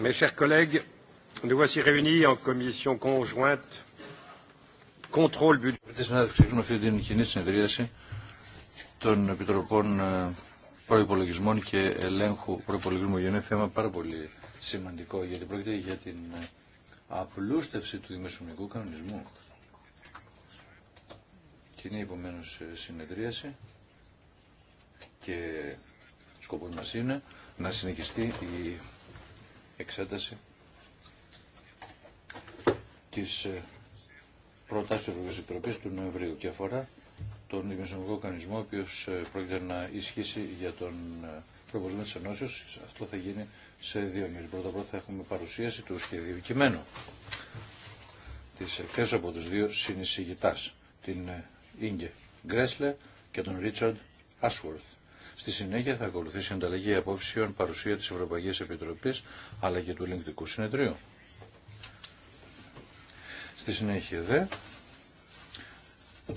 Mes chers collègues, nous voici αυτή την κοινή συνεδρίαση των Επιτροπών ε, Προπολογισμών και Ελέγχου Προπολογισμού. Για ένα θέμα πάρα πολύ σημαντικό, γιατί πρόκειται για την ε, απλούστευση του δημοσιονομικού κανονισμού. Κοινή επομένω ε, συνεδρίαση και σκοπό μας είναι να συνεχιστεί η εξέταση της ε, προτάσεις της Ευρωπαϊκής Επιτροπής του Νοεμβρίου και αφορά τον δημοσιονομικό οργανισμό ο οποίο ε, πρόκειται να ισχύσει για τον ε, προπολισμό της Αυτό θα γίνει σε δύο μήνες. Πρώτα πρώτα θα έχουμε παρουσίαση του σχεδίου κειμένου της εκθέσεως από τους δύο συνεισηγητάς, την Ίγκε Γκρέσλε και τον Ρίτσαρντ Ashworth. Στη συνέχεια θα ακολουθήσει η ανταλλαγή απόψεων παρουσία της Ευρωπαϊκής Επιτροπής αλλά και του Ελληνικού Συνεδρίου. Στη συνέχεια δε,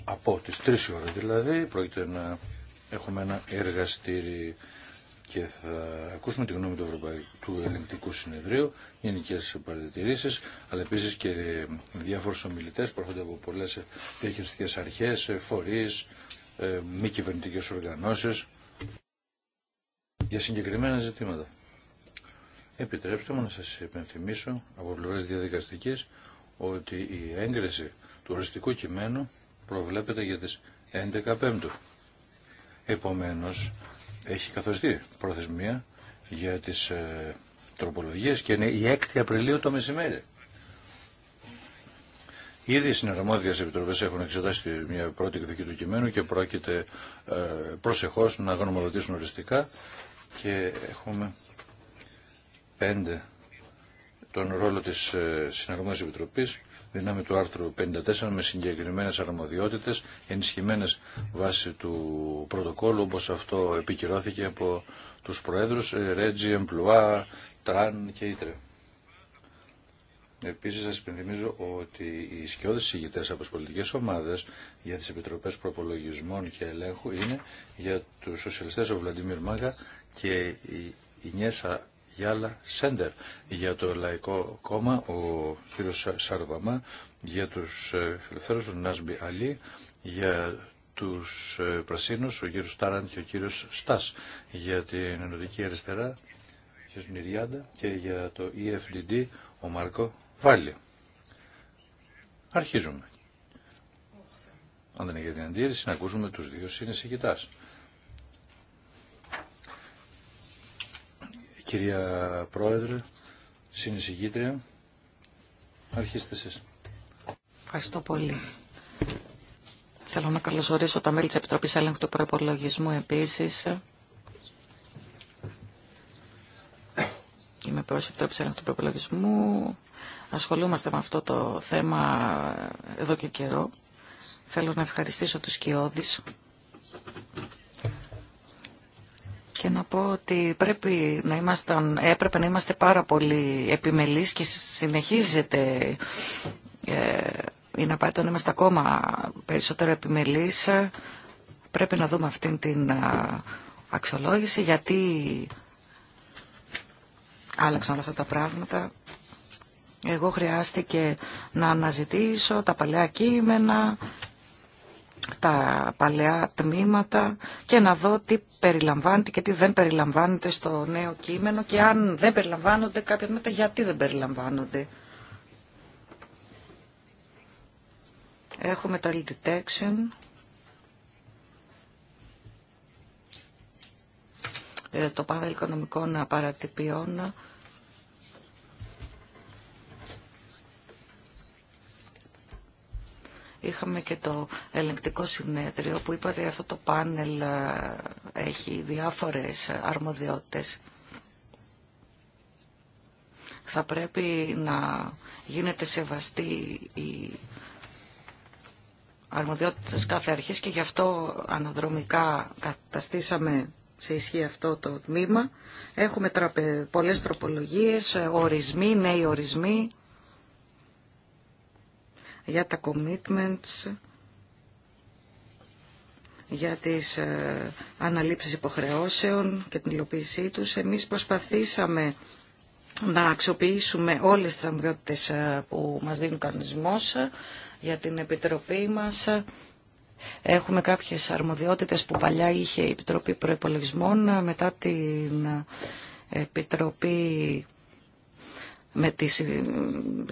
από τις 3 ώρα δηλαδή, πρόκειται να έχουμε ένα εργαστήρι και θα ακούσουμε τη γνώμη του, του Ελληνικού Συνεδρίου, γενικέ παρατηρήσει, αλλά επίση και διάφορου ομιλητέ που έρχονται από πολλέ διαχειριστικέ αρχέ, φορεί, ε, μη κυβερνητικέ οργανώσει για συγκεκριμένα ζητήματα. Επιτρέψτε μου να σας υπενθυμίσω από πλευρές διαδικαστικής ότι η έγκριση του οριστικού κειμένου προβλέπεται για τις 11 Πέμπτου. Επομένως, έχει καθοριστεί προθεσμία για τις ε, τροπολογίες και είναι η 6η Απριλίου το μεσημέρι. Ήδη οι συνεργαμόδιε επιτροπέ έχουν εξετάσει μια πρώτη εκδοχή του κειμένου και πρόκειται ε, προσεχώ να γνωμοδοτήσουν οριστικά και έχουμε πέντε τον ρόλο τη ε, συναρμοδίας επιτροπή δυνάμει του άρθρου 54 με συγκεκριμένε αρμοδιότητες ενισχυμένε βάσει του πρωτοκόλου όπω αυτό επικυρώθηκε από τους Προέδρους ε, Ρέτζι, Εμπλουά, Τραν και Ήτρε. Επίσης σα υπενθυμίζω ότι οι σκιώδες ηγητέ από τι πολιτικέ ομάδες για τις Επιτροπές Προπολογισμών και Ελέγχου είναι για τους σοσιαλιστές ο Βλαντιμίρ Μάγκα και η Νιέσα Γιάλα Σέντερ. Για το Λαϊκό Κόμμα ο κύριος Σαρβαμά, για τους ε, ελευθέρους ο Νάσμπι Αλή, για τους ε, πράσινου, ο κύριος Τάραν και ο κύριος Στάς, για την Ενωτική Αριστερά και για το EFDD ο Μάρκο βάλει. Αρχίζουμε. Αν δεν έχει την αντίρρηση, να ακούσουμε τους δύο συνεισηγητάς. Κυρία Πρόεδρε, συνεισηγήτρια, αρχίστε εσείς. Ευχαριστώ πολύ. Θέλω να καλωσορίσω τα μέλη της Επιτροπής Έλεγχου του Προπολογισμού επίσης. Είμαι της Επιτροπής Έλεγχου του Προπολογισμού ασχολούμαστε με αυτό το θέμα εδώ και καιρό. Θέλω να ευχαριστήσω τους Κιώδης και να πω ότι πρέπει να έπρεπε να είμαστε πάρα πολύ επιμελείς και συνεχίζεται ε, είναι απαραίτητο να είμαστε ακόμα περισσότερο επιμελείς. Πρέπει να δούμε αυτήν την ε, αξιολόγηση γιατί άλλαξαν όλα αυτά τα πράγματα εγώ χρειάστηκε να αναζητήσω τα παλαιά κείμενα, τα παλαιά τμήματα και να δω τι περιλαμβάνεται και τι δεν περιλαμβάνεται στο νέο κείμενο και αν δεν περιλαμβάνονται κάποια τμήματα γιατί δεν περιλαμβάνονται. Έχουμε ε, το detection. το πάνελ οικονομικών παρατυπιών Είχαμε και το ελεγκτικό συνέδριο που είπατε αυτό το πάνελ ε, έχει διάφορες αρμοδιότητες. Θα πρέπει να γίνεται σεβαστή η αρμοδιότητα της κάθε αρχής και γι' αυτό αναδρομικά καταστήσαμε σε ισχύ αυτό το τμήμα. Έχουμε τραπε... πολλές τροπολογίες, ορισμοί, νέοι ορισμοί για τα commitments, για τις ε, αναλήψεις υποχρεώσεων και την υλοποίησή τους. Εμείς προσπαθήσαμε να αξιοποιήσουμε όλες τις αμοιότητες ε, που μας δίνει ο κανονισμός ε, για την Επιτροπή μας. Έχουμε κάποιες αρμοδιότητες που παλιά είχε η Επιτροπή Προϋπολογισμών μετά την Επιτροπή με τη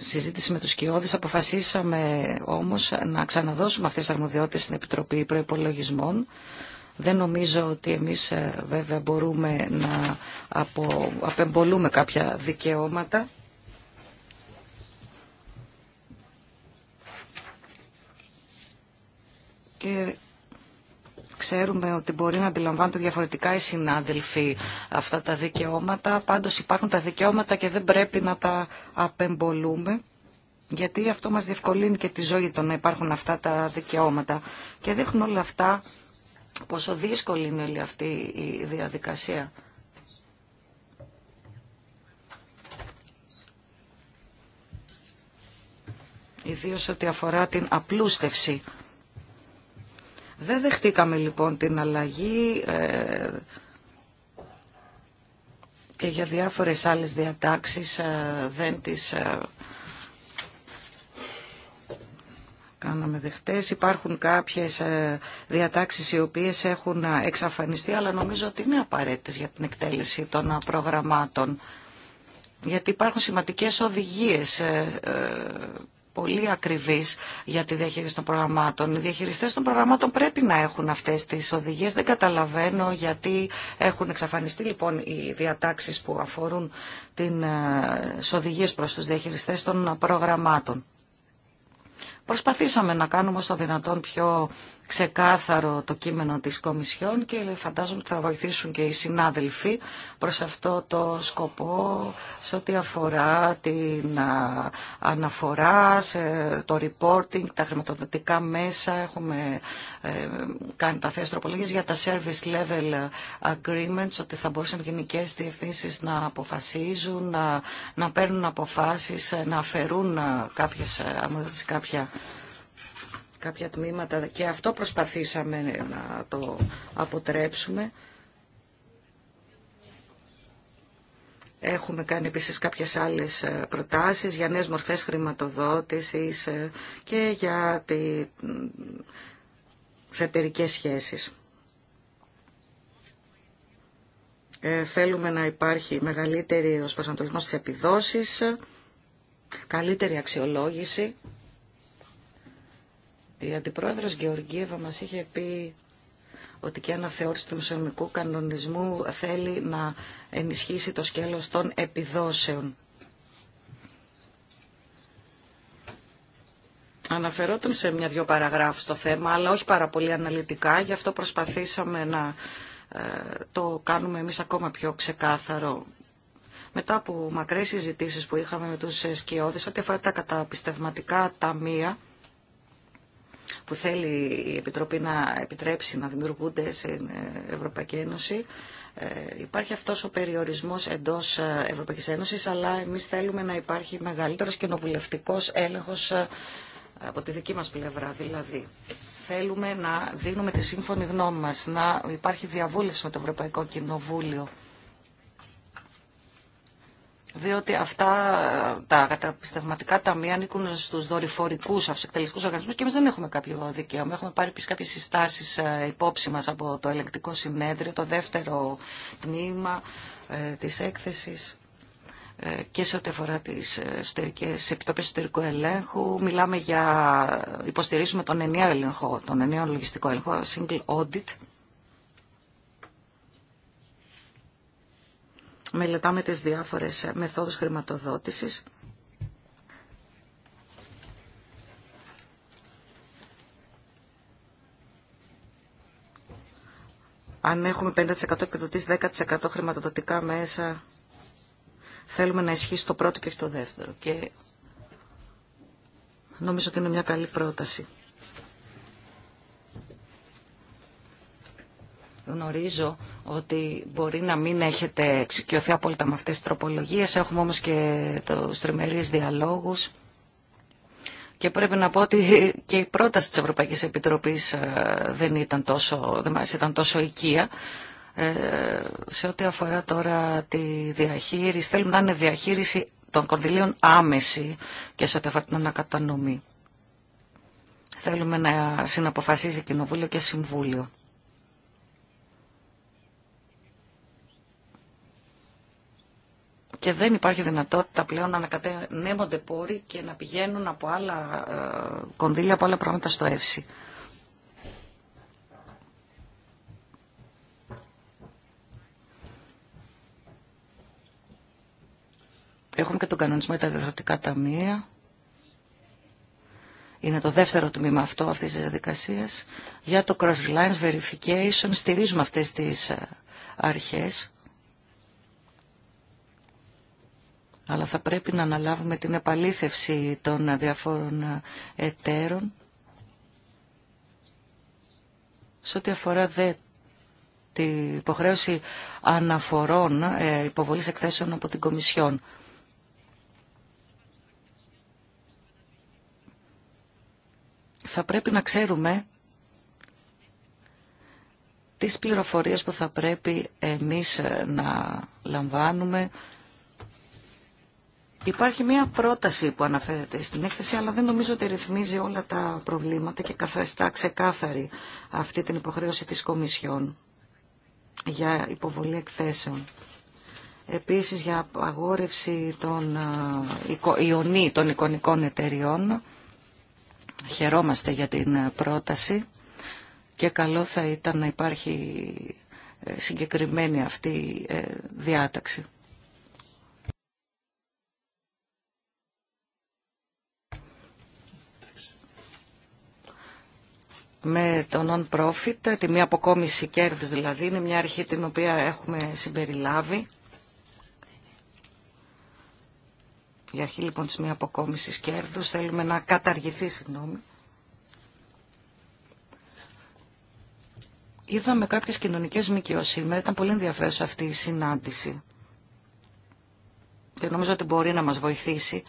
συζήτηση με τους Κιώδης αποφασίσαμε όμως να ξαναδώσουμε αυτές τις αρμοδιότητες στην Επιτροπή Προϋπολογισμών. Δεν νομίζω ότι εμείς ε, βέβαια μπορούμε να απο... απεμπολούμε κάποια δικαιώματα. Ξέρουμε ότι μπορεί να αντιλαμβάνονται διαφορετικά οι συνάδελφοι αυτά τα δικαιώματα. Πάντως υπάρχουν τα δικαιώματα και δεν πρέπει να τα απεμπολούμε. Γιατί αυτό μας διευκολύνει και τη ζωή των να υπάρχουν αυτά τα δικαιώματα. Και δείχνουν όλα αυτά πόσο δύσκολη είναι όλη αυτή η διαδικασία. Ιδίως ό,τι αφορά την απλούστευση δεν δεχτήκαμε λοιπόν την αλλαγή ε, και για διάφορες άλλες διατάξεις ε, δεν τις ε, κάναμε δεχτές. Υπάρχουν κάποιες διατάξεις οι οποίες έχουν εξαφανιστεί, αλλά νομίζω ότι είναι απαραίτητες για την εκτέλεση των προγραμμάτων. Γιατί υπάρχουν σημαντικές οδηγίες πολύ ακριβή για τη διαχείριση των προγραμμάτων. Οι διαχειριστές των προγραμμάτων πρέπει να έχουν αυτές τις οδηγίε. Δεν καταλαβαίνω γιατί έχουν εξαφανιστεί λοιπόν οι διατάξει που αφορούν ε, τι οδηγίε προς τους διαχειριστές των προγραμμάτων. Προσπαθήσαμε να κάνουμε όσο δυνατόν πιο ξεκάθαρο το κείμενο της Κομισιόν και φαντάζομαι ότι θα βοηθήσουν και οι συνάδελφοι προς αυτό το σκοπό σε ό,τι αφορά την αναφορά, το reporting, τα χρηματοδοτικά μέσα. Έχουμε ε, κάνει τα θέσεις τροπολογίες για τα service level agreements, ότι θα μπορούσαν γενικέ διευθύνσει να αποφασίζουν, να, να παίρνουν αποφάσεις, να αφαιρούν κάποιες, ε, κάποια κάποια τμήματα και αυτό προσπαθήσαμε να το αποτρέψουμε. Έχουμε κάνει επίσης κάποιες άλλες ε, προτάσεις για νέες μορφές χρηματοδότησης ε, και για τις εταιρικές σχέσεις. Ε, θέλουμε να υπάρχει μεγαλύτερη ως προσανατολισμός στις επιδόσεις, καλύτερη αξιολόγηση η Αντιπρόεδρος Γεωργίευα μας είχε πει ότι και ένα αναθεώρηση του κανονισμού θέλει να ενισχύσει το σκέλος των επιδόσεων. Αναφερόταν σε μια-δυο παραγράφους το θέμα, αλλά όχι πάρα πολύ αναλυτικά, γι' αυτό προσπαθήσαμε να ε, το κάνουμε εμείς ακόμα πιο ξεκάθαρο. Μετά από μακρές συζητήσεις που είχαμε με τους σκιώδες, ό,τι αφορά τα καταπιστευματικά ταμεία, που θέλει η Επιτροπή να επιτρέψει να δημιουργούνται στην Ευρωπαϊκή Ένωση. Ε, υπάρχει αυτός ο περιορισμός εντός ε, Ευρωπαϊκής Ένωσης, αλλά εμείς θέλουμε να υπάρχει μεγαλύτερος κοινοβουλευτικός έλεγχος ε, από τη δική μας πλευρά. Δηλαδή, θέλουμε να δίνουμε τη σύμφωνη γνώμη μας, να υπάρχει διαβούλευση με το Ευρωπαϊκό Κοινοβούλιο διότι αυτά τα καταπιστευματικά ταμεία ανήκουν στου δορυφορικού αυσεκτελεστικού οργανισμού και εμεί δεν έχουμε κάποιο δικαίωμα. Έχουμε πάρει επίση κάποιε συστάσει ε, υπόψη μα από το ελεγκτικό συνέδριο, το δεύτερο τμήμα ε, της έκθεσης ε, και σε ό,τι αφορά τις επιτροπέ του εσωτερικού ελέγχου. Μιλάμε για, υποστηρίζουμε τον ενιαίο έλεγχο, τον ενιαίο λογιστικό έλεγχο, single audit, μελετάμε τις διάφορες μεθόδους χρηματοδότησης. Αν έχουμε 50% επιδοτής 10% χρηματοδοτικά μέσα, θέλουμε να ισχύσει το πρώτο και το δεύτερο. Και νομίζω ότι είναι μια καλή πρόταση. Γνωρίζω ότι μπορεί να μην έχετε εξοικειωθεί απόλυτα με αυτές τις τροπολογίες. Έχουμε όμως και το τριμερείς διαλόγους. Και πρέπει να πω ότι και η πρόταση της Ευρωπαϊκής Επιτροπής ε, δεν ήταν τόσο, δεν μας ήταν τόσο οικία. Ε, σε ό,τι αφορά τώρα τη διαχείριση, θέλουμε να είναι διαχείριση των κονδυλίων άμεση και σε ό,τι αφορά την ανακατανομή. Θέλουμε να συναποφασίζει Κοινοβούλιο και Συμβούλιο. και δεν υπάρχει δυνατότητα πλέον να ανακατενέμονται πόροι και να πηγαίνουν από άλλα ε, κονδύλια, από άλλα πράγματα στο ΕΦΣΥ. Έχουμε και τον κανονισμό για τα διευρωτικά ταμεία. Είναι το δεύτερο τμήμα αυτό αυτής της διαδικασίας. Για το cross-reliance verification στηρίζουμε αυτές τις ε, αρχές αλλά θα πρέπει να αναλάβουμε την επαλήθευση των διαφόρων εταίρων σε ό,τι αφορά δε την υποχρέωση αναφορών ε, υποβολής εκθέσεων από την Κομισιόν. Θα πρέπει να ξέρουμε τις πληροφορίες που θα πρέπει εμείς ε, να λαμβάνουμε Υπάρχει μια πρόταση που αναφέρεται στην έκθεση, αλλά δεν νομίζω ότι ρυθμίζει όλα τα προβλήματα και καθαριστά ξεκάθαρη αυτή την υποχρέωση της Κομισιόν για υποβολή εκθέσεων. Επίσης για απαγόρευση των ε, ιονί των εικονικών εταιριών. Χαιρόμαστε για την ε, πρόταση και καλό θα ήταν να υπάρχει ε, συγκεκριμένη αυτή διάταξη. με το non-profit, τη μία αποκόμιση κέρδους δηλαδή, είναι μια αρχή την οποία έχουμε συμπεριλάβει. Η αρχή λοιπόν της μία αποκόμισης κέρδους θέλουμε να καταργηθεί, συγγνώμη. Είδαμε κάποιες κοινωνικές μικιώσεις σήμερα, ήταν πολύ ενδιαφέρουσα αυτή η συνάντηση. Και νομίζω ότι μπορεί να μας βοηθήσει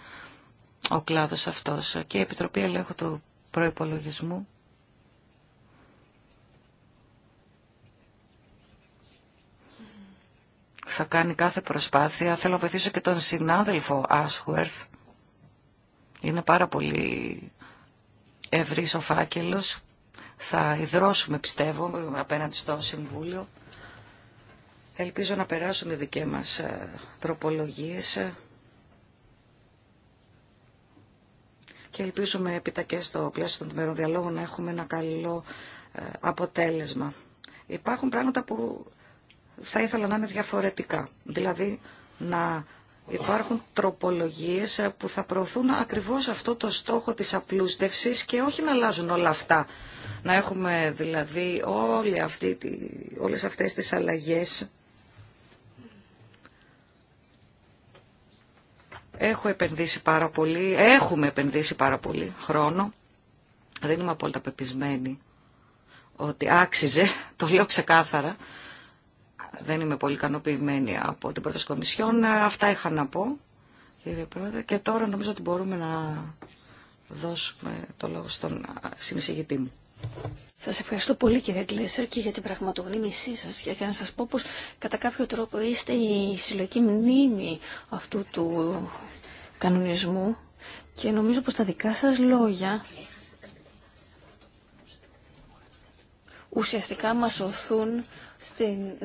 ο κλάδος αυτός και η Επιτροπή Ελέγχου του Προϋπολογισμού θα κάνει κάθε προσπάθεια. Θέλω να βοηθήσω και τον συνάδελφο Άσχουερθ. Είναι πάρα πολύ ευρύς ο φάκελος. Θα ιδρώσουμε, πιστεύω, απέναντι στο Συμβούλιο. Ελπίζω να περάσουν οι δικές μας ε, τροπολογίες. Και ελπίζουμε επιτακές και στο πλαίσιο των δημερών διαλόγων να έχουμε ένα καλό ε, αποτέλεσμα. Υπάρχουν πράγματα που θα ήθελα να είναι διαφορετικά. Δηλαδή να υπάρχουν τροπολογίες που θα προωθούν ακριβώς αυτό το στόχο της απλούστευσης και όχι να αλλάζουν όλα αυτά. Να έχουμε δηλαδή όλη αυτή, όλες αυτές τις αλλαγές. Έχω επενδύσει πάρα πολύ, έχουμε επενδύσει πάρα πολύ χρόνο. Δεν είμαι απόλυτα πεπισμένη ότι άξιζε, το λέω ξεκάθαρα, δεν είμαι πολύ ικανοποιημένη από την πρόταση Κομισιόν. Ε, αυτά είχα να πω, κύριε Πρόεδρε. Και τώρα νομίζω ότι μπορούμε να δώσουμε το λόγο στον συνεισηγητή μου. Σα ευχαριστώ πολύ κύριε Γκλέσσερ και για την πραγματογνήμησή σα και να σα πω πω κατά κάποιο τρόπο είστε η συλλογική μνήμη αυτού του κανονισμού και νομίζω πως τα δικά σα λόγια ουσιαστικά μας οθούν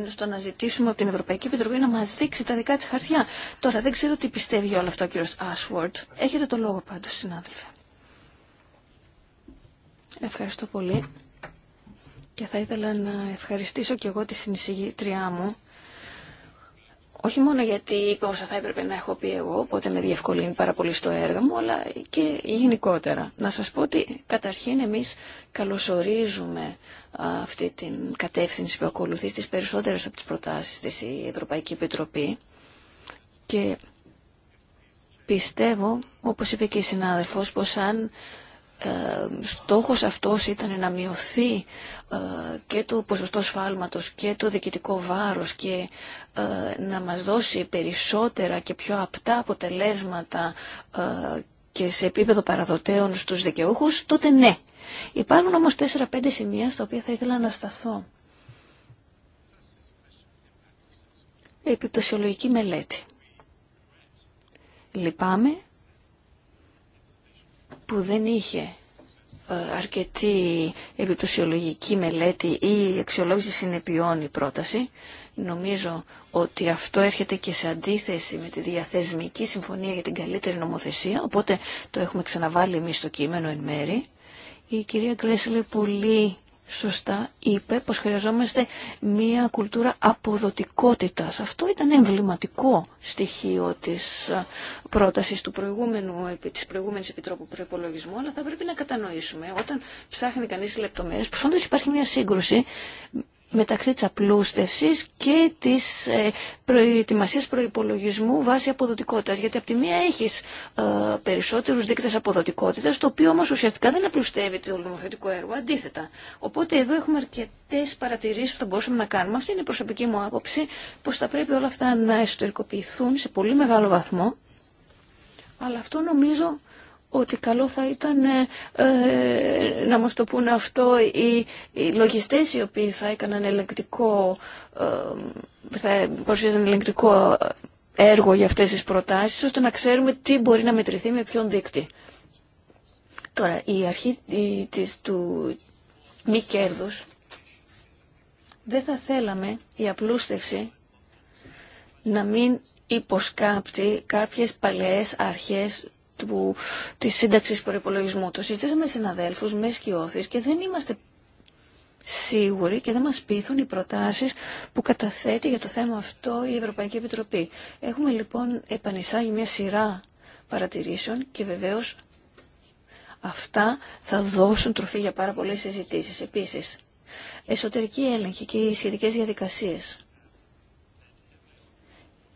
στο να ζητήσουμε από την Ευρωπαϊκή Επιτροπή να μας δείξει τα δικά της χαρτιά. Τώρα δεν ξέρω τι πιστεύει όλο αυτό ο κύριος Ashworth. Έχετε το λόγο πάντως, συνάδελφε. Ευχαριστώ πολύ. Και θα ήθελα να ευχαριστήσω και εγώ τη συνεισηγήτριά μου όχι μόνο γιατί είπα όσα θα έπρεπε να έχω πει εγώ, οπότε με διευκολύνει πάρα πολύ στο έργο μου, αλλά και γενικότερα. Να σας πω ότι καταρχήν εμείς καλωσορίζουμε αυτή την κατεύθυνση που ακολουθεί στις περισσότερες από τις προτάσεις της η Ευρωπαϊκή Επιτροπή και πιστεύω, όπως είπε και η συνάδελφος, πως αν ε, στόχος αυτός ήταν να μειωθεί ε, και το ποσοστό σφάλματος και το διοικητικό βάρος και ε, να μας δώσει περισσότερα και πιο απτά αποτελέσματα και σε επίπεδο παραδοτέων στους δικαιούχους, τότε ναι. Υπάρχουν όμως 4-5 σημεία στα οποία θα ήθελα να σταθώ. Επιπτωσιολογική μελέτη. Λυπάμαι που δεν είχε ε, αρκετή επιπτωσιολογική μελέτη ή αξιολόγηση συνεπειών η πρόταση. Νομίζω ότι αυτό έρχεται και σε αντίθεση με τη διαθεσμική συμφωνία για την καλύτερη νομοθεσία, οπότε το έχουμε ξαναβάλει εμείς στο κείμενο εν μέρη. Η κυρία Κρέσλε πολύ σωστά είπε πως χρειαζόμαστε μία κουλτούρα αποδοτικότητας. Αυτό ήταν εμβληματικό στοιχείο της πρότασης του προηγούμενου, της προηγούμενης Επιτρόπου Προϋπολογισμού, αλλά θα πρέπει να κατανοήσουμε όταν ψάχνει κανείς λεπτομέρειες, πως όντως υπάρχει μία σύγκρουση μεταξύ της απλούστευσης και της ε, προετοιμασίας προϋπολογισμού βάσει αποδοτικότητας. Γιατί από τη μία έχεις ε, περισσότερους δείκτες αποδοτικότητας, το οποίο όμως ουσιαστικά δεν απλουστεύει το νομοθετικό έργο, αντίθετα. Οπότε εδώ έχουμε αρκετές παρατηρήσεις που θα μπορούσαμε να κάνουμε. Αυτή είναι η προσωπική μου άποψη, πως θα πρέπει όλα αυτά να εσωτερικοποιηθούν σε πολύ μεγάλο βαθμό. Αλλά αυτό νομίζω ότι καλό θα ήταν ε, ε, να μας το πούνε αυτό οι, οι λογιστές οι οποίοι θα έκαναν ελεγκτικό, ε, θα παρουσίαζαν έργο για αυτές τις προτάσεις, ώστε να ξέρουμε τι μπορεί να μετρηθεί με ποιον δείκτη. Τώρα, η αρχή η, της, του μη κέρδους, δεν θα θέλαμε η απλούστευση να μην υποσκάπτει κάποιες παλαιές αρχές του, της σύνταξης προπολογισμού. Το συζητήσαμε με συναδέλφους, με σκιώθεις και δεν είμαστε σίγουροι και δεν μας πείθουν οι προτάσεις που καταθέτει για το θέμα αυτό η Ευρωπαϊκή Επιτροπή. Έχουμε λοιπόν επανεισάγει μια σειρά παρατηρήσεων και βεβαίως αυτά θα δώσουν τροφή για πάρα πολλές συζητήσεις. Επίσης, εσωτερική έλεγχη και οι σχετικές διαδικασίες.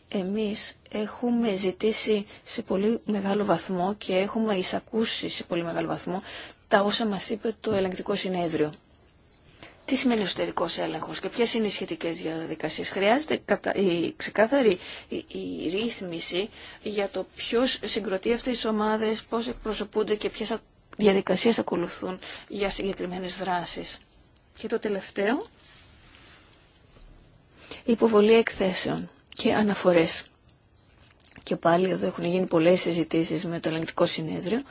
Εμείς έχουμε ζητήσει σε πολύ μεγάλο βαθμό και έχουμε εισακούσει σε πολύ μεγάλο βαθμό τα όσα μας είπε το ελεγκτικό συνέδριο. Τι σημαίνει ο εσωτερικό έλεγχο και ποιε είναι οι σχετικέ διαδικασίε. Χρειάζεται η ξεκάθαρη η, ρύθμιση για το ποιο συγκροτεί αυτέ τι ομάδε, πώ εκπροσωπούνται και ποιε διαδικασίε ακολουθούν για συγκεκριμένε δράσει. Και το τελευταίο, υποβολή εκθέσεων και αναφορές. Και πάλι εδώ έχουν γίνει πολλές συζητήσεις με το ελεγκτικό συνέδριο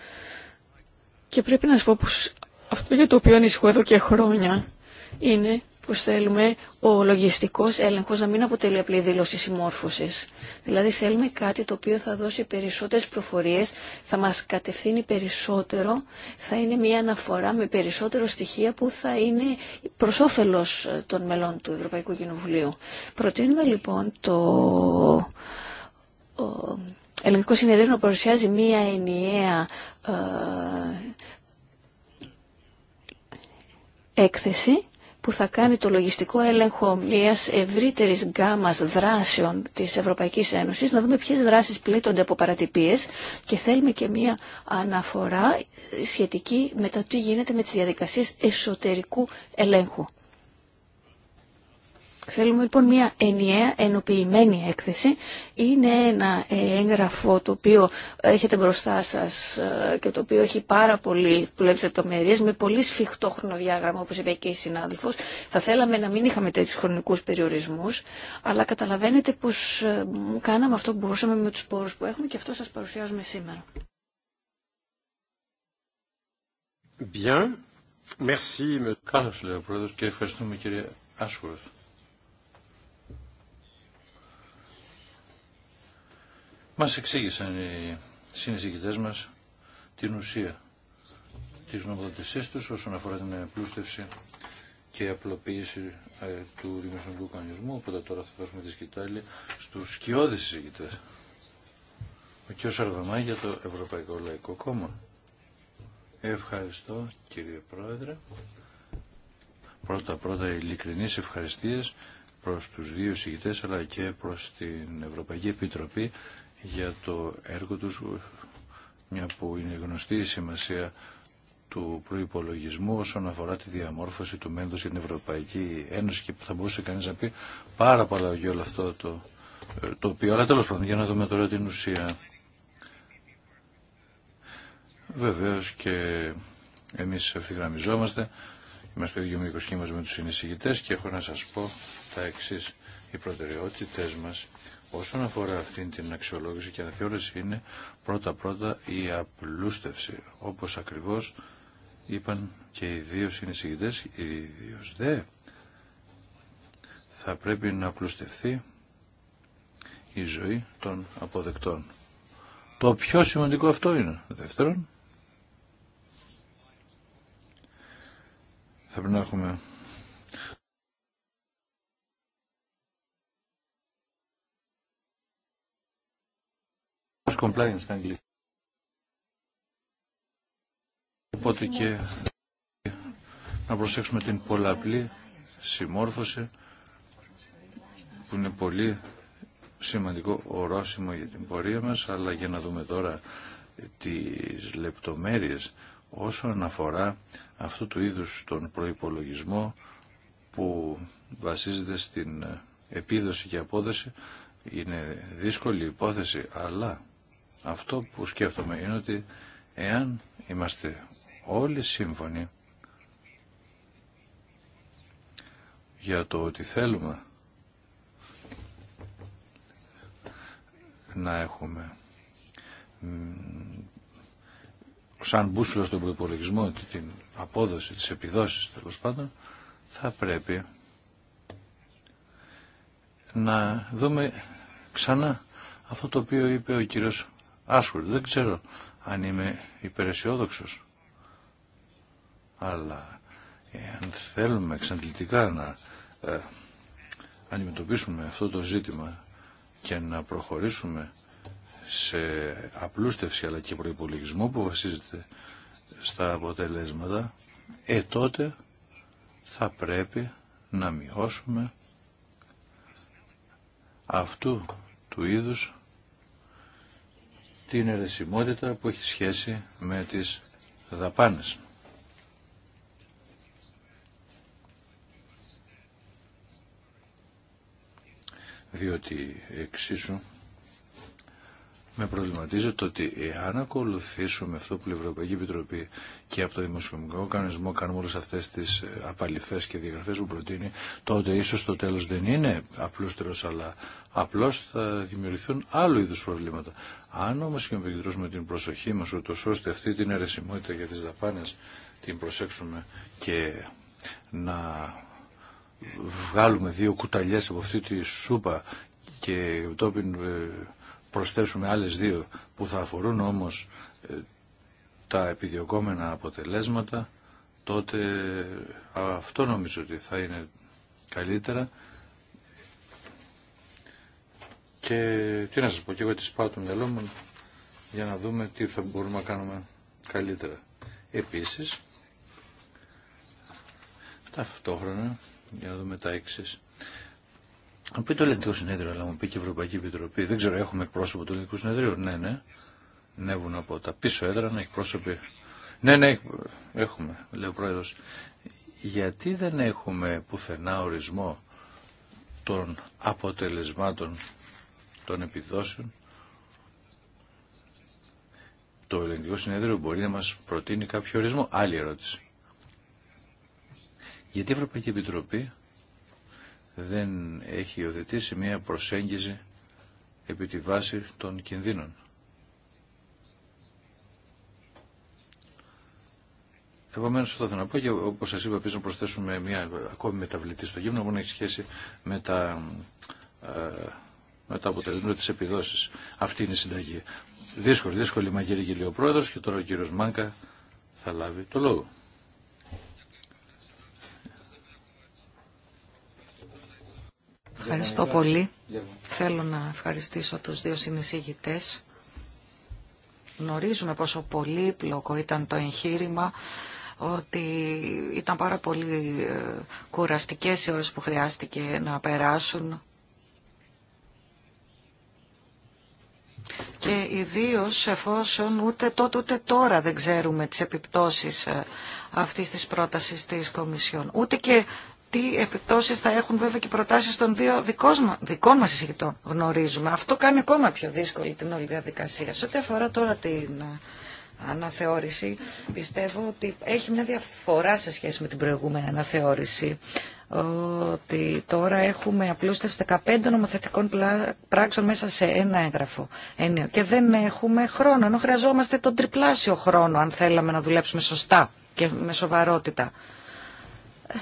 και πρέπει να σας πω πως αυτό για το οποίο ανησυχώ εδώ και χρόνια είναι πως θέλουμε ο λογιστικός έλεγχος να μην αποτελεί απλή δήλωση συμμόρφωσης. Δηλαδή θέλουμε κάτι το οποίο θα δώσει περισσότερες προφορίες, θα μας κατευθύνει περισσότερο, θα είναι μια αναφορά με περισσότερο στοιχεία που θα είναι προς όφελος των μελών του Ευρωπαϊκού Κοινοβουλίου. Προτείνουμε λοιπόν το Ελληνικό Συνεδρίο να παρουσιάζει μια ενιαία ε, έκθεση που θα κάνει το λογιστικό έλεγχο μιας ευρύτερης γκάμας δράσεων της Ευρωπαϊκής Ένωσης, να δούμε ποιες δράσεις πλήττονται από παρατυπίες και θέλουμε και μια αναφορά σχετική με το τι γίνεται με τις διαδικασίες εσωτερικού ελέγχου. Θέλουμε λοιπόν μια ενιαία, ενοποιημένη έκθεση. Είναι ένα ε, έγγραφο το οποίο έχετε μπροστά σας ε, και το οποίο έχει πάρα πολύ πλέον λεπτομέρειες με πολύ σφιχτό χρονοδιάγραμμα όπως είπε και η συνάδελφος. Θα θέλαμε να μην είχαμε τέτοιους χρονικούς περιορισμούς αλλά καταλαβαίνετε πως ε, κάναμε αυτό που μπορούσαμε με τους πόρους που έχουμε και αυτό σας παρουσιάζουμε σήμερα. Bien. Merci. και ευχαριστούμε κύριε Άσχολος. Μας εξήγησαν οι συνεισηγητές μας την ουσία της νομοθετησής τους όσον αφορά την πλούστευση και απλοποίηση ε, του δημοσιονομικού κανονισμού, οπότε τώρα θα δώσουμε τη σκητάλη στους σκιώδεις συζητητές. Ο κ. Σαρδαμά για το Ευρωπαϊκό Λαϊκό Κόμμα. Ευχαριστώ κύριε Πρόεδρε. Πρώτα πρώτα ειλικρινής ευχαριστίες προς τους δύο συζητητές αλλά και προς την Ευρωπαϊκή Επιτροπή για το έργο τους, μια που είναι γνωστή η σημασία του προϋπολογισμού όσον αφορά τη διαμόρφωση του μέντος για την Ευρωπαϊκή Ένωση και που θα μπορούσε κανείς να πει πάρα πολλά για όλο αυτό το, ε, το οποίο. Αλλά τέλος πάντων, για να δούμε τώρα την ουσία. Βεβαίως και εμείς ευθυγραμμιζόμαστε, είμαστε το ίδιο και είμαστε με τους συνεισηγητές και έχω να σας πω τα εξής. Οι προτεραιότητες μας Όσον αφορά αυτήν την αξιολόγηση και αναθεώρηση είναι πρώτα-πρώτα η απλούστευση, όπως ακριβώς είπαν και οι δύο συνεισηγητές, οι δύο δε, θα πρέπει να απλουστευθεί η ζωή των αποδεκτών. Το πιο σημαντικό αυτό είναι. Δεύτερον, θα πρέπει να έχουμε compliance στα Οπότε και να προσέξουμε την πολλαπλή συμμόρφωση που είναι πολύ σημαντικό ορόσημο για την πορεία μας αλλά για να δούμε τώρα τις λεπτομέρειες όσον αφορά αυτού του είδους τον προϋπολογισμό που βασίζεται στην επίδοση και απόδοση είναι δύσκολη υπόθεση αλλά αυτό που σκέφτομαι είναι ότι εάν είμαστε όλοι σύμφωνοι για το ότι θέλουμε να έχουμε σαν μπούσουλα στον προπολογισμό την απόδοση, τις επιδόσεις τέλο πάντων, θα πρέπει να δούμε ξανά αυτό το οποίο είπε ο κύριος άσχολη. Δεν ξέρω αν είμαι υπεραισιόδοξος. Αλλά ε, αν θέλουμε εξαντλητικά να ε, αντιμετωπίσουμε αυτό το ζήτημα και να προχωρήσουμε σε απλούστευση αλλά και προϋπολογισμό που βασίζεται στα αποτελέσματα, ε τότε θα πρέπει να μειώσουμε αυτού του είδους την ερεσιμότητα; που έχει σχέση με τις δαπάνες. Διότι εξίσου με προβληματίζει το ότι εάν ακολουθήσουμε αυτό που η Ευρωπαϊκή Επιτροπή και από το Δημοσιονομικό Κανονισμό κάνουμε όλε αυτέ τι ε, απαλληφέ και διαγραφέ που προτείνει, τότε ίσω το τέλο δεν είναι απλούστερο, αλλά απλώ θα δημιουργηθούν άλλου είδου προβλήματα. Αν όμω και επικεντρώσουμε την προσοχή μα, ούτω ώστε αυτή την αιρεσιμότητα για τι δαπάνε την προσέξουμε και να βγάλουμε δύο κουταλιές από αυτή τη σούπα και τόπιν ε, προσθέσουμε άλλες δύο που θα αφορούν όμως ε, τα επιδιωκόμενα αποτελέσματα, τότε ε, αυτό νομίζω ότι θα είναι καλύτερα. Και τι να σας πω, και εγώ τη πάω το μυαλό μου για να δούμε τι θα μπορούμε να κάνουμε καλύτερα. Επίσης, ταυτόχρονα, για να δούμε τα έξις. Αν πει το Ελληνικό Συνέδριο, αλλά μου πει και η Ευρωπαϊκή Επιτροπή. Δεν ξέρω, έχουμε εκπρόσωπο του Ελληνικού Συνεδρίου. Ναι, ναι. Νεύουν από τα πίσω έδρα, να εκπρόσωποι. Ναι, ναι, έχουμε, λέει ο Πρόεδρο. Γιατί δεν έχουμε πουθενά ορισμό των αποτελεσμάτων των επιδόσεων. Το Ελληνικό Συνέδριο μπορεί να μας προτείνει κάποιο ορισμό. Άλλη ερώτηση. Γιατί η Ευρωπαϊκή Επιτροπή δεν έχει υιοθετήσει μία προσέγγιση επί τη βάση των κινδύνων. Επομένως αυτό θα να πω και όπως σας είπα επίσης να προσθέσουμε μια ακόμη μεταβλητή στο γύμνο που να έχει σχέση με τα, ε, με τα αποτελέσματα της επιδόσης. Αυτή είναι η συνταγή. Δύσκολη, δύσκολη μαγειρική λέει ο πρόεδρος και τώρα ο κύριος Μάνκα θα λάβει το λόγο. Ευχαριστώ πολύ. Θέλω να ευχαριστήσω τους δύο συνεισήγητές. Γνωρίζουμε πόσο πολύπλοκο ήταν το εγχείρημα, ότι ήταν πάρα πολύ ε, κουραστικές οι ώρες που χρειάστηκε να περάσουν. Και ιδίως εφόσον ούτε τότε ούτε τώρα δεν ξέρουμε τις επιπτώσεις ε, αυτής της πρότασης της Κομισιόν. Ούτε και τι επιπτώσεις θα έχουν βέβαια και προτάσεις των δύο δικών, δικών μας γνωρίζουμε. Αυτό κάνει ακόμα πιο δύσκολη την όλη διαδικασία. Σε ό,τι αφορά τώρα την ε, αναθεώρηση, πιστεύω ότι έχει μια διαφορά σε σχέση με την προηγούμενη αναθεώρηση ότι τώρα έχουμε απλούστευση 15 νομοθετικών πράξεων μέσα σε ένα έγγραφο. Και δεν έχουμε χρόνο, ενώ χρειαζόμαστε τον τριπλάσιο χρόνο αν θέλαμε να δουλέψουμε σωστά και με σοβαρότητα.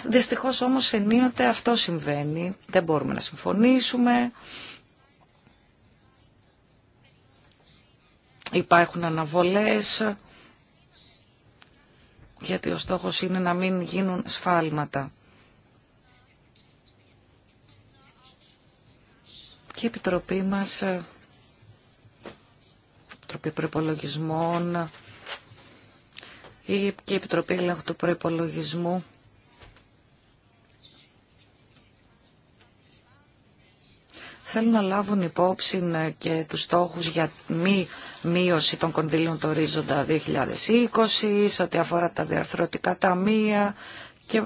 Δυστυχώς όμως ενίοτε αυτό συμβαίνει. Δεν μπορούμε να συμφωνήσουμε. Υπάρχουν αναβολές γιατί ο στόχος είναι να μην γίνουν σφάλματα. Και η Επιτροπή μας, η ε, Επιτροπή Προϋπολογισμών και η Επιτροπή Ελέγχου του Προϋπολογισμού θέλουν να λάβουν υπόψη ε, και τους στόχους για μη μείωση των κονδύλων του ορίζοντα 2020, σε ό,τι αφορά τα διαρθρωτικά ταμεία και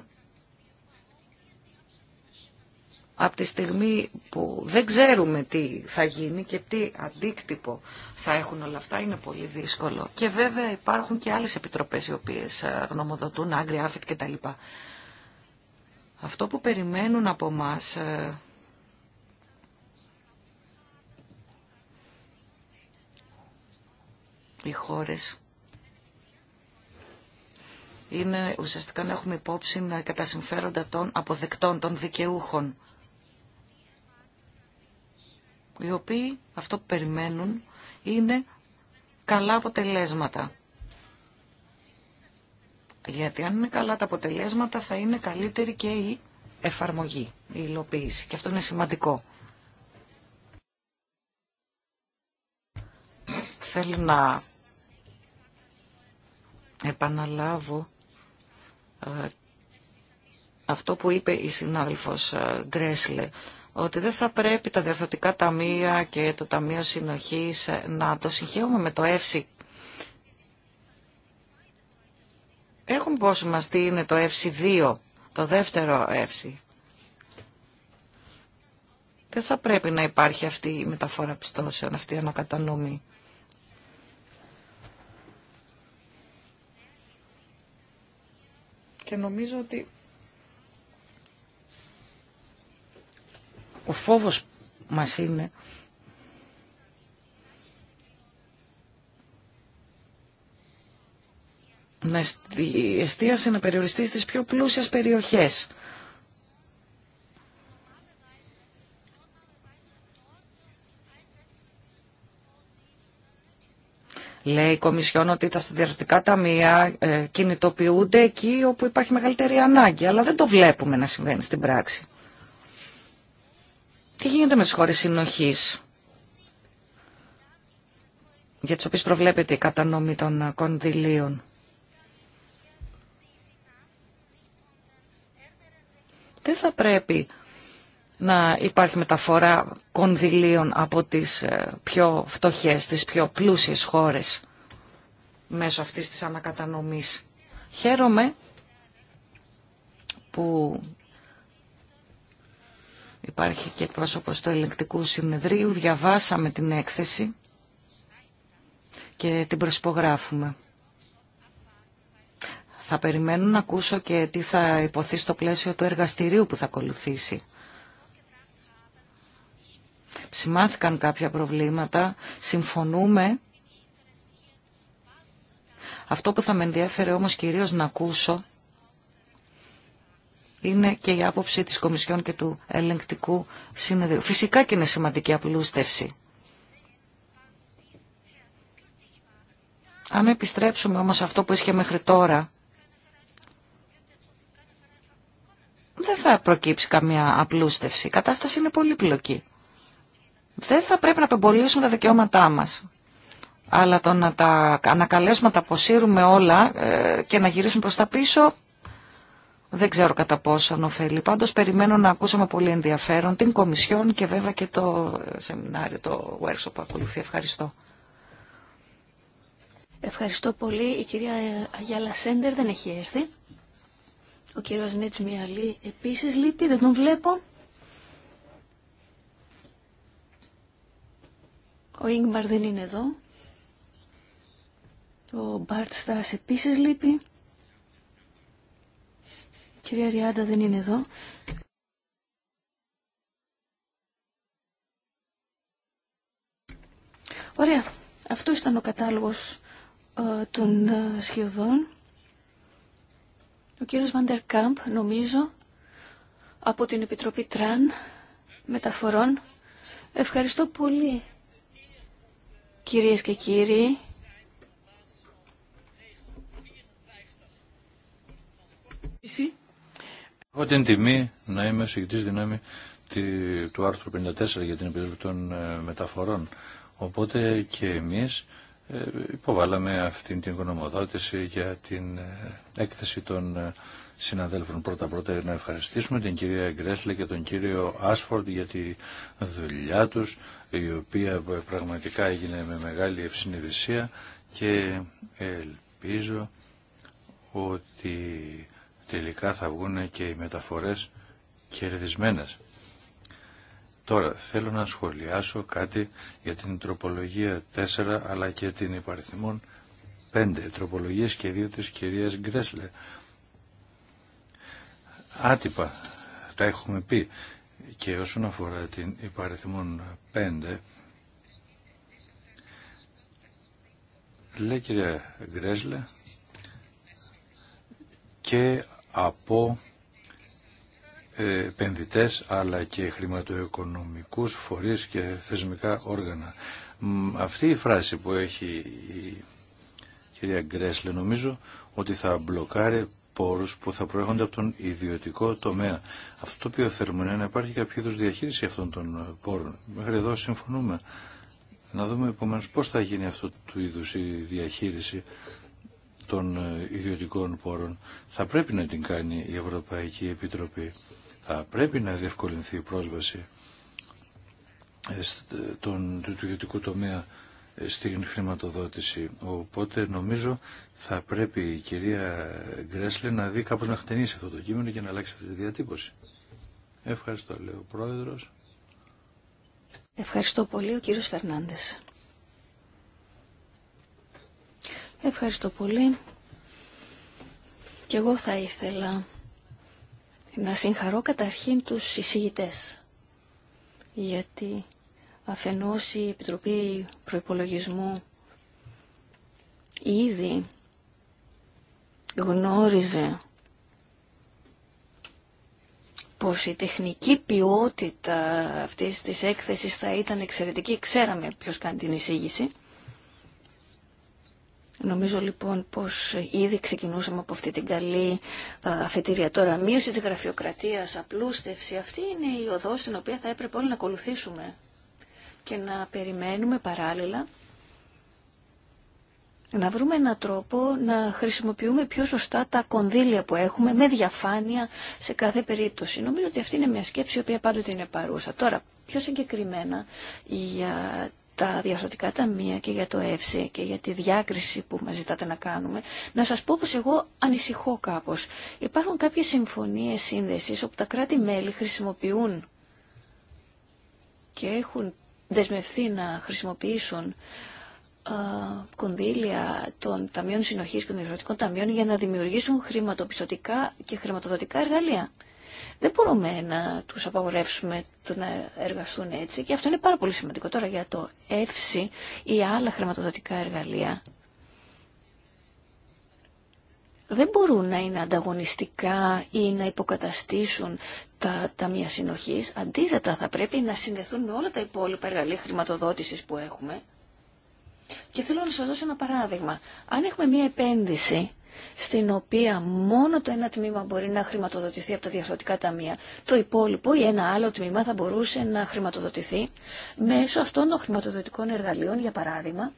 από τη στιγμή που δεν ξέρουμε τι θα γίνει και τι αντίκτυπο θα έχουν όλα αυτά είναι πολύ δύσκολο. Και βέβαια υπάρχουν και άλλες επιτροπές οι οποίες ε, γνωμοδοτούν, και τα κτλ. Αυτό που περιμένουν από μας ε, οι χώρες είναι ουσιαστικά να έχουμε υπόψη κατά συμφέροντα των αποδεκτών, των δικαιούχων, οι οποίοι αυτό που περιμένουν είναι καλά αποτελέσματα. Γιατί αν είναι καλά τα αποτελέσματα θα είναι καλύτερη και η εφαρμογή, η υλοποίηση. Και αυτό είναι σημαντικό. Θέλω να επαναλάβω ε, αυτό που είπε η συνάδελφος ε, Γκρέσλε, ότι δεν θα πρέπει τα διαθωτικά ταμεία και το Ταμείο Συνοχής ε, να το συγχέουμε με το ΕΦΣΙ. Έχουμε πόσο μας τι είναι το ΕΦΣΙ 2, το δεύτερο ΕΦΣΙ. Δεν θα πρέπει να υπάρχει αυτή η μεταφορά πιστώσεων, αυτή η ανακατανομή. Και νομίζω ότι ο φόβος μας είναι να εστίασε να περιοριστεί στις πιο πλούσιες περιοχές Λέει η Κομισιόν ότι τα συντηρητικά ταμεία ε, κινητοποιούνται εκεί όπου υπάρχει μεγαλύτερη ανάγκη, αλλά δεν το βλέπουμε να συμβαίνει στην πράξη. Τι γίνεται με τις χώρες συνοχής, για τις οποίες προβλέπεται η κατανομή των κονδυλίων. Δεν θα πρέπει να υπάρχει μεταφορά κονδυλίων από τις ε, πιο φτωχές, τις πιο πλούσιες χώρες μέσω αυτής της ανακατανομής. Χαίρομαι που υπάρχει και πρόσωπος του ελεγκτικού συνεδρίου, διαβάσαμε την έκθεση και την προσπογράφουμε. Θα περιμένω να ακούσω και τι θα υποθεί στο πλαίσιο του εργαστηρίου που θα ακολουθήσει Σημάθηκαν κάποια προβλήματα, συμφωνούμε. Αυτό που θα με ενδιέφερε όμως κυρίως να ακούσω είναι και η άποψη της Κομισιόν και του Ελεγκτικού Συνεδρίου. Φυσικά και είναι σημαντική απλούστευση. Αν επιστρέψουμε όμως αυτό που είσαι μέχρι τώρα, δεν θα προκύψει καμία απλούστευση. Η κατάσταση είναι πολύ πλοκή δεν θα πρέπει να απεμπολίσουμε τα δικαιώματά μας. Αλλά το να τα ανακαλέσουμε, να τα αποσύρουμε όλα ε, και να γυρίσουμε προς τα πίσω, δεν ξέρω κατά πόσο ωφέλει. Πάντως περιμένω να ακούσω πολύ ενδιαφέρον την Κομισιόν και βέβαια και το ε, σεμινάριο, το workshop που ακολουθεί. Ευχαριστώ. Ευχαριστώ πολύ. Η κυρία ε, Αγιάλα Σέντερ δεν έχει έρθει. Ο κύριος Νίτς Μιαλή επίσης λείπει, δεν τον βλέπω. Ο Ιγμάρ δεν είναι εδώ. Ο Μπάρτ Στάς επίσης λείπει. Η κυρία Ριάντα δεν είναι εδώ. Ωραία. Αυτό ήταν ο κατάλογος ε, των ε, σχεδόν. Ο κύριος Βαντερ Κάμπ, νομίζω, από την Επιτροπή Τραν Μεταφορών. Ευχαριστώ πολύ. Κυρίες και κύριοι, Έχω την τιμή να είμαι ο συγκριτής δυνάμει του άρθρου 54 για την Επιτροπή των ε, Μεταφορών. Οπότε και εμείς ε, υποβάλαμε αυτή την γνωμοδότηση για την ε, έκθεση των συναδέλφων. Πρώτα-πρώτα να ευχαριστήσουμε την κυρία Γκρέσλε και τον κύριο Άσφορντ για τη δουλειά τους, η οποία πραγματικά έγινε με μεγάλη ευσυνειδησία και ελπίζω ότι τελικά θα βγουν και οι μεταφορές κερδισμένες. Τώρα θέλω να σχολιάσω κάτι για την τροπολογία 4 αλλά και την υπαριθμόν 5 τροπολογίες και δύο της κυρίας Γκρέσλε άτυπα τα έχουμε πει και όσον αφορά την υπαριθμόν 5 λέει κυρία Γκρέσλε και από ε, επενδυτέ αλλά και χρηματοοικονομικούς φορείς και θεσμικά όργανα. Αυτή η φράση που έχει η κυρία Γκρέσλε νομίζω ότι θα μπλοκάρει πόρους που θα προέρχονται από τον ιδιωτικό τομέα. Αυτό το οποίο θέλουμε είναι να υπάρχει κάποιο είδου διαχείριση αυτών των ε, πόρων. Μέχρι εδώ συμφωνούμε. Να δούμε επομένω πώ θα γίνει αυτό του είδου η διαχείριση των ε, ιδιωτικών πόρων. Θα πρέπει να την κάνει η Ευρωπαϊκή Επιτροπή. Θα πρέπει να διευκολυνθεί η πρόσβαση ε, του ιδιωτικού τομέα στην χρηματοδότηση. Οπότε νομίζω θα πρέπει η κυρία Γκρέσλε να δει κάπως να χτενίσει αυτό το κείμενο και να αλλάξει αυτή τη διατύπωση. Ευχαριστώ, λέει ο Πρόεδρος. Ευχαριστώ πολύ, ο κύριος Φερνάντες. Ευχαριστώ πολύ. Και εγώ θα ήθελα να συγχαρώ καταρχήν τους εισηγητές. Γιατί αφενός η Επιτροπή Προϋπολογισμού ήδη γνώριζε πως η τεχνική ποιότητα αυτής της έκθεσης θα ήταν εξαιρετική. Ξέραμε ποιος κάνει την εισήγηση. Νομίζω λοιπόν πως ήδη ξεκινούσαμε από αυτή την καλή αφετηρία. Τώρα, μείωση της γραφειοκρατίας, απλούστευση, αυτή είναι η οδός την οποία θα έπρεπε όλοι να ακολουθήσουμε και να περιμένουμε παράλληλα να βρούμε έναν τρόπο να χρησιμοποιούμε πιο σωστά τα κονδύλια που έχουμε με διαφάνεια σε κάθε περίπτωση. Νομίζω ότι αυτή είναι μια σκέψη η οποία πάντοτε είναι παρούσα. Τώρα, πιο συγκεκριμένα για τα διαστατικά ταμεία και για το ΕΦΣΕ και για τη διάκριση που μας ζητάτε να κάνουμε, να σας πω πως εγώ ανησυχώ κάπως. Υπάρχουν κάποιες συμφωνίες σύνδεσης όπου τα κράτη-μέλη χρησιμοποιούν και έχουν δεσμευθεί να χρησιμοποιήσουν ε, κονδύλια των Ταμείων Συνοχής και των Διευθυντικών Ταμείων για να δημιουργήσουν χρηματοπιστωτικά και χρηματοδοτικά εργαλεία. Δεν μπορούμε να τους απαγορεύσουμε το να εργαστούν έτσι και αυτό είναι πάρα πολύ σημαντικό. Τώρα για το ΕΦΣΥ ή άλλα χρηματοδοτικά εργαλεία δεν μπορούν να είναι ανταγωνιστικά ή να υποκαταστήσουν τα ταμεία συνοχής. Αντίθετα θα πρέπει να συνδεθούν με όλα τα υπόλοιπα εργαλεία χρηματοδότησης που έχουμε και θέλω να σα δώσω ένα παράδειγμα. Αν έχουμε μία επένδυση στην οποία μόνο το ένα τμήμα μπορεί να χρηματοδοτηθεί από τα διαφθορτικά ταμεία. Το υπόλοιπο ή ένα άλλο τμήμα θα μπορούσε να χρηματοδοτηθεί μέσω αυτών των χρηματοδοτικών εργαλείων, για παράδειγμα,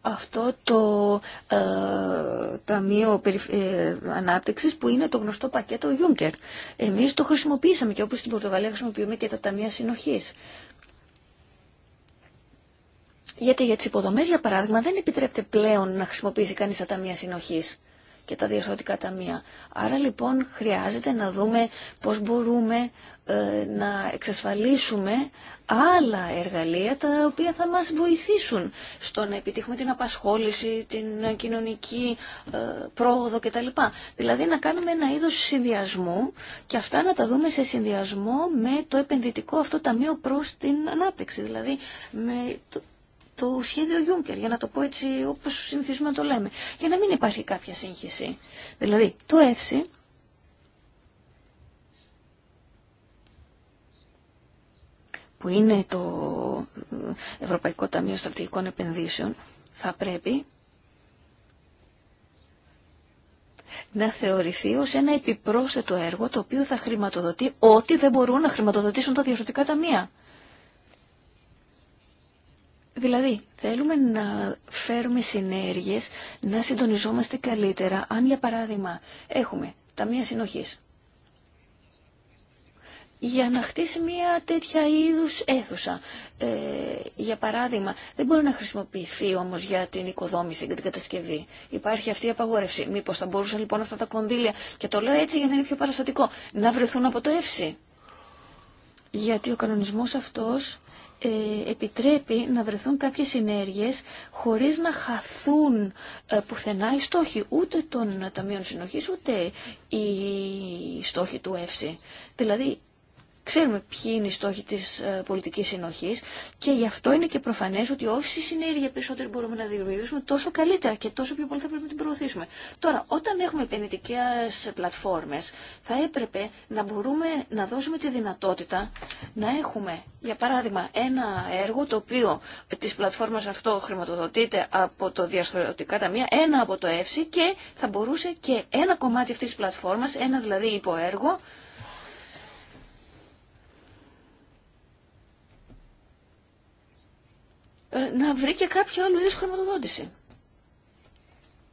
αυτό το ε, Ταμείο ε, Ανάπτυξης που είναι το γνωστό πακέτο Juncker. Εμείς το χρησιμοποίησαμε και όπως στην Πορτογαλία χρησιμοποιούμε και τα Ταμεία Συνοχής. Γιατί για τι υποδομέ, για παράδειγμα, δεν επιτρέπεται πλέον να χρησιμοποιήσει κανείς τα ταμεία συνοχής και τα διασώτικα ταμεία. Άρα λοιπόν χρειάζεται να δούμε πώς μπορούμε ε, να εξασφαλίσουμε άλλα εργαλεία τα οποία θα μας βοηθήσουν στο να επιτύχουμε την απασχόληση, την κοινωνική ε, πρόοδο κτλ. Δηλαδή να κάνουμε ένα είδος συνδυασμού και αυτά να τα δούμε σε συνδυασμό με το επενδυτικό αυτό ταμείο προς την ανάπτυξη. Δηλαδή με το σχέδιο Juncker, για να το πω έτσι όπως συνηθίζουμε να το λέμε, για να μην υπάρχει κάποια σύγχυση. Δηλαδή, το Εύση, που είναι το Ευρωπαϊκό Ταμείο Στρατηγικών Επενδύσεων, θα πρέπει να θεωρηθεί ως ένα επιπρόσθετο έργο το οποίο θα χρηματοδοτεί ό,τι δεν μπορούν να χρηματοδοτήσουν τα διαφορετικά ταμεία. Δηλαδή, θέλουμε να φέρουμε συνέργειες, να συντονιζόμαστε καλύτερα, αν για παράδειγμα έχουμε ταμεία συνοχής. Για να χτίσει μια τέτοια είδους αίθουσα, ε, για παράδειγμα, δεν μπορεί να χρησιμοποιηθεί όμως για την οικοδόμηση και την κατασκευή. Υπάρχει αυτή η απαγόρευση. Μήπως θα μπορούσαν λοιπόν αυτά τα κονδύλια, και το λέω έτσι για να είναι πιο παραστατικό, να βρεθούν από το εύση Γιατί ο κανονισμός αυτός ε, επιτρέπει να βρεθούν κάποιες συνέργειες χωρίς να χαθούν ε, πουθενά οι στόχοι ούτε των Ταμείων Συνοχής ούτε οι στόχοι του ΕΦΣΗ Δηλαδή Ξέρουμε ποιοι είναι οι στόχοι τη ε, πολιτική συνοχή και γι' αυτό είναι και προφανέ ότι όσοι συνέργεια περισσότερο μπορούμε να δημιουργήσουμε τόσο καλύτερα και τόσο πιο πολύ θα πρέπει να την προωθήσουμε. Τώρα, όταν έχουμε επενδυτικέ πλατφόρμε, θα έπρεπε να μπορούμε να δώσουμε τη δυνατότητα να έχουμε, για παράδειγμα, ένα έργο το οποίο τη πλατφόρμα αυτό χρηματοδοτείται από το διαστροτικά ταμεία, ένα από το ΕΦΣΥ και θα μπορούσε και ένα κομμάτι αυτή τη πλατφόρμα, ένα δηλαδή υποέργο, Ε, να βρει και κάποιο άλλο ίδιο χρηματοδότηση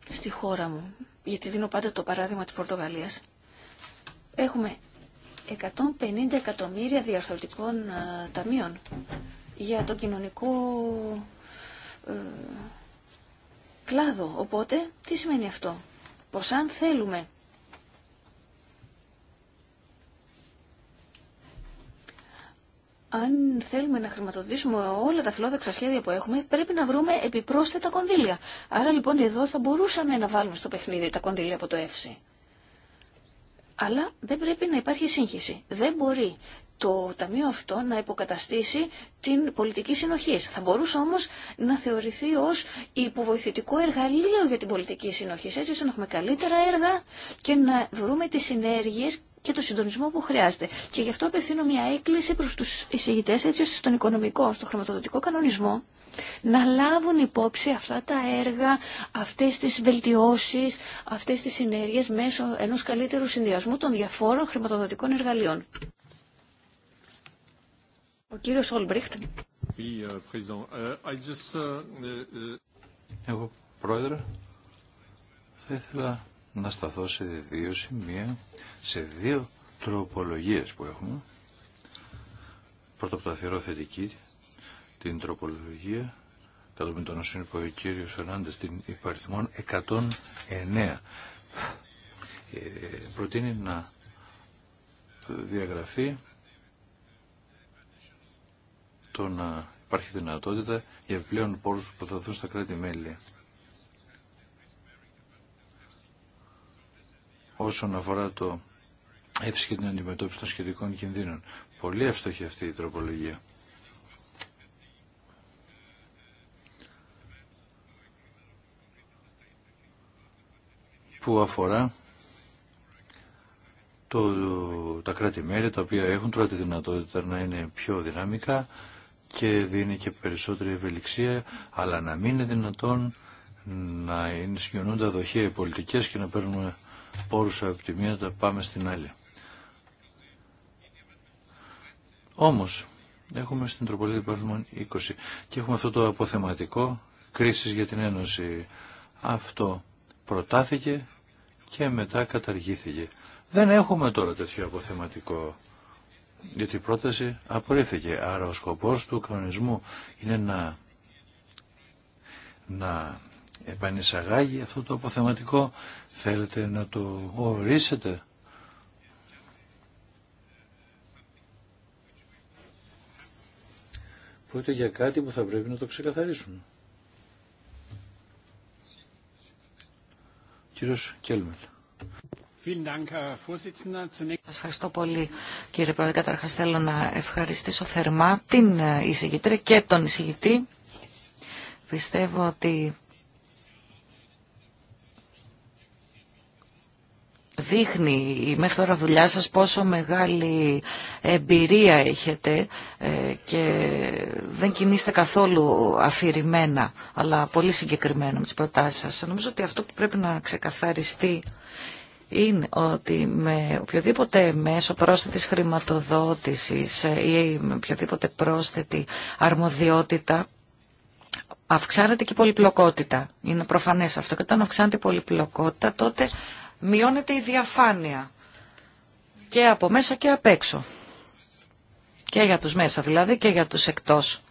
στη χώρα μου. Γιατί δίνω πάντα το παράδειγμα της Πορτογαλίας. Έχουμε 150 εκατομμύρια διαρθρωτικών ε, ταμείων για το κοινωνικό ε, κλάδο. Οπότε, τι σημαίνει αυτό. Πως αν θέλουμε αν θέλουμε να χρηματοδοτήσουμε όλα τα φιλόδοξα σχέδια που έχουμε, πρέπει να βρούμε επιπρόσθετα κονδύλια. Άρα λοιπόν εδώ θα μπορούσαμε να βάλουμε στο παιχνίδι τα κονδύλια από το ΕΦΣΥ. Αλλά δεν πρέπει να υπάρχει σύγχυση. Δεν μπορεί το Ταμείο αυτό να υποκαταστήσει την πολιτική συνοχή. Θα μπορούσε όμω να θεωρηθεί ω υποβοηθητικό εργαλείο για την πολιτική συνοχή, έτσι ώστε να έχουμε καλύτερα έργα και να βρούμε τι συνέργειε και το συντονισμό που χρειάζεται. Και γι' αυτό απευθύνω μια έκκληση προς τους εισηγητές έτσι ώστε στον οικονομικό, στον χρηματοδοτικό κανονισμό να λάβουν υπόψη αυτά τα έργα, αυτές τις βελτιώσεις, αυτές τις συνέργειες μέσω ενός καλύτερου συνδυασμού των διαφόρων χρηματοδοτικών εργαλείων. Ο κύριος Ολμπρίχτ. Euh, euh, euh, Εγώ, Πρόεδρε, θα να σταθώ σε δύο σημεία, σε δύο τροπολογίες που έχουμε. Πρώτα που τα θεωρώ θετική, την τροπολογία, με τον όσων που ο κύριος Φερνάντες, την υπαριθμών 109. Ε, προτείνει να διαγραφεί το να υπάρχει δυνατότητα για πλέον πόρους που θα δοθούν στα κράτη-μέλη. όσον αφορά το έψη και την αντιμετώπιση των σχετικών κινδύνων. Πολύ εύστοχη αυτή η τροπολογία. που αφορά το, τα κράτη-μέρη τα οποία έχουν τώρα τη δυνατότητα να είναι πιο δυναμικά και δίνει και περισσότερη ευελιξία αλλά να μην είναι δυνατόν να είναι τα δοχεία οι πολιτικές και να παίρνουμε πόρους από τη μία τα πάμε στην άλλη. Όμως, έχουμε στην τροπολίτη υπάρχουν 20 και έχουμε αυτό το αποθεματικό κρίσης για την Ένωση. Αυτό προτάθηκε και μετά καταργήθηκε. Δεν έχουμε τώρα τέτοιο αποθεματικό γιατί η πρόταση απορρίφθηκε. Άρα ο σκοπός του κανονισμού είναι να, να επανεισαγάγει αυτό το αποθεματικό. Θέλετε να το ορίσετε. Πρόκειται για κάτι που θα πρέπει να το ξεκαθαρίσουμε. Κύριος Κέλμελ. Σας ευχαριστώ πολύ κύριε Πρόεδρε. Καταρχάς θέλω να ευχαριστήσω θερμά την εισηγήτρια και τον εισηγητή. Πιστεύω ότι δείχνει η μέχρι τώρα δουλειά σας πόσο μεγάλη εμπειρία έχετε ε, και δεν κινείστε καθόλου αφηρημένα, αλλά πολύ συγκεκριμένα με τις προτάσεις σας. Νομίζω ότι αυτό που πρέπει να ξεκαθαριστεί είναι ότι με οποιοδήποτε μέσο πρόσθετης χρηματοδότησης ε, ή με οποιοδήποτε πρόσθετη αρμοδιότητα αυξάνεται και η πολυπλοκότητα. Είναι προφανές αυτό. Και όταν αυξάνεται η πολυπλοκότητα τότε μειώνεται η διαφάνεια και από μέσα και απ' έξω. Και για τους μέσα δηλαδή και για τους εκτός.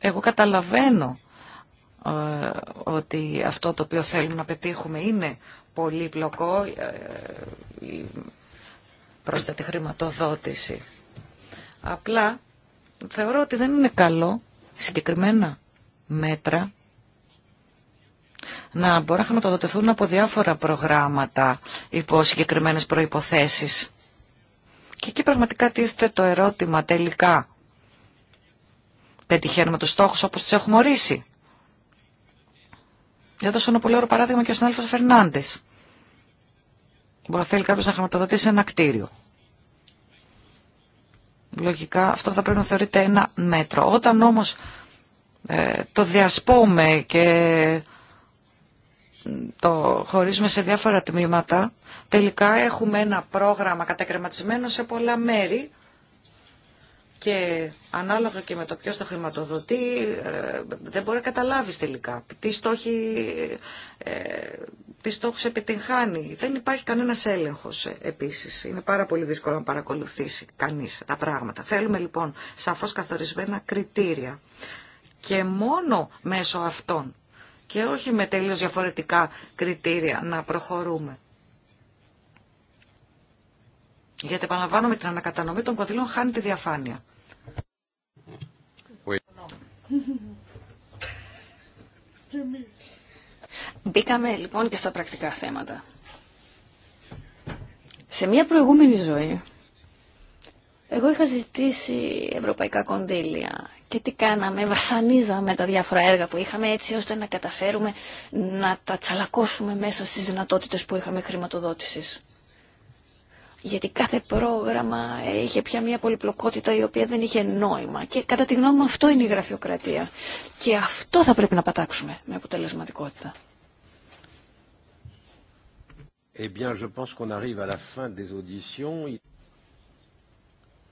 Εγώ καταλαβαίνω ε, ότι αυτό το οποίο θέλουμε να πετύχουμε είναι πολύπλοκο ε, τη πρόσθετη χρηματοδότηση. Απλά θεωρώ ότι δεν είναι καλό συγκεκριμένα μέτρα να μπορούν να χρηματοδοτηθούν από διάφορα προγράμματα υπό συγκεκριμένες προϋποθέσεις. Και εκεί πραγματικά τίθεται το ερώτημα τελικά. Πετυχαίνουμε τους στόχους όπως τους έχουμε ορίσει. δώσω ένα πολύ ωραίο παράδειγμα και ο συνάδελφος Φερνάντες. Μπορεί να θέλει κάποιος να χρηματοδοτήσει ένα κτίριο. Λογικά αυτό θα πρέπει να θεωρείται ένα μέτρο. Όταν όμως ε, το διασπόμε και το χωρίζουμε σε διάφορα τμήματα. Τελικά έχουμε ένα πρόγραμμα κατακρεματισμένο σε πολλά μέρη και ανάλογα και με το ποιος το χρηματοδοτεί ε, δεν μπορεί να καταλάβεις τελικά τι, στόχοι, ε, τι στόχους επιτυγχάνει. Δεν υπάρχει κανένας έλεγχος ε, επίσης. Είναι πάρα πολύ δύσκολο να παρακολουθήσει κανείς τα πράγματα. Θέλουμε λοιπόν σαφώς καθορισμένα κριτήρια και μόνο μέσω αυτών και όχι με τελείως διαφορετικά κριτήρια να προχωρούμε. Γιατί επαναλαμβάνω με την ανακατανομή των κονδύλων χάνει τη διαφάνεια. Μπήκαμε λοιπόν και στα πρακτικά θέματα. Σε μια προηγούμενη ζωή, εγώ είχα ζητήσει ευρωπαϊκά κονδύλια και τι κάναμε, βασανίζαμε τα διάφορα έργα που είχαμε έτσι ώστε να καταφέρουμε να τα τσαλακώσουμε μέσα στις δυνατότητες που είχαμε χρηματοδότησης. Γιατί κάθε πρόγραμμα είχε πια μια πολυπλοκότητα η οποία δεν είχε νόημα. Και κατά τη γνώμη μου αυτό είναι η γραφειοκρατία. Και αυτό θα πρέπει να πατάξουμε με αποτελεσματικότητα. Eh bien, je pense qu'on arrive à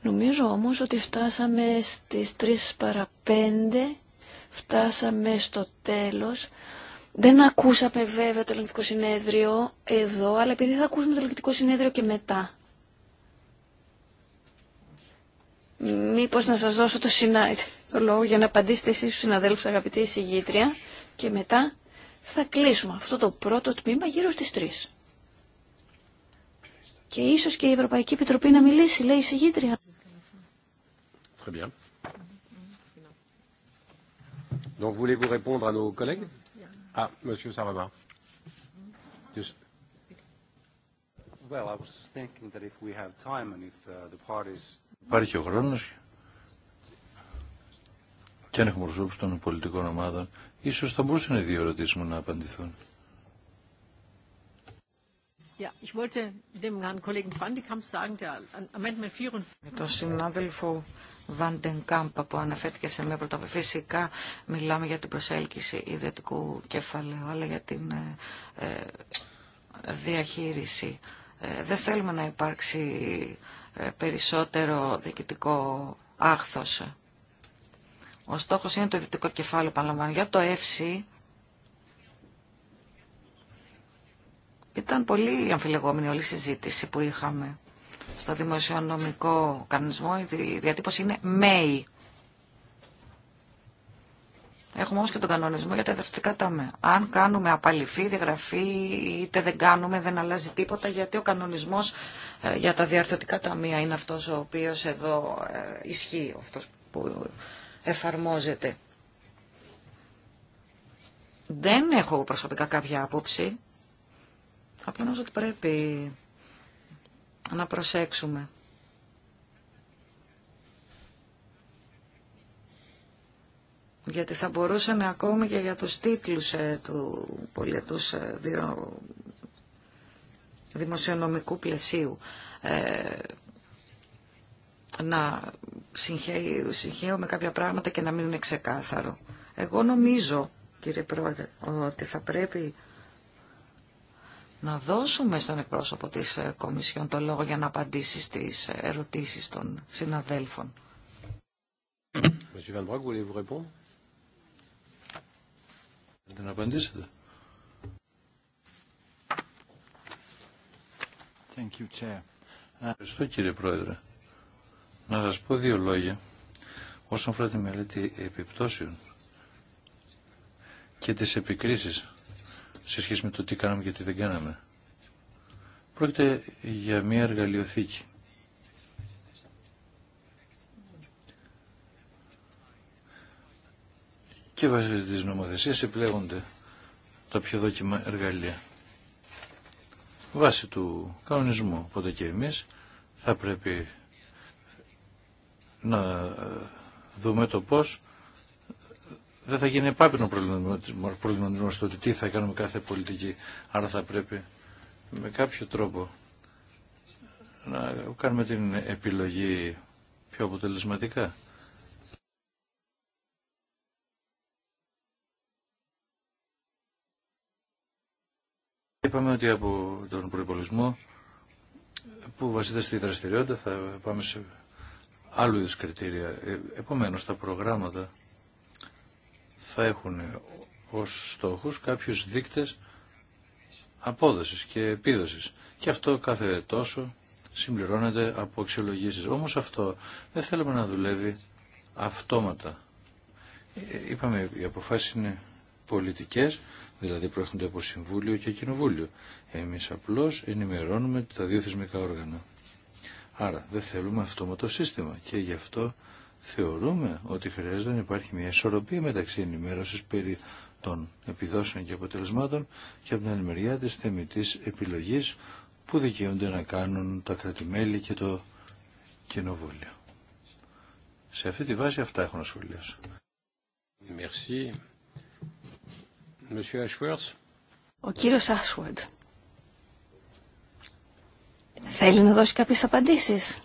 Νομίζω όμως ότι φτάσαμε στις 3 παρα 5, φτάσαμε στο τέλος. Δεν ακούσαμε βέβαια το ελεγκτικό συνέδριο εδώ, αλλά επειδή θα ακούσουμε το ελεγκτικό συνέδριο και μετά. Μήπως να σας δώσω το, συνά... το λόγο για να απαντήσετε εσείς στους συναδέλφους αγαπητή συγγήτρια, και μετά θα κλείσουμε αυτό το πρώτο τμήμα γύρω στις 3. Και ίσως και η Ευρωπαϊκή Επιτροπή να μιλήσει, λέει η συγγήτρια. Donc, voulez ah, uh, Υπάρχει ο χρόνος και αν έχουμε προσώπους των πολιτικών ομάδων, ίσως θα μπορούσαν οι δύο ερωτήσεις μου να απαντηθούν. Με τον συνάδελφο Βαντενκάμπα που αναφέρθηκε σε μια πρωτοβουλία. Φυσικά μιλάμε για την προσέλκυση ιδιωτικού κεφαλαίου, αλλά για την ε, ε, διαχείριση. Ε, δεν θέλουμε να υπάρξει περισσότερο διοικητικό άχθος. Ο στόχος είναι το ιδιωτικό κεφάλαιο, επαναλαμβάνω. Για το ΕΦΣΥ Ήταν πολύ αμφιλεγόμενη όλη η συζήτηση που είχαμε στο δημοσιονομικό κανονισμό. Η διατύπωση είναι ΜΕΙ. Έχουμε όμως και τον κανονισμό για τα δραστικά ταμεία. Αν κάνουμε απαλληφή, διαγραφή, είτε δεν κάνουμε, δεν αλλάζει τίποτα, γιατί ο κανονισμός ε, για τα διαρθρωτικά ταμεία είναι αυτός ο οποίος εδώ ε, ισχύει, αυτός που εφαρμόζεται. Δεν έχω προσωπικά κάποια άποψη Απλά νομίζω ότι πρέπει να προσέξουμε. γιατί θα μπορούσαν ακόμη και για τους τίτλους ε, του πολιετούς ε, δημοσιονομικού πλαισίου ε, να συγχαίω με κάποια πράγματα και να μην είναι ξεκάθαρο. Εγώ νομίζω, κύριε Πρόεδρε, ότι θα πρέπει να δώσουμε στον εκπρόσωπο της ε, Κομισιόν το λόγο για να απαντήσει στις ερωτήσεις των συναδέλφων. Ευχαριστώ κύριε Πρόεδρε. Να σας πω δύο λόγια όσον αφορά τη μελέτη επιπτώσεων και τις επικρίσεις σε σχέση με το τι κάναμε και τι δεν κάναμε. Πρόκειται για μια εργαλειοθήκη. Και βάσει της νομοθεσίας επιλέγονται τα πιο δόκιμα εργαλεία. Βάσει του κανονισμού, οπότε και εμείς θα πρέπει να δούμε το πώς δεν θα γίνει επάπεινο προβληματισμό στο ότι τι θα κάνουμε κάθε πολιτική. Άρα θα πρέπει με κάποιο τρόπο να κάνουμε την επιλογή πιο αποτελεσματικά. Είπαμε ότι από τον προϋπολογισμό που βασίζεται στη δραστηριότητα θα πάμε σε άλλου είδους κριτήρια. Ε, επομένως τα προγράμματα θα έχουν ως στόχους κάποιους δείκτες απόδοσης και επίδοσης. Και αυτό κάθε τόσο συμπληρώνεται από αξιολογήσει. Όμως αυτό δεν θέλουμε να δουλεύει αυτόματα. Ε, είπαμε, οι αποφάσεις είναι πολιτικές, δηλαδή προέρχονται από Συμβούλιο και Κοινοβούλιο. Εμείς απλώς ενημερώνουμε τα δύο θεσμικά όργανα. Άρα δεν θέλουμε αυτόματο σύστημα και γι' αυτό θεωρούμε ότι χρειάζεται να υπάρχει μια ισορροπία μεταξύ ενημέρωσης περί των επιδόσεων και αποτελεσμάτων και από την άλλη μεριά της θεμητής επιλογής που δικαιούνται να κάνουν τα κρατημέλη και το κοινοβούλιο. Σε αυτή τη βάση αυτά έχω να σχολιάσω. Merci. Monsieur Ο κύριος Ashworth. Θέλει να δώσει κάποιες απαντήσεις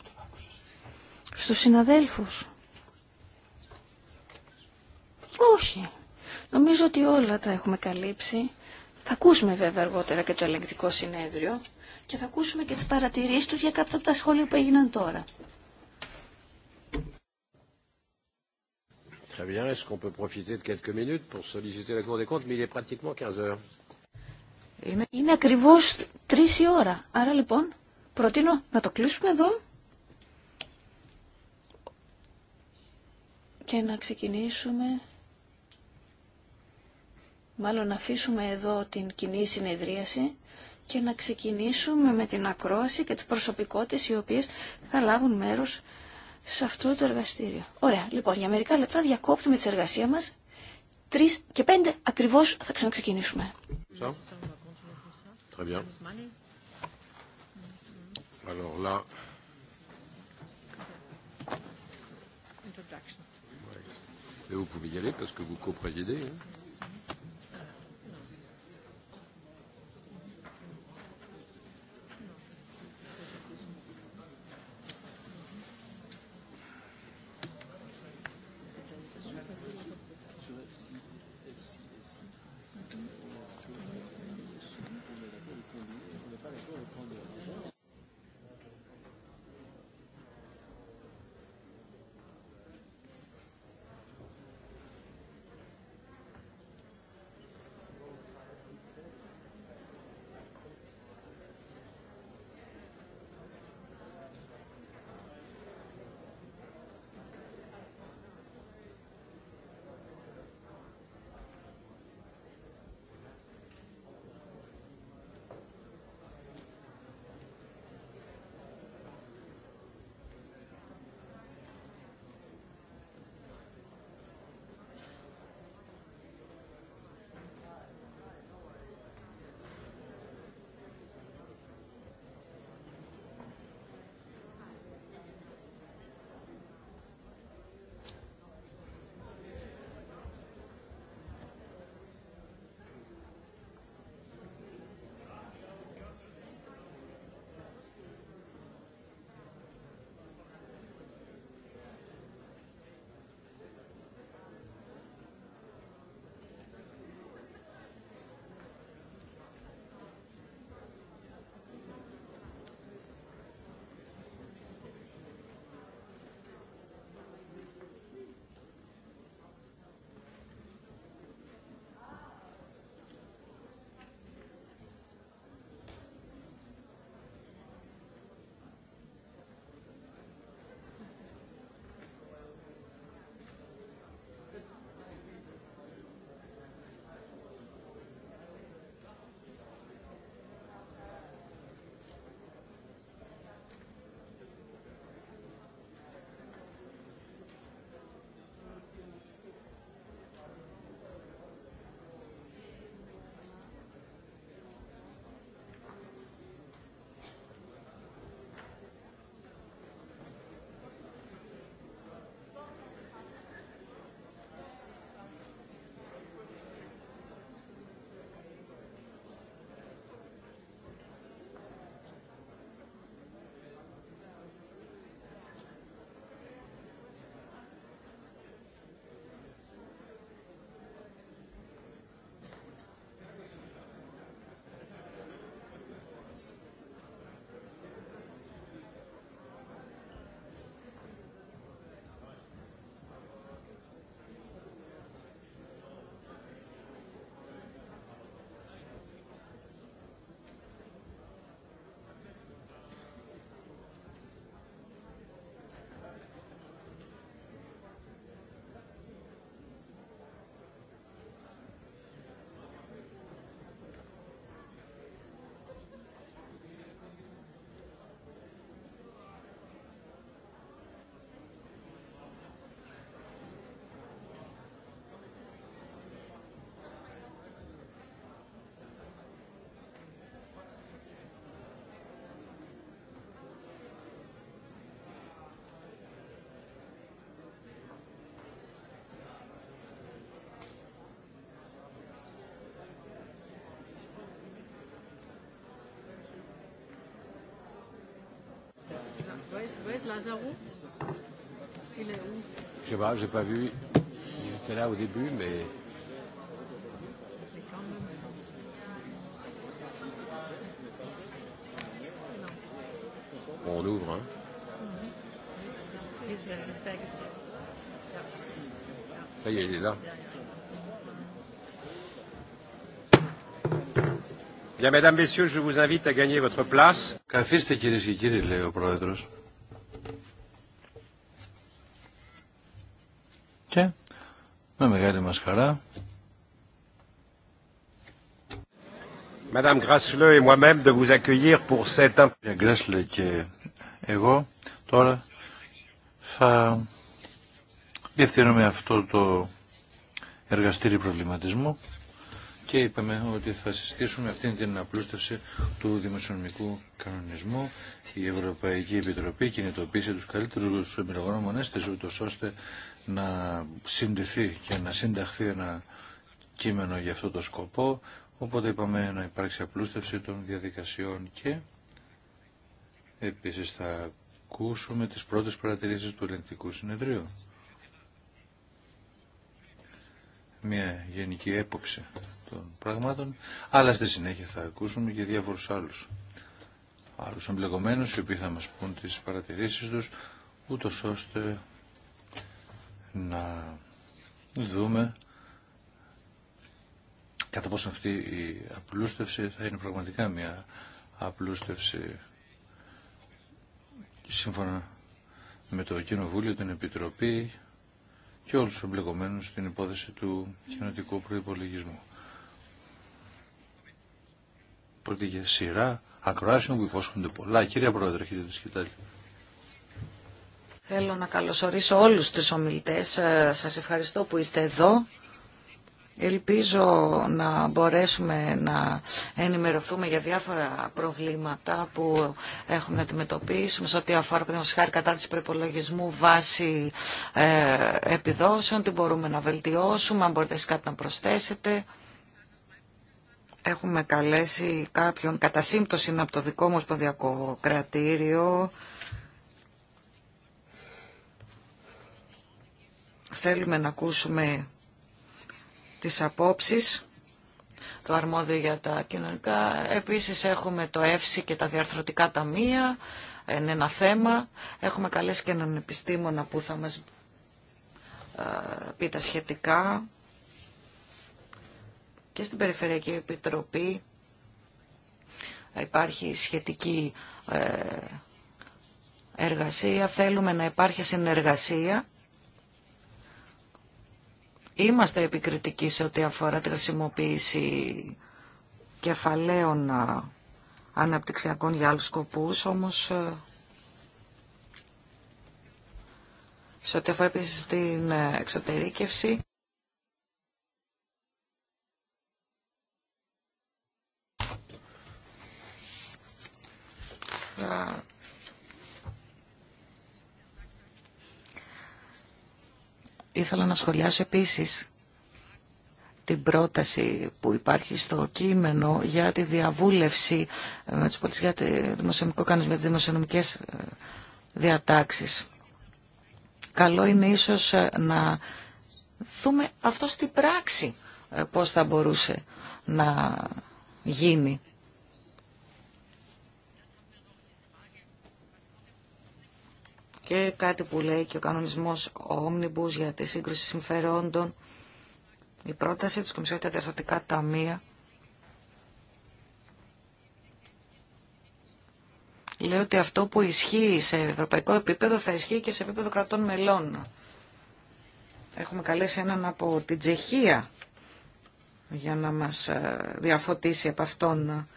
στους συναδέλφους. Όχι. Νομίζω ότι όλα τα έχουμε καλύψει. Θα ακούσουμε βέβαια αργότερα και το ελεγκτικό συνέδριο και θα ακούσουμε και τις παρατηρήσεις τους για κάποια από τα σχόλια που έγιναν τώρα. Είναι, ακριβώς τρεις η ώρα. Άρα λοιπόν προτείνω να το κλείσουμε εδώ και να ξεκινήσουμε μάλλον να αφήσουμε εδώ την κοινή συνεδρίαση και να ξεκινήσουμε με την ακρόαση και τις προσωπικότητες οι οποίες θα λάβουν μέρος σε αυτό το εργαστήριο. Ωραία, λοιπόν, για μερικά λεπτά διακόπτουμε τη εργασία μας. Τρεις και πέντε ακριβώς θα ξαναξεκινήσουμε. Et vous pouvez y aller parce que vous Where's Lazaro Il est où Je sais pas, j'ai pas vu. Il était là au début, mais. Bon, on ouvre, hein. Ça y est, il est là. Bien, mesdames, messieurs, je vous invite à gagner votre place. Καθίστε, κυρίε και κύριοι, λέει ο πρόεδρος. και με μεγάλη μας χαρά Madame και εγώ τώρα θα διευθύνουμε αυτό το εργαστήρι προβληματισμού και είπαμε ότι θα συστήσουμε αυτήν την απλούστευση του δημοσιονομικού κανονισμού. Η Ευρωπαϊκή Επιτροπή κινητοποίησε τους καλύτερους εμπειρογνώμονε της ούτως ώστε να συντηθεί και να συνταχθεί ένα κείμενο για αυτό το σκοπό. Οπότε είπαμε να υπάρξει απλούστευση των διαδικασιών και επίσης θα ακούσουμε τις πρώτες παρατηρήσεις του ελεγκτικού συνεδρίου. Μια γενική έποψη των πραγμάτων, αλλά στη συνέχεια θα ακούσουμε και διάφορους άλλους. Άλλους εμπλεκομένους, οι οποίοι θα μας πούν τις παρατηρήσεις τους, ούτω ώστε να δούμε κατά πόσο αυτή η απλούστευση θα είναι πραγματικά μια απλούστευση σύμφωνα με το Κοινοβούλιο, την Επιτροπή και όλους τους εμπλεκομένους στην υπόθεση του κοινοτικού προϋπολογισμού. Πρόκειται για σειρά ακροάσεων που υπόσχονται πολλά. Κυρία Πρόεδρε, έχετε τη Θέλω να καλωσορίσω όλους τους ομιλητές. Ε, σας ευχαριστώ που είστε εδώ. Ελπίζω να μπορέσουμε να ενημερωθούμε για διάφορα προβλήματα που έχουμε να αντιμετωπίσουμε σε ό,τι αφορά την χάρη κατάρτιση προπολογισμού βάση ε, επιδόσεων, τι μπορούμε να βελτιώσουμε, αν μπορείτε κάτι να προσθέσετε έχουμε καλέσει κάποιον, κατά σύμπτωση από το δικό μου σπονδιακό κρατήριο, θέλουμε να ακούσουμε τις απόψεις το αρμόδιο για τα κοινωνικά. Επίσης έχουμε το ΕΦΣΙ και τα διαρθρωτικά ταμεία, είναι ένα θέμα. Έχουμε καλέσει και έναν επιστήμονα που θα μας πει τα σχετικά και στην Περιφερειακή Επιτροπή υπάρχει σχετική ε, εργασία. Θέλουμε να υπάρχει συνεργασία. Είμαστε επικριτικοί σε ό,τι αφορά τη χρησιμοποίηση κεφαλαίων ε, αναπτυξιακών για άλλους σκοπούς, όμως ε, σε ό,τι αφορά επίσης την εξωτερήκευση Ήθελα να σχολιάσω επίσης την πρόταση που υπάρχει στο κείμενο για τη διαβούλευση ε, με τους πολίτες για τη δημοσιονομικό κανονισμό, τις δημοσιονομικές ε, διατάξεις. Καλό είναι ίσως ε, να δούμε αυτό στην πράξη πώς θα μπορούσε να γίνει. και κάτι που λέει και ο κανονισμός Omnibus για τη σύγκρουση συμφερόντων. Η πρόταση της Κομισιότητας για τα Διαρθωτικά Ταμεία λέει ότι αυτό που ισχύει σε ευρωπαϊκό επίπεδο θα ισχύει και σε επίπεδο κρατών μελών. Έχουμε καλέσει έναν από την Τσεχία για να μας ε, διαφωτίσει από αυτόν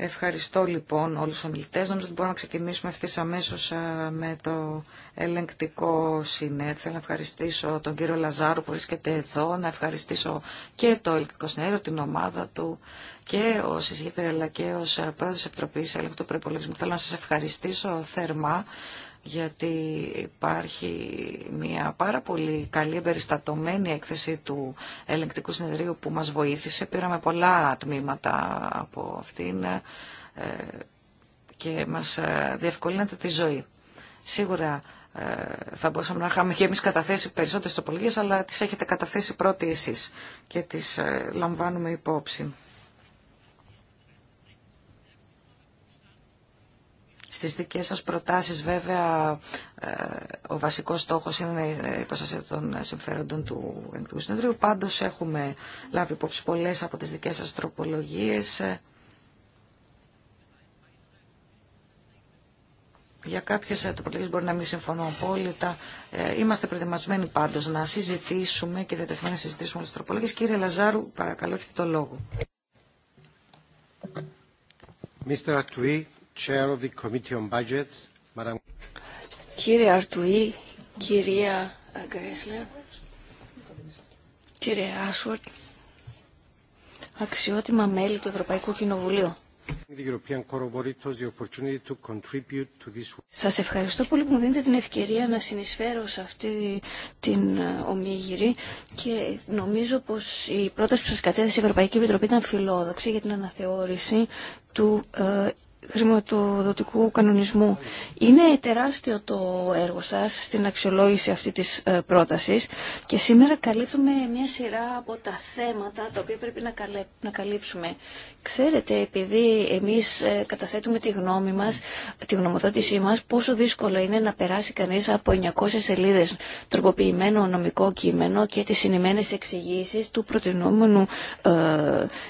Ευχαριστώ λοιπόν όλους τους ομιλητέ. Νομίζω ότι μπορούμε να ξεκινήσουμε ευθύς αμέσως ε, με το ελεγκτικό συνέδριο. Θέλω να ευχαριστήσω τον κύριο Λαζάρου που βρίσκεται εδώ, να ευχαριστήσω και το ελεγκτικό συνέδριο, την ομάδα του και ω εισηγήτρια αλλά και ω πρόεδρο τη Επιτροπή Ελέγχου του Προπολογισμού. Θέλω να σα ευχαριστήσω θερμά γιατί υπάρχει μια πάρα πολύ καλή εμπεριστατωμένη έκθεση του ελεγκτικού συνεδρίου που μας βοήθησε. Πήραμε πολλά τμήματα από αυτήν ε, και μας ε, διευκολύνεται τη ζωή. Σίγουρα ε, θα μπορούσαμε να είχαμε και εμείς καταθέσει περισσότερες τοπολογίες, αλλά τις έχετε καταθέσει πρώτοι εσείς και τις λαμβάνουμε υπόψη. Στις δικές σας προτάσεις βέβαια ε, ο βασικός στόχος είναι η υποστασία των συμφέροντων του Ελληνικού Συνεδρίου. Πάντως έχουμε λάβει υπόψη πολλές από τις δικές σας τροπολογίες. Ε, για κάποιες ε, τροπολογίες μπορεί να μην συμφωνώ απόλυτα. Είμαστε προετοιμασμένοι πάντως να συζητήσουμε και διατεθειμένοι να συζητήσουμε όλες τις τροπολογίες. Κύριε Λαζάρου, παρακαλώ έχετε το λόγο. Mr. Κύριε Αρτουή, κυρία Γκρέσλερ, κύριε Άσουαρτ, αξιότιμα μέλη του Ευρωπαϊκού Κοινοβουλίου. Σας ευχαριστώ πολύ που μου δίνετε την ευκαιρία να συνεισφέρω σε αυτή την ε, ομίγυρη και νομίζω πως η πρόταση που σας κατέθεσε η Ευρωπαϊκή Επιτροπή ήταν φιλόδοξη για την αναθεώρηση του ε, χρηματοδοτικού κανονισμού. Είναι τεράστιο το έργο σας στην αξιολόγηση αυτή της ε, πρότασης και σήμερα καλύπτουμε μια σειρά από τα θέματα τα οποία πρέπει να καλύψουμε Ξέρετε, επειδή εμείς ε, καταθέτουμε τη γνώμη μας, τη γνωμοδότησή μας, πόσο δύσκολο είναι να περάσει κανείς από 900 σελίδες τροποποιημένο νομικό κείμενο και τις συνημένες εξηγήσει του προτινόμενου ε,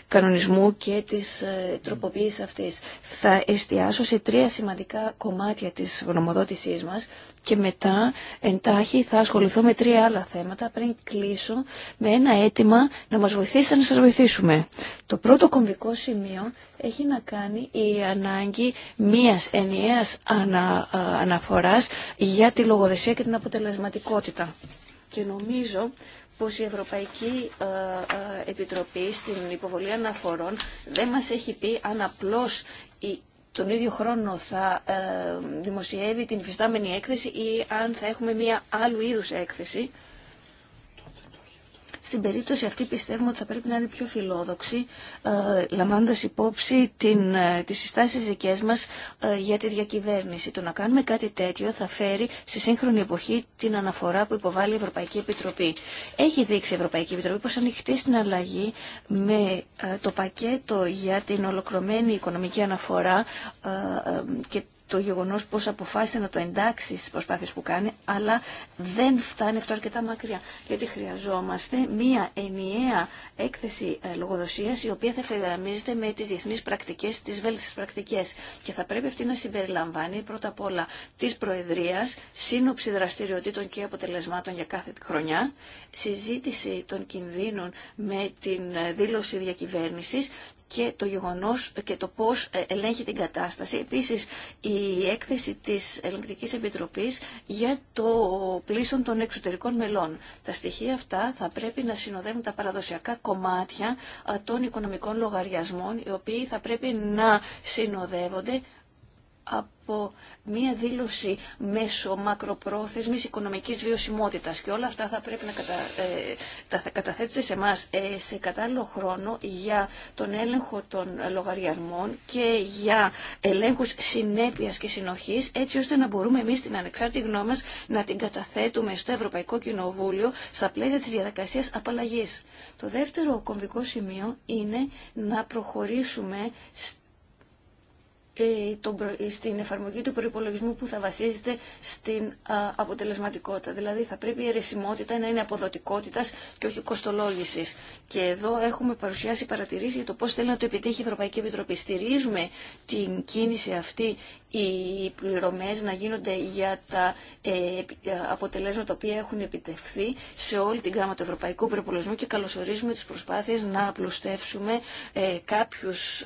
κανονισμού και της ε, τροποποίησης αυτής. Θα εστιάσω σε τρία σημαντικά κομμάτια της γνωμοδότησής μας, και μετά εντάχει θα ασχοληθώ με τρία άλλα θέματα πριν κλείσω με ένα αίτημα να μας βοηθήσετε να σας βοηθήσουμε. Το πρώτο κομβικό σημείο έχει να κάνει η ανάγκη μίας ενιαίας ανα, αναφοράς για τη λογοδεσία και την αποτελεσματικότητα. Και νομίζω πως η Ευρωπαϊκή Επιτροπή στην υποβολή αναφορών δεν μας έχει πει αν απλώς τον ίδιο χρόνο θα ε, δημοσιεύει την υφιστάμενη έκθεση ή αν θα έχουμε μία άλλου είδους έκθεση στην περίπτωση αυτή πιστεύουμε ότι θα πρέπει να είναι πιο φιλόδοξη, ε, λαμβάνοντας υπόψη την, ε, τις συστάσεις δικές μας ε, για τη διακυβέρνηση. Το να κάνουμε κάτι τέτοιο θα φέρει στη σύγχρονη εποχή την αναφορά που υποβάλλει η Ευρωπαϊκή Επιτροπή. Έχει δείξει η Ευρωπαϊκή Επιτροπή πως ανοιχτεί στην αλλαγή με το πακέτο για την ολοκληρωμένη οικονομική αναφορά και το γεγονός πως αποφάσισε να το εντάξει στις προσπάθειες που κάνει, αλλά δεν φτάνει αυτό αρκετά μακριά. Γιατί χρειαζόμαστε μία ενιαία έκθεση ε, λογοδοσίας, η οποία θα ευθυγραμμίζεται με τις διεθνείς πρακτικές, τις βέλτιστες πρακτικές. Και θα πρέπει αυτή να συμπεριλαμβάνει πρώτα απ' όλα της Προεδρίας, σύνοψη δραστηριοτήτων και αποτελεσμάτων για κάθε χρονιά, συζήτηση των κινδύνων με την ε, δήλωση διακυβέρνησης και το γεγονός και το πώς ε, ελέγχει την κατάσταση. Επίσης, η η έκθεση της Ελληνικής Επιτροπής για το πλήσον των εξωτερικών μελών. Τα στοιχεία αυτά θα πρέπει να συνοδεύουν τα παραδοσιακά κομμάτια των οικονομικών λογαριασμών, οι οποίοι θα πρέπει να συνοδεύονται από μία δήλωση μέσω μακροπρόθεσμης οικονομικής βιωσιμότητας και όλα αυτά θα πρέπει να κατα, ε, τα θα σε εμά ε, σε κατάλληλο χρόνο για τον έλεγχο των λογαριασμών και για ελέγχους συνέπειας και συνοχής έτσι ώστε να μπορούμε εμείς την ανεξάρτητη γνώμη μας να την καταθέτουμε στο Ευρωπαϊκό Κοινοβούλιο στα πλαίσια της διαδικασίας απαλλαγής. Το δεύτερο κομβικό σημείο είναι να προχωρήσουμε ε, ε, στην εφαρμογή του προπολογισμού που θα βασίζεται στην αποτελεσματικότητα. Δηλαδή θα πρέπει η αιρεσιμότητα να είναι αποδοτικότητα και όχι κοστολόγηση. Και εδώ έχουμε παρουσιάσει παρατηρήσει για το πώ θέλει να το επιτύχει η Ευρωπαϊκή Επιτροπή. Στηρίζουμε την κίνηση αυτή οι πληρωμές να γίνονται για τα ε, ε, αποτελέσματα τα οποία έχουν επιτευχθεί σε όλη την γάμα του ευρωπαϊκού προπολογισμού και καλωσορίζουμε τις προσπάθειες να απλουστεύσουμε ε, κάποιους,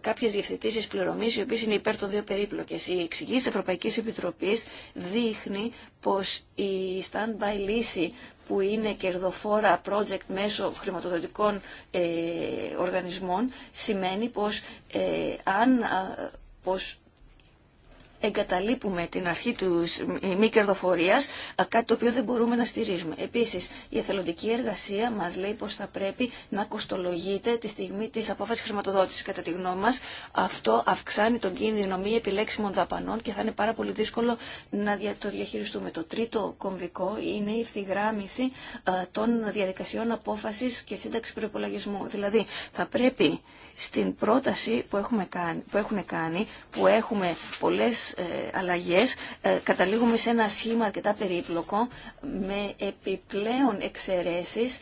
κάποιες διευθετήσεις πληρωμής οι οποίες είναι υπέρ των δύο περίπλοκες. Η εξηγήση της Ευρωπαϊκής Επιτροπής δείχνει πως η stand-by λύση που είναι κερδοφόρα project μέσω χρηματοδοτικών οργανισμών σημαίνει πως αν πως εγκαταλείπουμε την αρχή του μη κερδοφορία, κάτι το οποίο δεν μπορούμε να στηρίζουμε. Επίση, η εθελοντική εργασία μα λέει πω θα πρέπει να κοστολογείται τη στιγμή τη απόφαση χρηματοδότηση. Κατά τη γνώμη μα, αυτό αυξάνει τον κίνδυνο μη επιλέξιμων δαπανών και θα είναι πάρα πολύ δύσκολο να το διαχειριστούμε. Το τρίτο κομβικό είναι η ευθυγράμμιση των διαδικασιών απόφαση και σύνταξη προπολογισμού. Δηλαδή, θα πρέπει στην πρόταση που, έχουμε κάνει, που έχουμε πολλές ε, αλλαγές ε, καταλήγουμε σε ένα σχήμα αρκετά περίπλοκο με επιπλέον εξαιρέσεις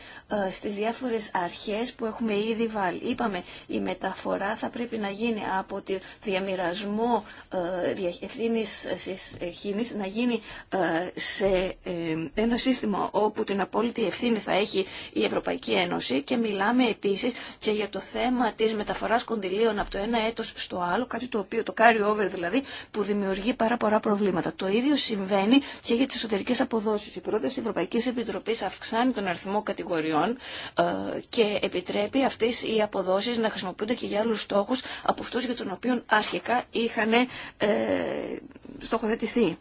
ε, στις διάφορες αρχές που έχουμε ήδη βάλει. Είπαμε η μεταφορά θα πρέπει να γίνει από τη διαμοιρασμό ευθύνης χήνης να γίνει σε ένα σύστημα όπου την απόλυτη ευθύνη θα έχει η Ευρωπαϊκή Ένωση και μιλάμε επίσης και για το θέμα της μεταφοράς κονδυλίων από το ένα έτος στο άλλο, κάτι το οποίο το carry over δηλαδή που δημιουργεί πάρα πολλά προβλήματα. Το ίδιο συμβαίνει και για τις εσωτερικές αποδόσεις. Η πρόταση τη Ευρωπαϊκή Επιτροπής αυξάνει τον αριθμό κατηγοριών ε, και επιτρέπει αυτές οι αποδόσεις να χρησιμοποιούνται και για άλλου στόχου από αυτού για τον οποίο αρχικά είχαν ε, στοχοθετηθεί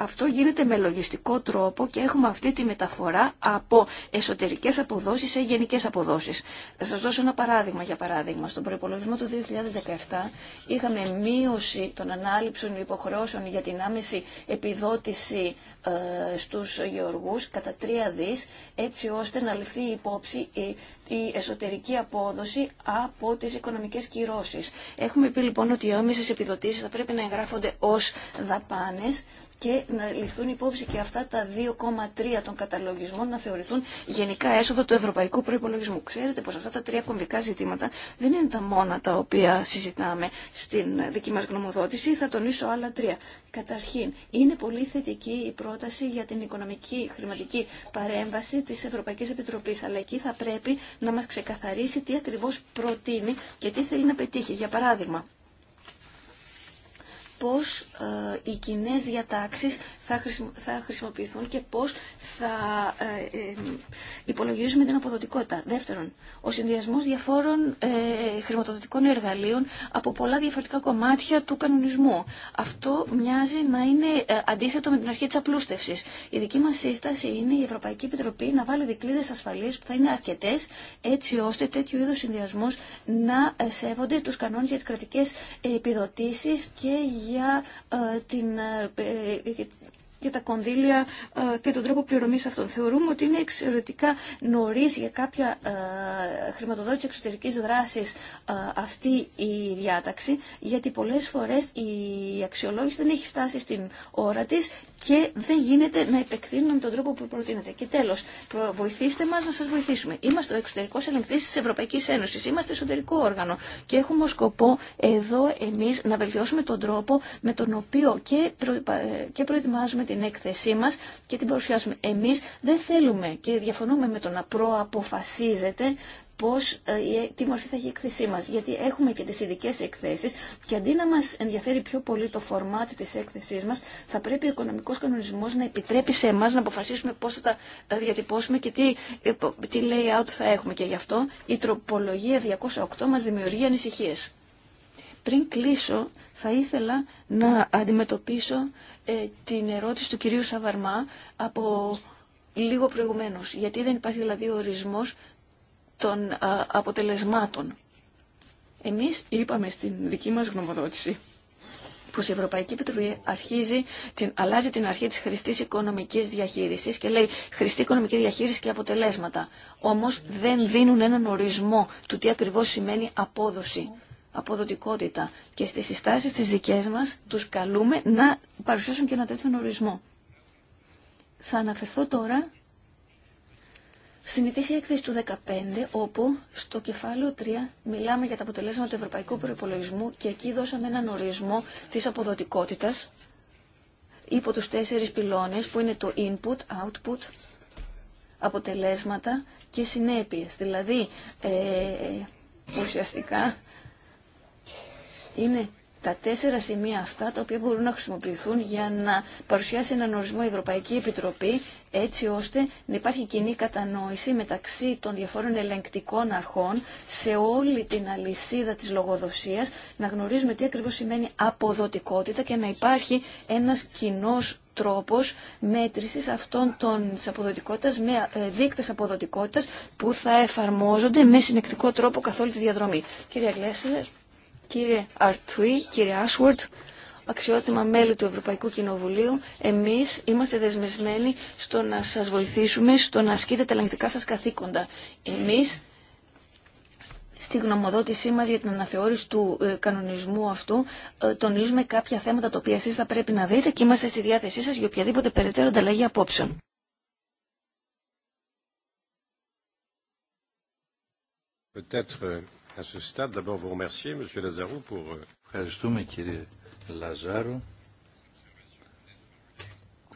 αυτό γίνεται με λογιστικό τρόπο και έχουμε αυτή τη μεταφορά από εσωτερικές αποδόσεις σε γενικές αποδόσεις. Θα σας δώσω ένα παράδειγμα για παράδειγμα. Στον προϋπολογισμό του 2017 είχαμε μείωση των ανάληψων υποχρεώσεων για την άμεση επιδότηση ε, στους γεωργούς κατά τρία δις έτσι ώστε να ληφθεί υπόψη η εσωτερική απόδοση από τις οικονομικές κυρώσεις. Έχουμε πει λοιπόν ότι οι άμεσες επιδοτήσεις θα πρέπει να εγγράφονται ως δαπάνες και να ληφθούν υπόψη και αυτά τα 2,3 των καταλογισμών να θεωρηθούν γενικά έσοδο του ευρωπαϊκού προπολογισμού. Ξέρετε πω αυτά τα τρία κομβικά ζητήματα δεν είναι τα μόνα τα οποία συζητάμε στην δική μα γνωμοδότηση. Θα τονίσω άλλα τρία. Καταρχήν, είναι πολύ θετική η πρόταση για την οικονομική χρηματική παρέμβαση τη Ευρωπαϊκή Επιτροπή. Αλλά εκεί θα πρέπει να μα ξεκαθαρίσει τι ακριβώ προτείνει και τι θέλει να πετύχει. Για παράδειγμα, πώς ε, οι κοινέ διατάξεις θα, θα χρησιμοποιηθούν και πώς θα ε, ε, υπολογίζουμε την αποδοτικότητα. Δεύτερον, ο συνδυασμός διαφόρων ε, χρηματοδοτικών εργαλείων από πολλά διαφορετικά κομμάτια του κανονισμού. Αυτό μοιάζει να είναι ε, αντίθετο με την αρχή της απλούστευσης. Η δική μας σύσταση είναι η Ευρωπαϊκή Επιτροπή να βάλει δικλείδες ασφαλείας που θα είναι αρκετές έτσι ώστε τέτοιου είδους συνδυασμός να ε, σέβονται τους κανόνες για τις κρατικές επιδοτήσεις και για ε, την ε, ε, για τα κονδύλια ε, και τον τρόπο πληρωμή αυτών. Θεωρούμε ότι είναι εξαιρετικά νωρί για κάποια ε, χρηματοδότηση εξωτερικής δράσης ε, αυτή η διάταξη, γιατί πολλέ φορέ η αξιολόγηση δεν έχει φτάσει στην ώρα τη και δεν γίνεται να επεκτείνουμε με τον τρόπο που προτείνεται. Και τέλο, βοηθήστε μα να σα βοηθήσουμε. Είμαστε ο εξωτερικό ελεγκτή τη Ευρωπαϊκή Ένωση. Είμαστε εσωτερικό όργανο. Και έχουμε σκοπό εδώ εμεί να βελτιώσουμε τον τρόπο με τον οποίο και, και προετοιμάζουμε την έκθεσή μας και την παρουσιάσουμε. Εμείς δεν θέλουμε και διαφωνούμε με το να προαποφασίζεται πώς, ε, ε, τι μορφή θα έχει η εκθεσή μας. Γιατί έχουμε και τις ειδικές εκθέσεις και αντί να μας ενδιαφέρει πιο πολύ το φορμάτι της έκθεσής μας, θα πρέπει ο οικονομικός κανονισμός να επιτρέπει σε εμάς να αποφασίσουμε πώς θα τα ε, διατυπώσουμε και τι, τι layout θα έχουμε. Και γι' αυτό η τροπολογία 208 μας δημιουργεί ανησυχίες. Πριν κλείσω, θα ήθελα να αντιμετωπίσω ε, την ερώτηση του κυρίου Σαβαρμά από λίγο προηγουμένως. Γιατί δεν υπάρχει δηλαδή ο ορισμός των αποτελεσμάτων. Εμείς είπαμε στην δική μας γνωμοδότηση πως η Ευρωπαϊκή Επιτροπή αρχίζει, την, αλλάζει την αρχή της χρηστής οικονομικής διαχείρισης και λέει χρηστή οικονομική διαχείριση και αποτελέσματα. Όμως δεν δίνουν έναν ορισμό του τι ακριβώς σημαίνει απόδοση αποδοτικότητα. Και στις συστάσεις τις δικές μας τους καλούμε να παρουσιάσουν και ένα τέτοιο ορισμό. Θα αναφερθώ τώρα στην ετήσια έκθεση του 2015, όπου στο κεφάλαιο 3 μιλάμε για τα αποτελέσματα του Ευρωπαϊκού Προπολογισμού και εκεί δώσαμε έναν ορισμό της αποδοτικότητας υπό τους τέσσερις πυλώνες που είναι το input, output, αποτελέσματα και συνέπειες. Δηλαδή, ε, ουσιαστικά είναι τα τέσσερα σημεία αυτά τα οποία μπορούν να χρησιμοποιηθούν για να παρουσιάσει έναν ορισμό η Ευρωπαϊκή Επιτροπή έτσι ώστε να υπάρχει κοινή κατανόηση μεταξύ των διαφόρων ελεγκτικών αρχών σε όλη την αλυσίδα της λογοδοσίας να γνωρίζουμε τι ακριβώς σημαίνει αποδοτικότητα και να υπάρχει ένας κοινό τρόπος μέτρησης αυτών των αποδοτικότητας με ε, δείκτες αποδοτικότητας που θα εφαρμόζονται με συνεκτικό τρόπο καθ' όλη τη διαδρομή. Κυρία Γλέσσερ. Κύριε Αρτουή, κύριε Άσουαρτ, αξιότιμα μέλη του Ευρωπαϊκού Κοινοβουλίου, εμείς είμαστε δεσμεσμένοι στο να σας βοηθήσουμε, στο να ασκείτε τα ελεγκτικά σας καθήκοντα. Εμείς στη γνωμοδότησή μας για την αναθεώρηση του ε, κανονισμού αυτού ε, τονίζουμε κάποια θέματα τα οποία εσείς θα πρέπει να δείτε και είμαστε στη διάθεσή σας για οποιαδήποτε περαιτέρω ανταλλαγή euh, Ευχαριστούμε κύριε Λαζάρου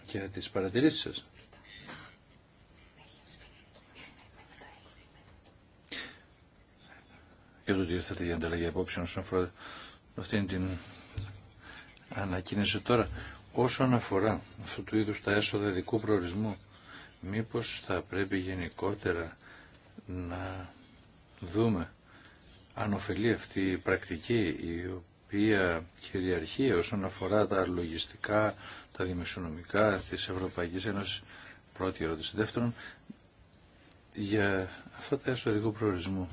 για τις παρατηρήσεις σας. Για το ότι ήρθατε για ανταλλαγή απόψεων όσον αφορά αυτή την ανακοίνωση τώρα. Όσον αφορά αυτού του είδους τα έσοδα ειδικού προορισμού, μήπως θα πρέπει γενικότερα να δούμε ανοφελεί αυτή η πρακτική η οποία κυριαρχεί όσον αφορά τα λογιστικά, τα δημοσιονομικά της Ευρωπαϊκής Ένωσης. Πρώτη ερώτηση. Δεύτερον, για αυτά τα ειδικό προορισμό.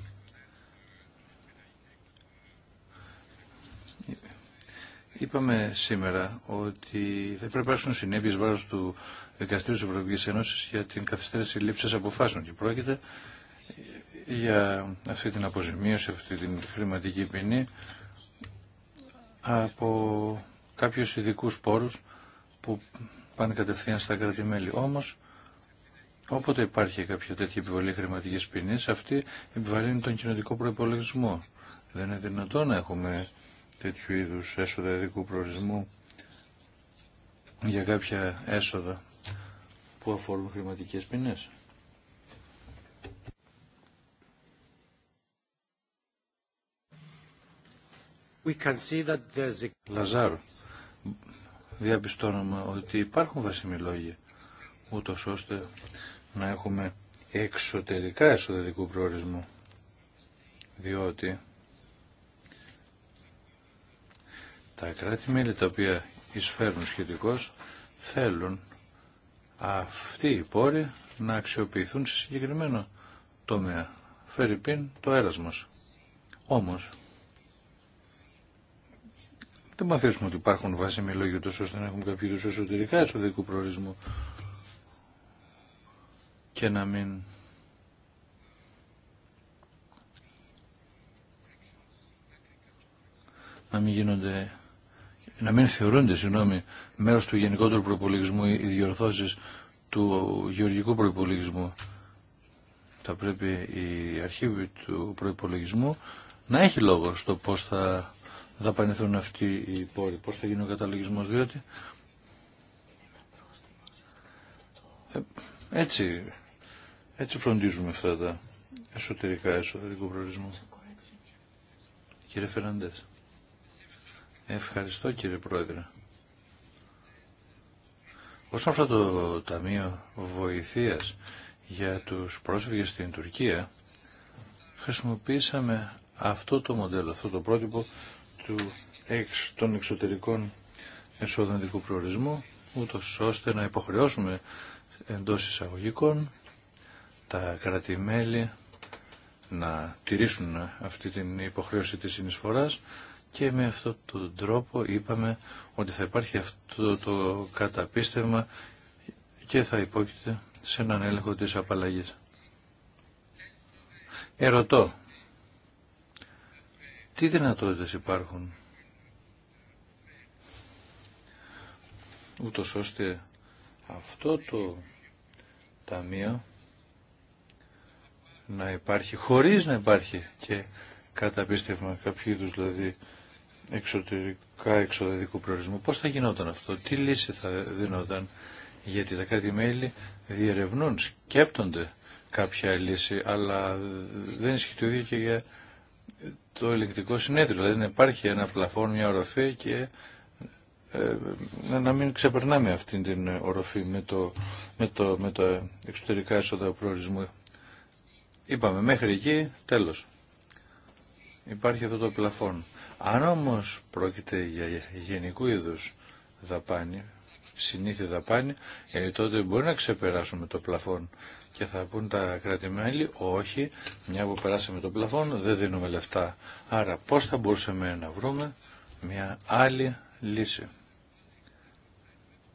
Είπαμε σήμερα ότι θα πρέπει να υπάρξουν συνέπειε βάρο του Δικαστήριου τη Ευρωπαϊκή Ένωση για την καθυστέρηση λήψη αποφάσεων και πρόκειται για αυτή την αποζημίωση, αυτή την χρηματική ποινή από κάποιους ειδικού πόρους που πάνε κατευθείαν στα κράτη-μέλη. Όμως, όποτε υπάρχει κάποια τέτοια επιβολή χρηματικής ποινής, αυτή επιβαρύνει τον κοινωτικό προπολογισμό. Δεν είναι δυνατόν να έχουμε τέτοιου είδους έσοδα ειδικού προορισμού για κάποια έσοδα που αφορούν χρηματικές ποινές. we διαπιστώνουμε ότι υπάρχουν βασιμοί λόγοι, ούτως ώστε να έχουμε εξωτερικά εσωτερικού προορισμού, διότι τα κράτη-μέλη τα οποία εισφέρουν σχετικώς θέλουν αυτοί οι πόροι να αξιοποιηθούν σε συγκεκριμένο τομέα. Φέρει το έρασμος. Όμως, δεν μαθαίνουμε ότι υπάρχουν βάσιμοι λόγοι τόσο ώστε να έχουμε κάποιο είδου εσωτερικά εσωτερικού προορισμού και να μην να μην γίνονται να μην θεωρούνται, συγγνώμη, μέρος του γενικότερου προπολογισμού οι διορθώσεις του γεωργικού προπολογισμού. Θα πρέπει η αρχή του προπολογισμού να έχει λόγο στο πώς θα δαπανηθούν αυτοί οι πόροι, πώς θα γίνει ο καταλογισμός, διότι ε, έτσι, έτσι φροντίζουμε αυτά τα εσωτερικά εσωτερικού προορισμού. Κύριε Φεραντές, ευχαριστώ κύριε Πρόεδρε. Όσον αφορά το Ταμείο Βοηθείας για τους πρόσφυγες στην Τουρκία, χρησιμοποίησαμε αυτό το μοντέλο, αυτό το πρότυπο του εξ, των εξωτερικών εσόδων προορισμού, ούτω ώστε να υποχρεώσουμε εντό εισαγωγικών τα κρατημέλη να τηρήσουν αυτή την υποχρέωση της συνεισφοράς και με αυτόν τον τρόπο είπαμε ότι θα υπάρχει αυτό το καταπίστευμα και θα υπόκειται σε έναν έλεγχο της απαλλαγής. Ερωτώ, τι δυνατότητες υπάρχουν ούτως ώστε αυτό το ταμείο να υπάρχει χωρίς να υπάρχει και καταπίστευμα κάποιου είδου δηλαδή εξωτερικά εξωτερικού προορισμού. Πώς θα γινόταν αυτό, τι λύση θα δίνονταν γιατί τα κράτη-μέλη διερευνούν, σκέπτονται κάποια λύση, αλλά δεν ισχύει το ίδιο και για το ηλεκτρικό συνέδριο. Δηλαδή να υπάρχει ένα πλαφόν, μια οροφή και ε, να μην ξεπερνάμε αυτή την οροφή με, το, με, το, με τα εξωτερικά έσοδα προορισμού. Είπαμε μέχρι εκεί, τέλος. Υπάρχει αυτό το πλαφόν. Αν όμως πρόκειται για γενικού είδους δαπάνη, συνήθεια δαπάνη, ε, τότε μπορεί να ξεπεράσουμε το πλαφόν και θα πούν τα κράτη-μέλη όχι, μια που περάσαμε το πλαφόν δεν δίνουμε λεφτά. Άρα πώς θα μπορούσαμε να βρούμε μια άλλη λύση.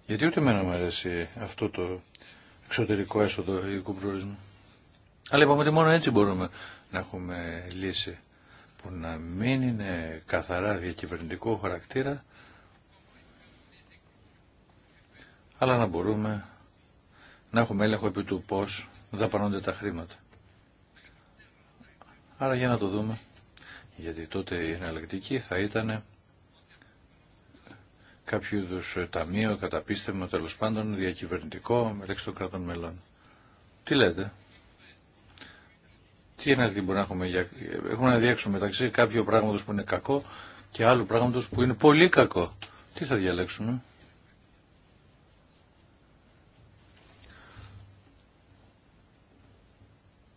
Γιατί ούτε εμένα μου αρέσει αυτό το εξωτερικό έσοδο ειδικού προορισμού. Αλλά είπαμε ότι μόνο έτσι μπορούμε να έχουμε λύση που να μην είναι καθαρά διακυβερνητικό χαρακτήρα αλλά να μπορούμε να έχουμε έλεγχο επί του πώς δαπανώνται τα χρήματα. Άρα για να το δούμε. Γιατί τότε η εναλλακτική θα ήταν κάποιο είδου ε, ταμείο, καταπίστευμα τέλο πάντων, διακυβερνητικό μεταξύ των κρατών μελών. Τι λέτε. Τι είναι που να έχουμε, για... έχουμε να διέξουμε μεταξύ κάποιου πράγματος που είναι κακό και άλλου πράγματος που είναι πολύ κακό. Τι θα διαλέξουμε.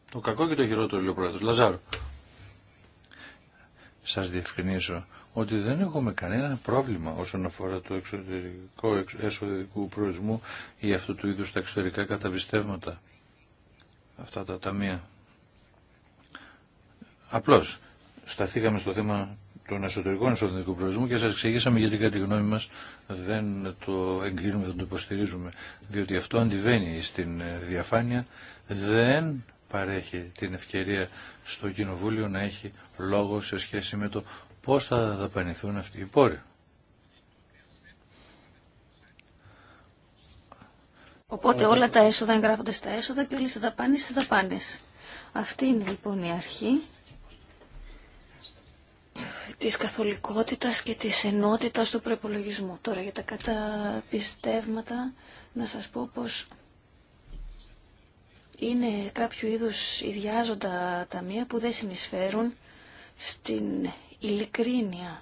Το κακό και το χειρότερο, λέει ο Λαζάρο. Σας διευκρινίσω ότι δεν έχουμε κανένα πρόβλημα όσον αφορά το εξωτερικό εσωτερικού προορισμού ή αυτού του είδους τα εξωτερικά καταπιστεύματα. Αυτά τα ταμεία. Απλώς σταθήκαμε στο θέμα των εσωτερικών εσωτερικού προορισμού και σας εξηγήσαμε γιατί κατά τη γνώμη μας δεν το εγκρίνουμε, δεν το υποστηρίζουμε. Διότι αυτό αντιβαίνει στην ε, διαφάνεια, δεν παρέχει την ευκαιρία στο Κοινοβούλιο να έχει λόγο σε σχέση με το πώς θα δαπανηθούν αυτοί οι πόροι. Οπότε όλα τα έσοδα εγγράφονται στα έσοδα και όλες οι δαπάνες στις δαπάνες. Αυτή είναι λοιπόν η αρχή της καθολικότητας και της ενότητας του προπολογισμού. Τώρα για τα καταπιστεύματα να σας πω πως είναι κάποιο είδους ιδιάζοντα ταμεία που δεν συνεισφέρουν στην ειλικρίνεια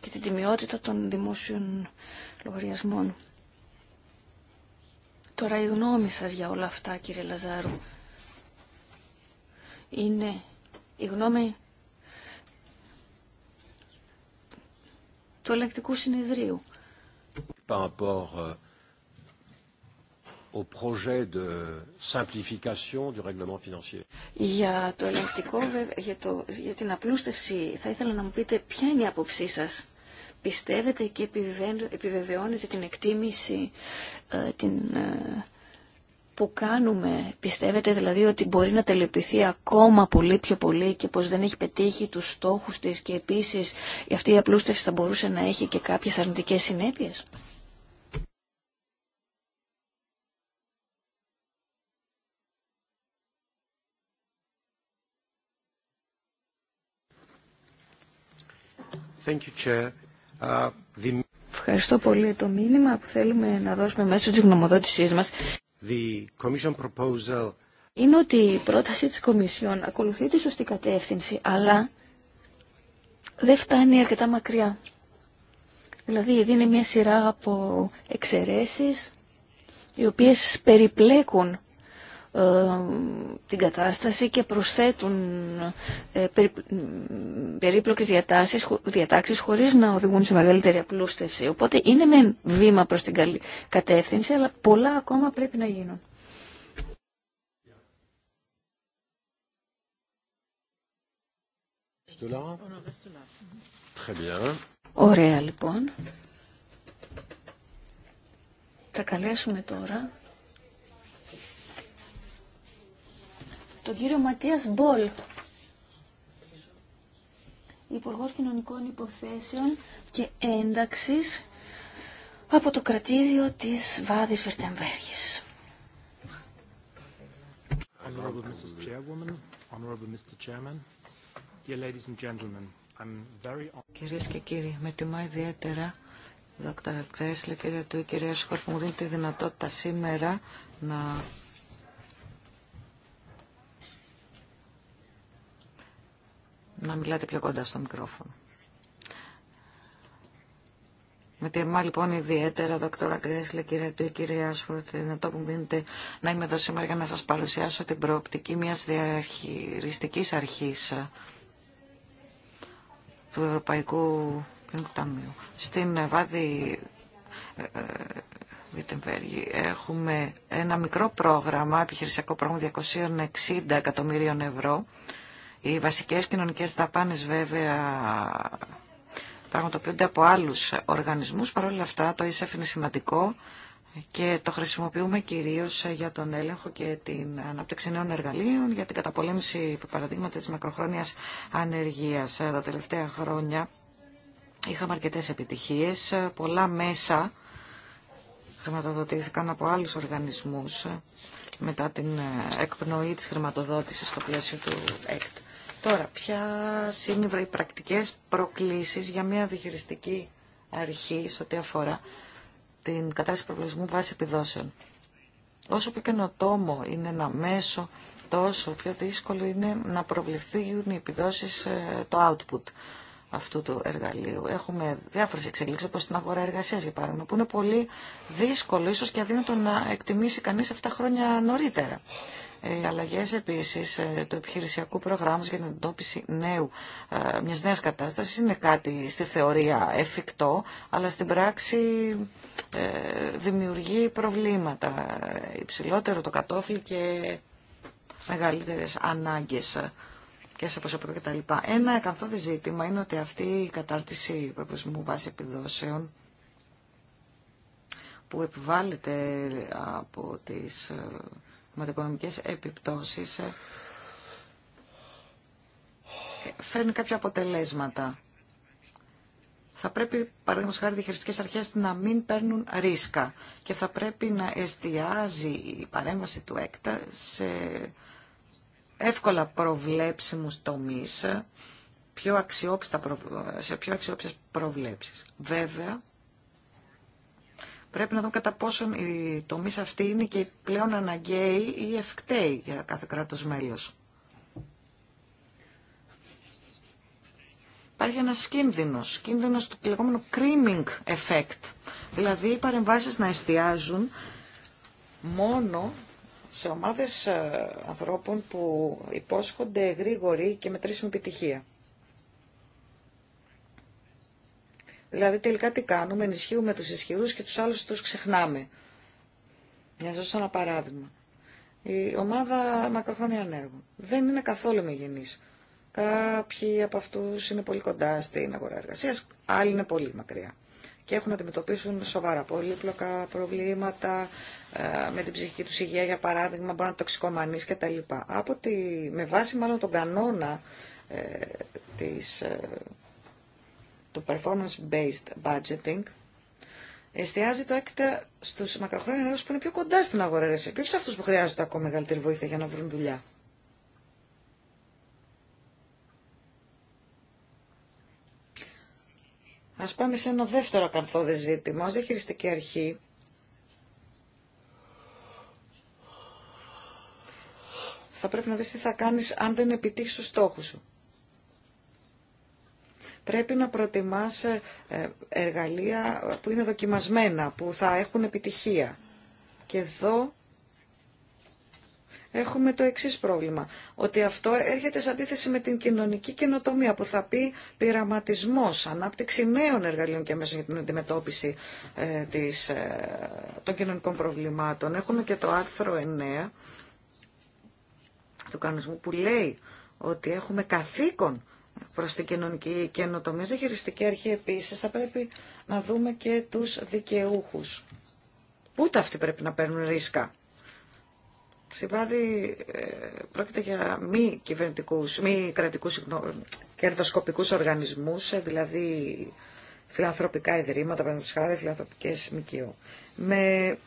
και την τιμιότητα των δημόσιων λογαριασμών. Τώρα η γνώμη σας για όλα αυτά κύριε Λαζάρου είναι η γνώμη του ελεκτικού συνεδρίου. Euh, για το ελεγκτικό, για, το, για την απλούστευση, θα ήθελα να μου πείτε ποια είναι η άποψή σας. Πιστεύετε και επιβεβαιώνετε την εκτίμηση ε, την, ε, που κάνουμε. Πιστεύετε δηλαδή ότι μπορεί να τελειοποιηθεί ακόμα πολύ πιο πολύ και πως δεν έχει πετύχει τους στόχους της και επίσης αυτή η απλούστευση θα μπορούσε να έχει και κάποιες αρνητικές συνέπειες. Uh, Ευχαριστώ πολύ το μήνυμα που θέλουμε να δώσουμε μέσω της γνωμοδότησής μας. The commission proposal... Είναι ότι η πρόταση της Κομισιόν ακολουθεί τη σωστή κατεύθυνση, αλλά δεν φτάνει αρκετά μακριά. Δηλαδή δίνει μια σειρά από εξαιρέσεις οι οποίες περιπλέκουν ε, την κατάσταση και προσθέτουν ε, περίπλοκες διατάσεις, διατάξεις χωρίς να οδηγούν σε μεγαλύτερη απλούστευση. Οπότε είναι με βήμα προς την κατεύθυνση, αλλά πολλά ακόμα πρέπει να γίνουν. Ωραία λοιπόν. Θα καλέσουμε τώρα τον κύριο Ματίας Μπολ, Υπουργό Κοινωνικών Υποθέσεων και Ένταξης από το κρατήδιο της Βάδης Βερτεμβέργης. Κυρίε Κυρίες και κύριοι, με τιμά ιδιαίτερα, Δόκτωρα Κρέσλε, κυρία του, κυρία Σχόρφ, μου δίνει τη δυνατότητα σήμερα να να μιλάτε πιο κοντά στο μικρόφωνο. Με τιμά λοιπόν ιδιαίτερα, δόκτωρα Γκρέσλε, κύριε Του, κύριε Άσφορτ, να το που να είμαι εδώ σήμερα για να σας παρουσιάσω την προοπτική μιας διαχειριστικής αρχής του Ευρωπαϊκού Κοινωνικού Ταμείου. Στην Βάδη ε, ε, έχουμε ένα μικρό πρόγραμμα, επιχειρησιακό πρόγραμμα 260 εκατομμυρίων ευρώ, οι βασικές κοινωνικές δαπάνες βέβαια πραγματοποιούνται από άλλους οργανισμούς. Παρ' όλα αυτά το ΙΣΕΦ e είναι σημαντικό και το χρησιμοποιούμε κυρίως για τον έλεγχο και την ανάπτυξη νέων εργαλείων, για την καταπολέμηση, παραδείγματα, της μακροχρόνιας ανεργίας. Τα τελευταία χρόνια είχαμε αρκετές επιτυχίες, πολλά μέσα χρηματοδοτήθηκαν από άλλους οργανισμούς μετά την εκπνοή της χρηματοδότησης στο πλαίσιο του ΕΚΤ. Τώρα, ποια είναι οι πρακτικές προκλήσεις για μια διχειριστική αρχή σε ό,τι αφορά την κατάσταση προβλησμού βάση επιδόσεων. Όσο πιο καινοτόμο είναι ένα μέσο, τόσο πιο δύσκολο είναι να προβληθεί οι επιδόσεις, ε, το output αυτού του εργαλείου. Έχουμε διάφορες εξελίξεις όπως την αγορά εργασίας για παράδειγμα που είναι πολύ δύσκολο ίσως και αδύνατο να εκτιμήσει κανείς 7 χρόνια νωρίτερα. Οι ε, αλλαγές επίσης ε, του επιχειρησιακού προγράμματος για την εντόπιση νέου, ε, μιας νέας κατάστασης είναι κάτι στη θεωρία εφικτό, αλλά στην πράξη δημιουργεί προβλήματα. Υψηλότερο το κατόφλι και μεγαλύτερε ανάγκε και σε προσωπικό κτλ. Ένα καθόδη ζήτημα είναι ότι αυτή η κατάρτιση προπροσμού βάση επιδόσεων που επιβάλλεται από τις χρηματοοικονομικές επιπτώσεις ε, φέρνει κάποια αποτελέσματα. Θα πρέπει, παραδείγματο χάρη, διχειριστικέ αρχέ να μην παίρνουν ρίσκα και θα πρέπει να εστιάζει η παρέμβαση του ΕΚΤΑ σε εύκολα προβλέψιμους τομείς, ε, σε πιο αξιόπιστα προβλέψεις. Βέβαια, Πρέπει να δούμε κατά πόσον οι τομείς αυτοί είναι και πλέον αναγκαίοι ή ευκταίοι για κάθε κράτος μέλος. Υπάρχει ένας κίνδυνος, κίνδυνος του λεγόμενου creaming effect, δηλαδή οι παρεμβάσεις να εστιάζουν μόνο σε ομάδες ε, ανθρώπων που υπόσχονται γρήγορη και μετρήσιμη επιτυχία. Δηλαδή τελικά τι κάνουμε, ενισχύουμε τους ισχυρούς και τους άλλους τους ξεχνάμε. Για να σας ένα παράδειγμα. Η ομάδα μακροχρόνια ανέργων δεν είναι καθόλου μεγενής. Κάποιοι από αυτούς είναι πολύ κοντά στην αγορά εργασίας, άλλοι είναι πολύ μακριά και έχουν να αντιμετωπίσουν σοβαρά πολύπλοκα προβλήματα ε, με την ψυχική του υγεία, για παράδειγμα, μπορεί να τοξικομανείς κτλ. με βάση μάλλον τον κανόνα ε, της ε, το performance-based budgeting εστιάζει το έκτα στους μακροχρόνιους νέου που είναι πιο κοντά στην αγορά εργασίας και όχι που χρειάζονται ακόμα μεγαλύτερη βοήθεια για να βρουν δουλειά. Α πάμε σε ένα δεύτερο καρθόδε ζήτημα. Ω διαχειριστική αρχή θα πρέπει να δεις τι θα κάνεις αν δεν επιτύχεις τους στόχους σου πρέπει να προτιμάς ε, εργαλεία που είναι δοκιμασμένα, που θα έχουν επιτυχία. Και εδώ έχουμε το εξής πρόβλημα. Ότι αυτό έρχεται σε αντίθεση με την κοινωνική καινοτομία που θα πει πειραματισμός, ανάπτυξη νέων εργαλείων και μέσα για την αντιμετώπιση ε, της, ε, των κοινωνικών προβλημάτων. Έχουμε και το άρθρο 9 του κανονισμού που λέει ότι έχουμε καθήκον Προ την κοινωνική καινοτομία. Στην χειριστική αρχή επίση θα πρέπει να δούμε και τους δικαιούχους. Ούτε αυτοί πρέπει να παίρνουν ρίσκα. ε, πρόκειται για μη κυβερνητικούς, μη κρατικούς κερδοσκοπικούς οργανισμούς, ε, δηλαδή φιλανθρωπικά ιδρύματα, παραδείγματος χάρη, φιλανθρωπικές ΜΚΟ. Με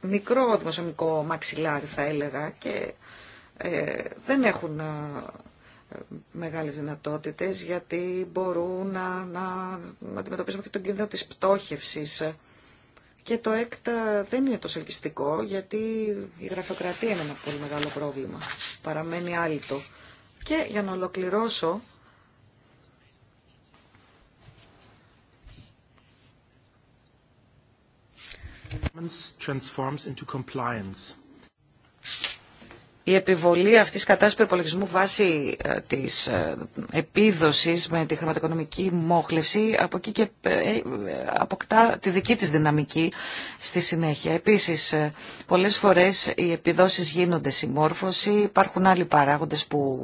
μικρό δημοσιομικό μαξιλάρι θα έλεγα και ε, δεν έχουν ε, μεγάλες δυνατότητες γιατί μπορούν να, να, αντιμετωπίσουμε και τον κίνδυνο της πτώχευσης. Και το ΕΚΤΑ δεν είναι τόσο ελκυστικό γιατί η γραφειοκρατία είναι ένα πολύ μεγάλο πρόβλημα. Παραμένει άλυτο. Και για να ολοκληρώσω, transforms into compliance η επιβολή αυτής της κατάστασης προπολογισμού βάσει ε, της ε, επίδοσης με τη χρηματοοικονομική μόχλευση από εκεί και ε, αποκτά τη δική της δυναμική στη συνέχεια. Επίσης, πολλές φορές οι επιδόσεις γίνονται συμμόρφωση, υπάρχουν άλλοι παράγοντες που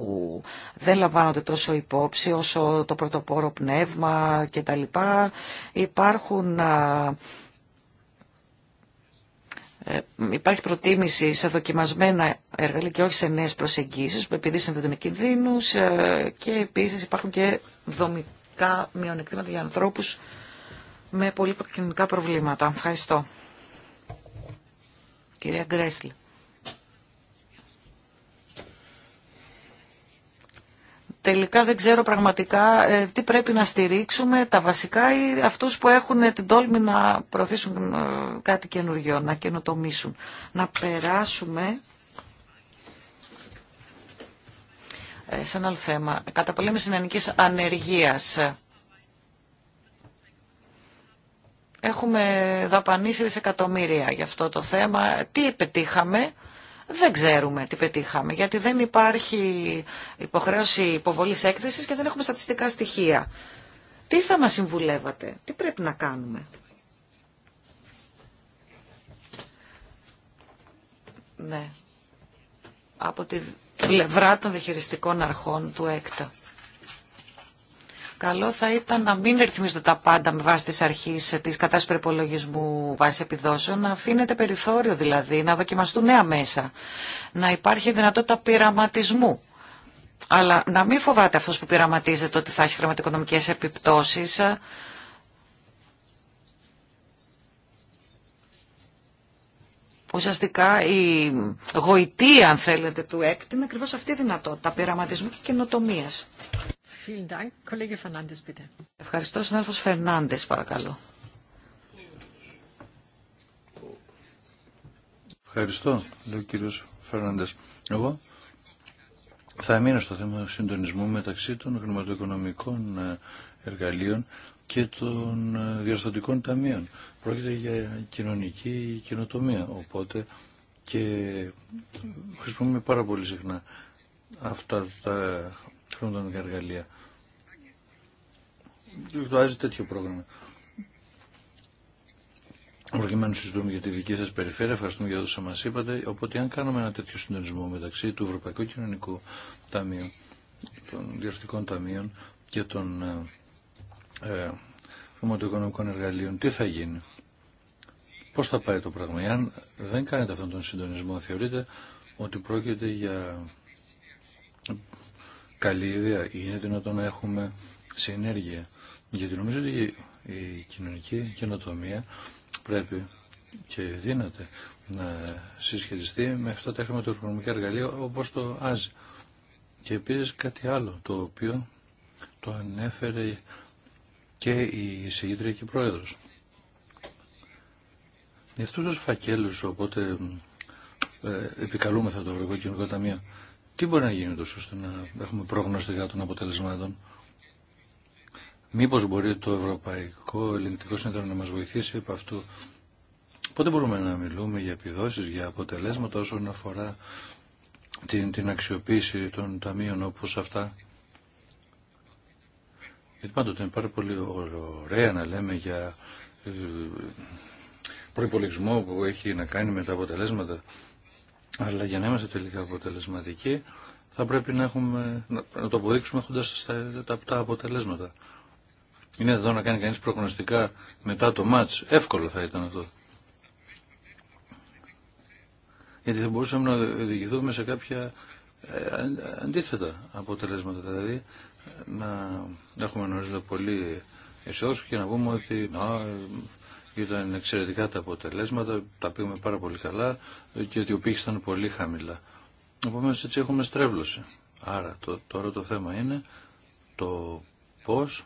δεν λαμβάνονται τόσο υπόψη όσο το πρωτοπόρο πνεύμα κτλ. Υπάρχουν ε, υπάρχει προτίμηση σε δοκιμασμένα εργαλεία και όχι σε νέες προσεγγίσεις που επειδή με κινδύνους ε, και επίσης υπάρχουν και δομικά μειονεκτήματα για ανθρώπους με πολύ κοινωνικά προβλήματα. Ευχαριστώ. Κυρία Γκρέσλη. τελικά δεν ξέρω πραγματικά ε, τι πρέπει να στηρίξουμε, τα βασικά ή αυτούς που έχουν ε, την τόλμη να προωθήσουν ε, κάτι καινούριο, να καινοτομήσουν. Να περάσουμε σε ένα άλλο θέμα. Καταπολέμηση νεανικής ανεργίας. Έχουμε δαπανίσει δισεκατομμύρια για αυτό το θέμα. Τι πετύχαμε, δεν ξέρουμε τι πετύχαμε, γιατί δεν υπάρχει υποχρέωση υποβολής έκθεσης και δεν έχουμε στατιστικά στοιχεία. Τι θα μας συμβουλεύατε, τι πρέπει να κάνουμε. Ναι, από τη πλευρά των διχειριστικών αρχών του ΕΚΤΑ καλό θα ήταν να μην ρυθμίζονται τα πάντα με βάση τη αρχής ε, της κατάσταση προπολογισμού βάση επιδόσεων, να αφήνεται περιθώριο δηλαδή, να δοκιμαστούν νέα μέσα, να υπάρχει δυνατότητα πειραματισμού. Αλλά να μην φοβάται αυτός που πειραματίζεται ότι θα έχει χρηματοοικονομικές επιπτώσεις, ε, ουσιαστικά η γοητεία, αν θέλετε, του έκτη είναι ακριβώς αυτή η δυνατότητα πειραματισμού και καινοτομίας. Ευχαριστώ, συνάδελφος Φερνάντες, παρακαλώ. Ευχαριστώ, λέει ο κύριος Φερνάντες. Εγώ θα μείνω στο θέμα συντονισμού μεταξύ των χρηματοοικονομικών ε, εργαλείων και των ε, διορθωτικών ταμείων. Πρόκειται για κοινωνική κοινοτομία, οπότε και χρησιμοποιούμε πάρα πολύ συχνά αυτά τα χρηματονομικά εργαλεία. Βάζει τέτοιο πρόγραμμα. Προκειμένου συζητούμε για τη δική σα περιφέρεια, ευχαριστούμε για όσα μα είπατε. Οπότε, αν κάνουμε ένα τέτοιο συντονισμό μεταξύ του Ευρωπαϊκού Κοινωνικού Ταμείου, των Διευθυντικών Ταμείων και των ε, ε εργαλείων, τι θα γίνει. Πώ θα πάει το πράγμα. Εάν δεν κάνετε αυτόν τον συντονισμό, θεωρείτε ότι πρόκειται για καλή ιδέα. Είναι δυνατόν να έχουμε συνέργεια. Γιατί νομίζω ότι η κοινωνική καινοτομία πρέπει και δύναται να συσχετιστεί με αυτά τα χρηματοοικονομικά εργαλεία όπως το ΆΖΙ. Και επίσης κάτι άλλο το οποίο το ανέφερε και η εισηγήτρια και η πρόεδρος. Για φακέλους οπότε ε, επικαλούμεθα το Ευρωπαϊκό Κοινωνικό Ταμείο τι μπορεί να γίνει τόσο ώστε να έχουμε προγνωστικά των αποτελεσμάτων. Μήπως μπορεί το Ευρωπαϊκό Ελληνικό Σύνδεσμο να μας βοηθήσει από αυτού. Πότε μπορούμε να μιλούμε για επιδόσεις, για αποτελέσματα όσον αφορά την, την αξιοποίηση των ταμείων όπως αυτά. Γιατί πάντοτε είναι πάρα πολύ ωραία να λέμε για ε, προπολογισμό που έχει να κάνει με τα αποτελέσματα αλλά για να είμαστε τελικά αποτελεσματικοί θα πρέπει να, έχουμε, να το αποδείξουμε έχοντα τα, τα αποτελέσματα. Είναι εδώ να κάνει κανεί προγνωστικά μετά το match. Εύκολο θα ήταν αυτό. Γιατί θα μπορούσαμε να οδηγηθούμε σε κάποια ε, αντίθετα αποτελέσματα. Δηλαδή να έχουμε νωρίτερα πολύ αισιόδοξο και να πούμε ότι να, ήταν εξαιρετικά τα αποτελέσματα, τα πήγαμε πάρα πολύ καλά και ότι ο ήταν πολύ χαμηλά. Επομένως έτσι έχουμε στρέβλωση. Άρα το, τώρα το θέμα είναι το πώς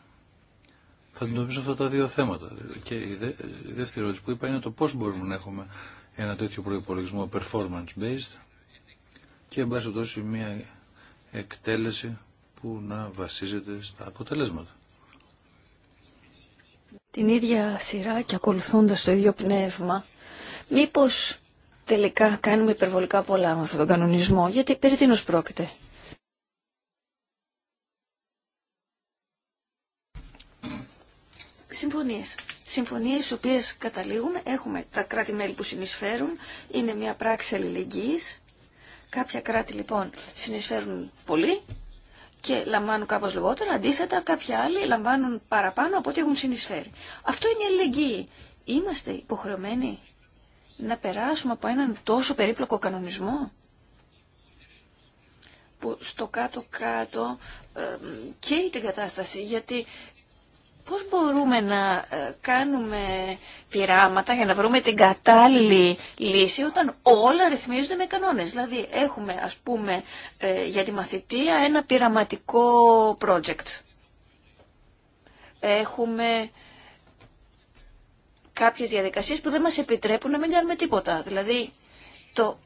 θα αντιμετωπίσω αυτά τα δύο θέματα. Και η, δε, δεύτερη ερώτηση που είπα είναι το πώς μπορούμε να έχουμε ένα τέτοιο προϋπολογισμό performance based και εν μια εκτέλεση που να βασίζεται στα αποτελέσματα την ίδια σειρά και ακολουθώντας το ίδιο πνεύμα, μήπως τελικά κάνουμε υπερβολικά πολλά με αυτόν τον κανονισμό, γιατί περί τίνος πρόκειται. Συμφωνίες. Συμφωνίες στις οποίες καταλήγουν, έχουμε τα κράτη-μέλη που συνεισφέρουν, είναι μια πράξη αλληλεγγύης. Κάποια κράτη λοιπόν συνεισφέρουν πολύ, και λαμβάνουν κάπως λιγότερα, αντίθετα κάποιοι άλλοι λαμβάνουν παραπάνω από ό,τι έχουν συνεισφέρει. Αυτό είναι η αλληλεγγύη. Είμαστε υποχρεωμένοι να περάσουμε από έναν τόσο περίπλοκο κανονισμό που στο κάτω-κάτω ε, καίει την κατάσταση γιατί Πώς μπορούμε να ε, κάνουμε πειράματα για να βρούμε την κατάλληλη λύση όταν όλα ρυθμίζονται με κανόνες. Δηλαδή έχουμε ας πούμε ε, για τη μαθητεία ένα πειραματικό project. Έχουμε κάποιες διαδικασίες που δεν μας επιτρέπουν να μην κάνουμε τίποτα. Δηλαδή το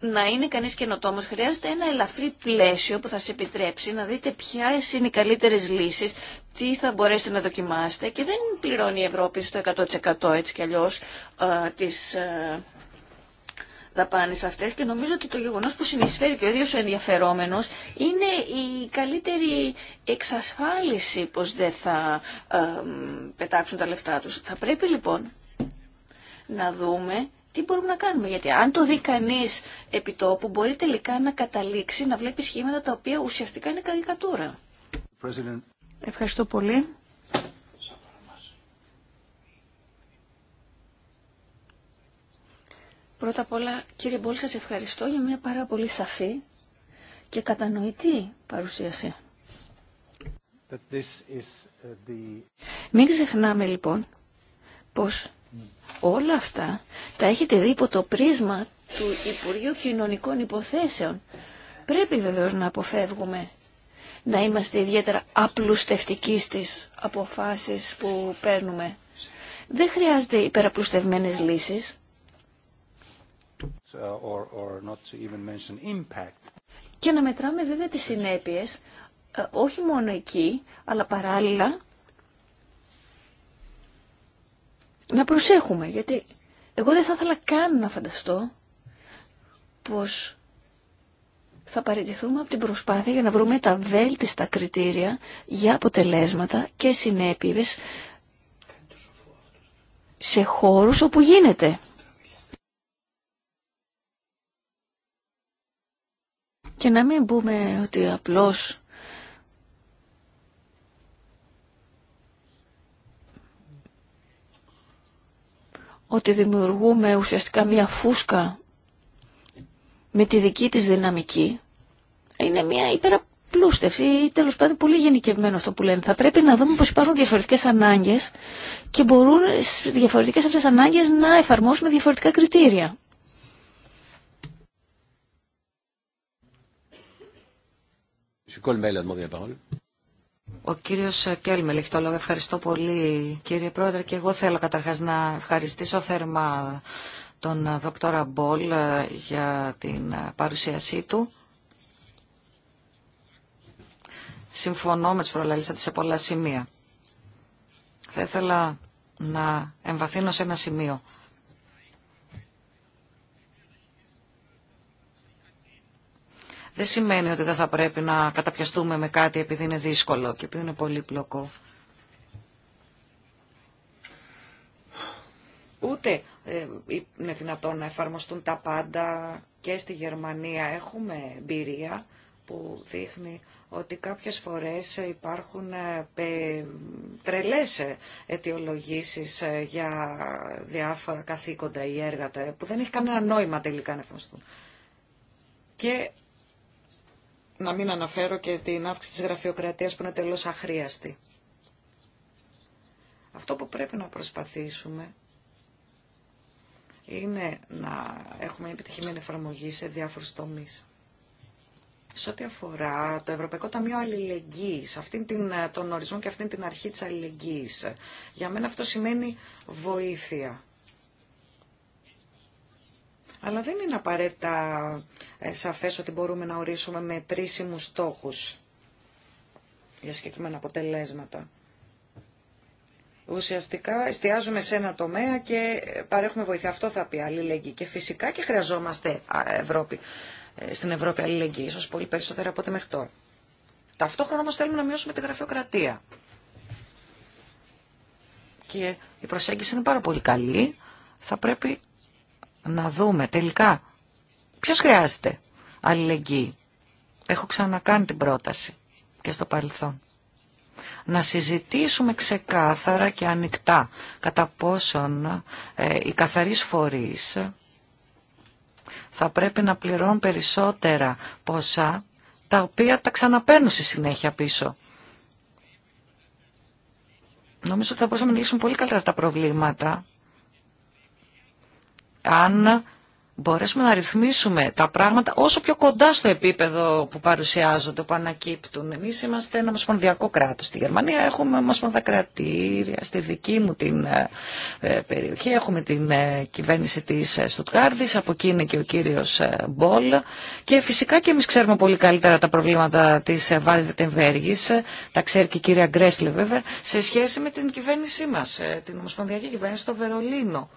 να είναι κανείς καινοτόμος χρειάζεται ένα ελαφρύ πλαίσιο που θα σε επιτρέψει να δείτε ποιε είναι οι καλύτερες λύσεις, τι θα μπορέσετε να δοκιμάσετε και δεν πληρώνει η Ευρώπη στο 100% έτσι κι αλλιώς τι τις αυτέ. αυτές και νομίζω ότι το γεγονός που συνεισφέρει και ο ίδιος ο ενδιαφερόμενος είναι η καλύτερη εξασφάλιση πως δεν θα πετάξουν τα λεφτά τους. Θα πρέπει λοιπόν να δούμε τι μπορούμε να κάνουμε. Γιατί αν το δει κανεί επί τόπου, μπορεί τελικά να καταλήξει να βλέπει σχήματα τα οποία ουσιαστικά είναι καρικατούρα. Ευχαριστώ πολύ. Πρώτα απ' όλα, κύριε Μπόλ, σας ευχαριστώ για μια πάρα πολύ σαφή και κατανοητή παρουσίαση. Uh, Μην ξεχνάμε λοιπόν πως όλα αυτά τα έχετε δει υπό το πρίσμα του Υπουργείου Κοινωνικών Υποθέσεων. Πρέπει βεβαίως να αποφεύγουμε να είμαστε ιδιαίτερα απλουστευτικοί στις αποφάσεις που παίρνουμε. Δεν χρειάζεται υπεραπλουστευμένες λύσεις. Και να μετράμε βέβαια τις συνέπειες, ε, όχι μόνο εκεί, αλλά παράλληλα να προσέχουμε, γιατί εγώ δεν θα ήθελα καν να φανταστώ πως θα παραιτηθούμε από την προσπάθεια για να βρούμε τα βέλτιστα κριτήρια για αποτελέσματα και συνέπειες σε χώρους όπου γίνεται. Και να μην πούμε ότι απλώς ότι δημιουργούμε ουσιαστικά μία φούσκα με τη δική της δυναμική, είναι μία υπεραπλούστευση ή τέλος πάντων πολύ γενικευμένο αυτό που λένε. Θα πρέπει να δούμε πως υπάρχουν διαφορετικές ανάγκες και μπορούν στις διαφορετικές αυτές ανάγκες να εφαρμόσουμε διαφορετικά κριτήρια. Ο κύριο Κέλμελ έχει το λόγο. Ευχαριστώ πολύ κύριε Πρόεδρε και εγώ θέλω καταρχάς να ευχαριστήσω θερμά τον Δόκτωρα Μπολ ε, για την παρουσίασή του. Συμφωνώ με τους προλαλήσατε σε πολλά σημεία. Θα ήθελα να εμβαθύνω σε ένα σημείο. δεν σημαίνει ότι δεν θα πρέπει να καταπιαστούμε με κάτι επειδή είναι δύσκολο και επειδή είναι πολύ πλοκό. Ούτε ε, είναι δυνατόν να εφαρμοστούν τα πάντα και στη Γερμανία έχουμε εμπειρία που δείχνει ότι κάποιες φορές υπάρχουν ε, τρελές αιτιολογήσεις ε, για διάφορα καθήκοντα ή έργα που δεν έχει κανένα νόημα τελικά να εφαρμοστούν. Και να μην αναφέρω και την αύξηση της γραφειοκρατίας που είναι τελώς αχρίαστη. Αυτό που πρέπει να προσπαθήσουμε είναι να έχουμε επιτυχημένη εφαρμογή σε διάφορους τομείς. Σε ό,τι αφορά το Ευρωπαϊκό Ταμείο Αλληλεγγύης, αυτήν την, τον ορισμό και αυτήν την αρχή της αλληλεγγύης, για μένα αυτό σημαίνει βοήθεια. Αλλά δεν είναι απαραίτητα ε, σαφές ότι μπορούμε να ορίσουμε με τρίσιμους στόχους για συγκεκριμένα αποτελέσματα. Ουσιαστικά εστιάζουμε σε ένα τομέα και παρέχουμε βοήθεια. Αυτό θα πει αλληλεγγύη. Και φυσικά και χρειαζόμαστε Ευρώπη, ε, στην Ευρώπη αλληλεγγύη, ίσως πολύ περισσότερα από ό,τι μέχρι τώρα. Ταυτόχρονα όμως θέλουμε να μειώσουμε τη γραφειοκρατία. Και η προσέγγιση είναι πάρα πολύ καλή. Θα πρέπει να δούμε τελικά ποιος χρειάζεται αλληλεγγύη. Έχω ξανακάνει την πρόταση και στο παρελθόν. Να συζητήσουμε ξεκάθαρα και ανοιχτά κατά πόσον ε, οι καθαρείς φορείς θα πρέπει να πληρώνουν περισσότερα ποσά τα οποία τα ξαναπαίρνουν στη συνέχεια πίσω. Νομίζω ότι θα μπορούσαμε να λύσουμε πολύ καλύτερα τα προβλήματα αν μπορέσουμε να ρυθμίσουμε τα πράγματα όσο πιο κοντά στο επίπεδο που παρουσιάζονται, που ανακύπτουν. Εμεί είμαστε ένα ομοσπονδιακό κράτο. Στη Γερμανία έχουμε ομοσπονδιακά κρατήρια, στη δική μου την ε, ε, περιοχή έχουμε την ε, κυβέρνηση τη Στουτκάρδη, από εκεί είναι και ο κύριο Μπολ. Και φυσικά και εμεί ξέρουμε πολύ καλύτερα τα προβλήματα τη ε, Βάδη τα ξέρει και η κυρία Γκρέσλε βέβαια, σε σχέση με την κυβέρνησή μα, την ομοσπονδιακή κυβέρνηση στο Βερολίνο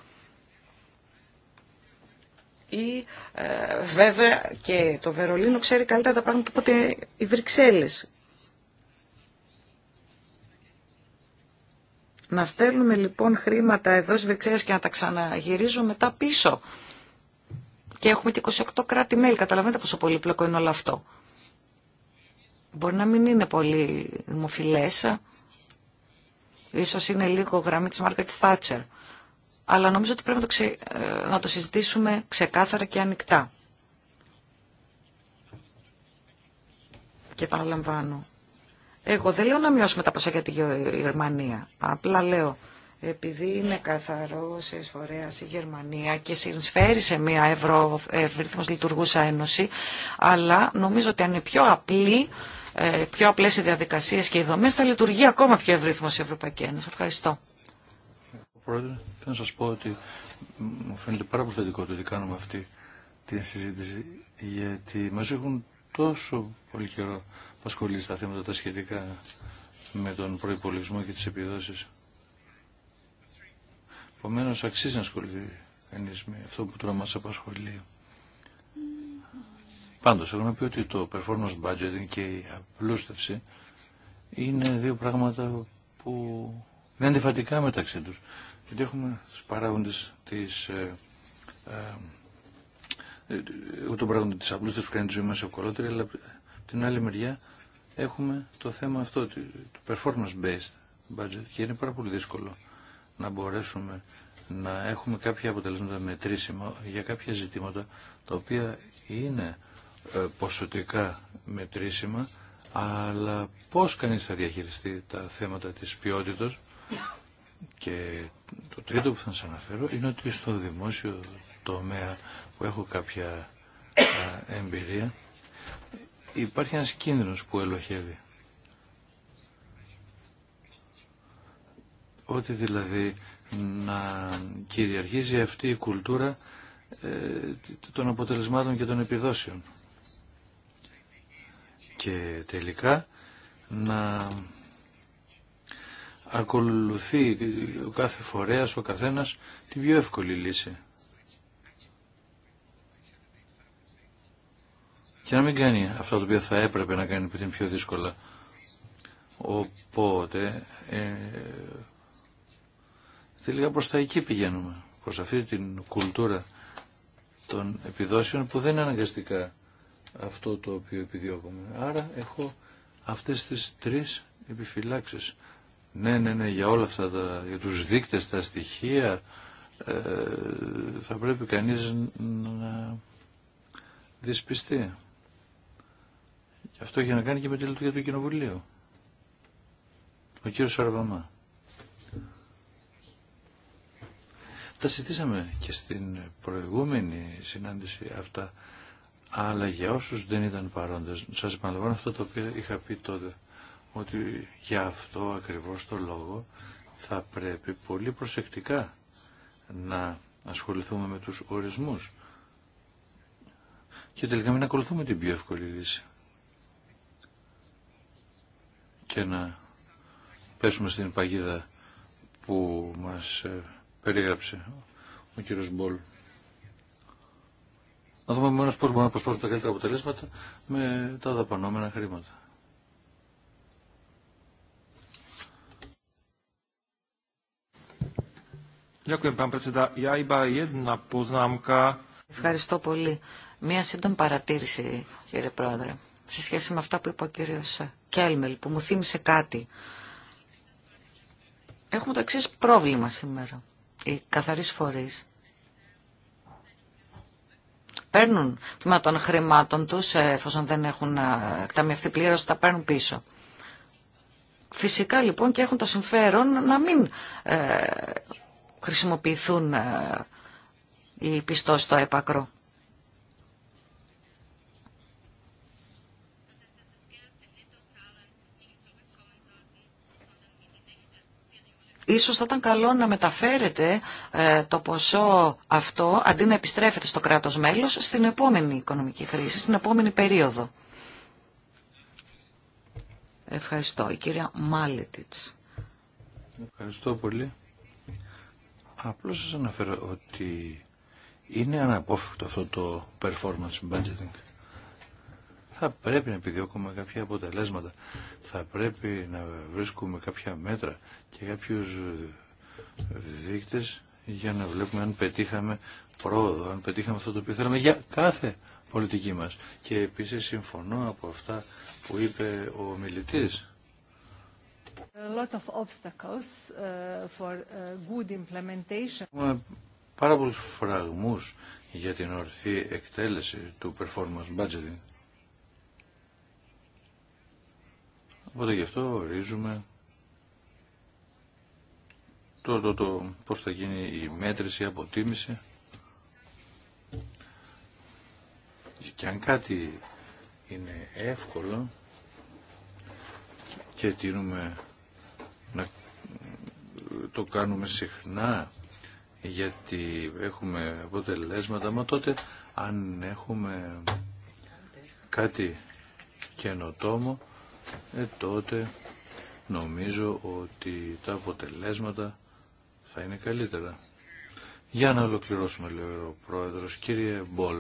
ή ε, βέβαια και το Βερολίνο ξέρει καλύτερα τα πράγματα από ότι οι Βρυξέλλες. Να στέλνουμε λοιπόν χρήματα εδώ στις Βρυξέλλες και να τα ξαναγυρίζουμε μετά πίσω. Και έχουμε και 28 κράτη-μέλη. Καταλαβαίνετε πόσο πολύπλοκο είναι όλο αυτό. Μπορεί να μην είναι πολύ δημοφιλέσα. Ίσως είναι λίγο γραμμή της Μάρκετ Θάτσερ αλλά νομίζω ότι πρέπει να το, ε, να το συζητήσουμε ξεκάθαρα και ανοιχτά. Και παραλαμβάνω. Εγώ δεν λέω να μειώσουμε τα ποσά για τη Γερμανία. Απλά λέω, επειδή είναι καθαρό σε η Γερμανία και συνσφέρει σε μια ευρώ, ευρύθμος λειτουργούσα ένωση, αλλά νομίζω ότι αν είναι πιο απλή, ε, πιο απλές οι διαδικασίες και οι δομές, θα λειτουργεί ακόμα πιο ευρύθμος η Ευρωπαϊκή Ένωση. Ευχαριστώ. Πρόεδρε, θέλω να σας πω ότι μου φαίνεται πάρα πολύ θετικό το ότι κάνουμε αυτή τη συζήτηση, γιατί μας έχουν τόσο πολύ καιρό απασχολήσει τα θέματα τα σχετικά με τον προϋπολογισμό και τις επιδόσεις. Επομένω αξίζει να ασχοληθεί κανεί με αυτό που τώρα μα απασχολεί. Πάντω, έχω να πει ότι το performance budgeting και η απλούστευση είναι δύο πράγματα που είναι αντιφατικά μεταξύ του γιατί έχουμε τους παράγοντες της, ε, ε, ε τον παράγοντα κάνει τη ζωή μας ευκολότερη, αλλά την άλλη μεριά έχουμε το θέμα αυτό του performance based budget και είναι πάρα πολύ δύσκολο να μπορέσουμε να έχουμε κάποια αποτελέσματα μετρήσιμα για κάποια ζητήματα τα οποία είναι ε, ποσοτικά μετρήσιμα αλλά πώς κανείς θα διαχειριστεί τα θέματα της ποιότητας και το τρίτο που θα σας αναφέρω είναι ότι στο δημόσιο τομέα που έχω κάποια εμπειρία υπάρχει ένας κίνδυνος που ελοχεύει. Ότι δηλαδή να κυριαρχίζει αυτή η κουλτούρα ε, των αποτελεσμάτων και των επιδόσεων. Και τελικά να ακολουθεί ο κάθε φορέας, ο καθένας, την πιο εύκολη λύση. Και να μην κάνει αυτά τα οποία θα έπρεπε να κάνει που είναι πιο δύσκολα. Οπότε, ε, τελικά προς τα εκεί πηγαίνουμε, προς αυτή την κουλτούρα των επιδόσεων που δεν είναι αναγκαστικά αυτό το οποίο επιδιώκουμε. Άρα έχω αυτές τις τρεις επιφυλάξεις. Ναι, ναι, ναι, για όλα αυτά, τα, για τους δείκτες, τα στοιχεία, ε, θα πρέπει κανείς να δυσπιστεί. Αυτό έχει να κάνει και με τη λειτουργία του Κοινοβουλίου. Ο κύριος Σαραβαμά. Τα συζητήσαμε και στην προηγούμενη συνάντηση αυτά, αλλά για όσους δεν ήταν παρόντες, σας επαναλαμβάνω αυτό το οποίο είχα πει τότε ότι για αυτό ακριβώς το λόγο θα πρέπει πολύ προσεκτικά να ασχοληθούμε με τους ορισμούς και τελικά μην ακολουθούμε την πιο εύκολη λύση και να πέσουμε στην παγίδα που μας ε, περίγραψε ο κύριος Μπόλ. Να δούμε μόνος πώς μπορούμε να προσπάσουμε τα καλύτερα αποτελέσματα με τα δαπανόμενα χρήματα. Ευχαριστώ πολύ. Μία σύντομη παρατήρηση, κύριε Πρόεδρε, σε σχέση με αυτά που είπε ο κύριος Κέλμελ, που μου θύμισε κάτι. Έχουμε το εξή πρόβλημα σήμερα. Οι καθαρείς φορείς παίρνουν τμήμα των χρημάτων τους, ε, εφόσον δεν έχουν ε, εκταμιευθεί πλήρως, τα παίρνουν πίσω. Φυσικά λοιπόν και έχουν το συμφέρον να μην ε, χρησιμοποιηθούν ε, οι πιστό στο έπακρο. Ίσως θα ήταν καλό να μεταφέρετε ε, το ποσό αυτό, αντί να επιστρέφετε στο κράτος μέλος, στην επόμενη οικονομική χρήση, στην επόμενη περίοδο. Ευχαριστώ. Η κυρία Μάλιτιτς. Ευχαριστώ πολύ. Απλώς σας αναφέρω ότι είναι αναπόφευκτο αυτό το performance budgeting. Θα πρέπει να επιδιώκουμε κάποια αποτελέσματα. Θα πρέπει να βρίσκουμε κάποια μέτρα και κάποιους δείκτες για να βλέπουμε αν πετύχαμε πρόοδο, αν πετύχαμε αυτό το οποίο θέλαμε για κάθε πολιτική μας. Και επίσης συμφωνώ από αυτά που είπε ο μιλητής Uh, uh, πάρα πολλούς φραγμούς για την ορθή εκτέλεση του performance budgeting. Οπότε γι' αυτό ορίζουμε το, το, το πώς θα γίνει η μέτρηση, η αποτίμηση και αν κάτι είναι εύκολο και τίνουμε να το κάνουμε συχνά γιατί έχουμε αποτελέσματα, μα τότε αν έχουμε κάτι καινοτόμο, ε, τότε νομίζω ότι τα αποτελέσματα θα είναι καλύτερα. Για να ολοκληρώσουμε, λέει ο Πρόεδρος, κύριε Μπολ.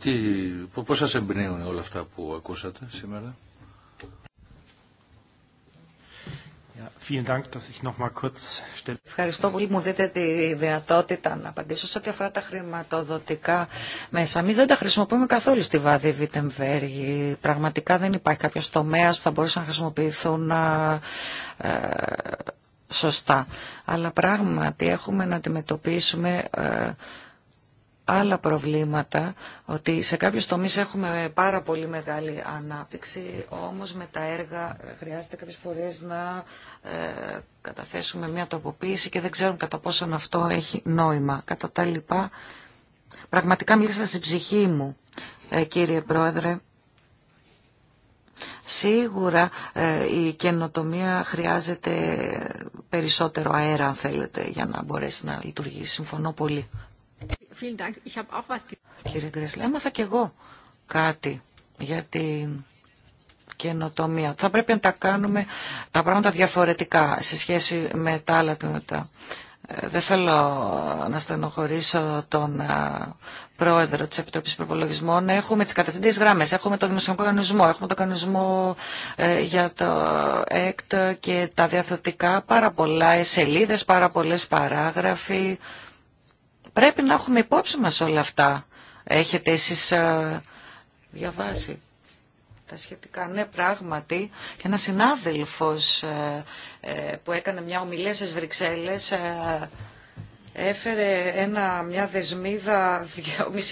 Τι, πώς σας εμπνέουν όλα αυτά που ακούσατε σήμερα. Ευχαριστώ πολύ που μου δίνετε τη δυνατότητα να απαντήσω σε ό,τι αφορά τα χρηματοδοτικά μέσα. Εμεί δεν τα χρησιμοποιούμε καθόλου στη Βάδη Βιτεμβέργη. Πραγματικά δεν υπάρχει κάποιο τομέα που θα μπορούσε να χρησιμοποιηθούν ε, σωστά. Αλλά πράγματι έχουμε να αντιμετωπίσουμε. Ε, άλλα προβλήματα, ότι σε κάποιους τομείς έχουμε πάρα πολύ μεγάλη ανάπτυξη, όμως με τα έργα χρειάζεται κάποιες φορές να ε, καταθέσουμε μια τοποποίηση και δεν ξέρουμε κατά πόσο αυτό έχει νόημα. Κατά τα λοιπά, πραγματικά μίλησα στην ψυχή μου, ε, κύριε Πρόεδρε. Σίγουρα ε, η καινοτομία χρειάζεται περισσότερο αέρα, αν θέλετε, για να μπορέσει να λειτουργήσει. Συμφωνώ πολύ. Κύριε Γκρέσλε, έμαθα και εγώ κάτι για την καινοτομία. Θα πρέπει να τα κάνουμε τα πράγματα διαφορετικά σε σχέση με τα άλλα τμήματα. Ε, δεν θέλω να στενοχωρήσω τον ε, πρόεδρο της Επιτροπής Προπολογισμών. Έχουμε τις κατευθυντέ γράμμες, έχουμε το δημοσιονομικό κανονισμό, έχουμε το κανονισμό ε, για το ΕΚΤ και τα διαθωτικά, πάρα πολλά σελίδες, πάρα πολλές παράγραφοι. Πρέπει να έχουμε υπόψη μας όλα αυτά. Έχετε εσείς ε, διαβάσει τα σχετικά. Ναι, πράγματι, και ένας συνάδελφος ε, ε, που έκανε μια ομιλία στις Βρυξέλλες έφερε ένα, μια δεσμίδα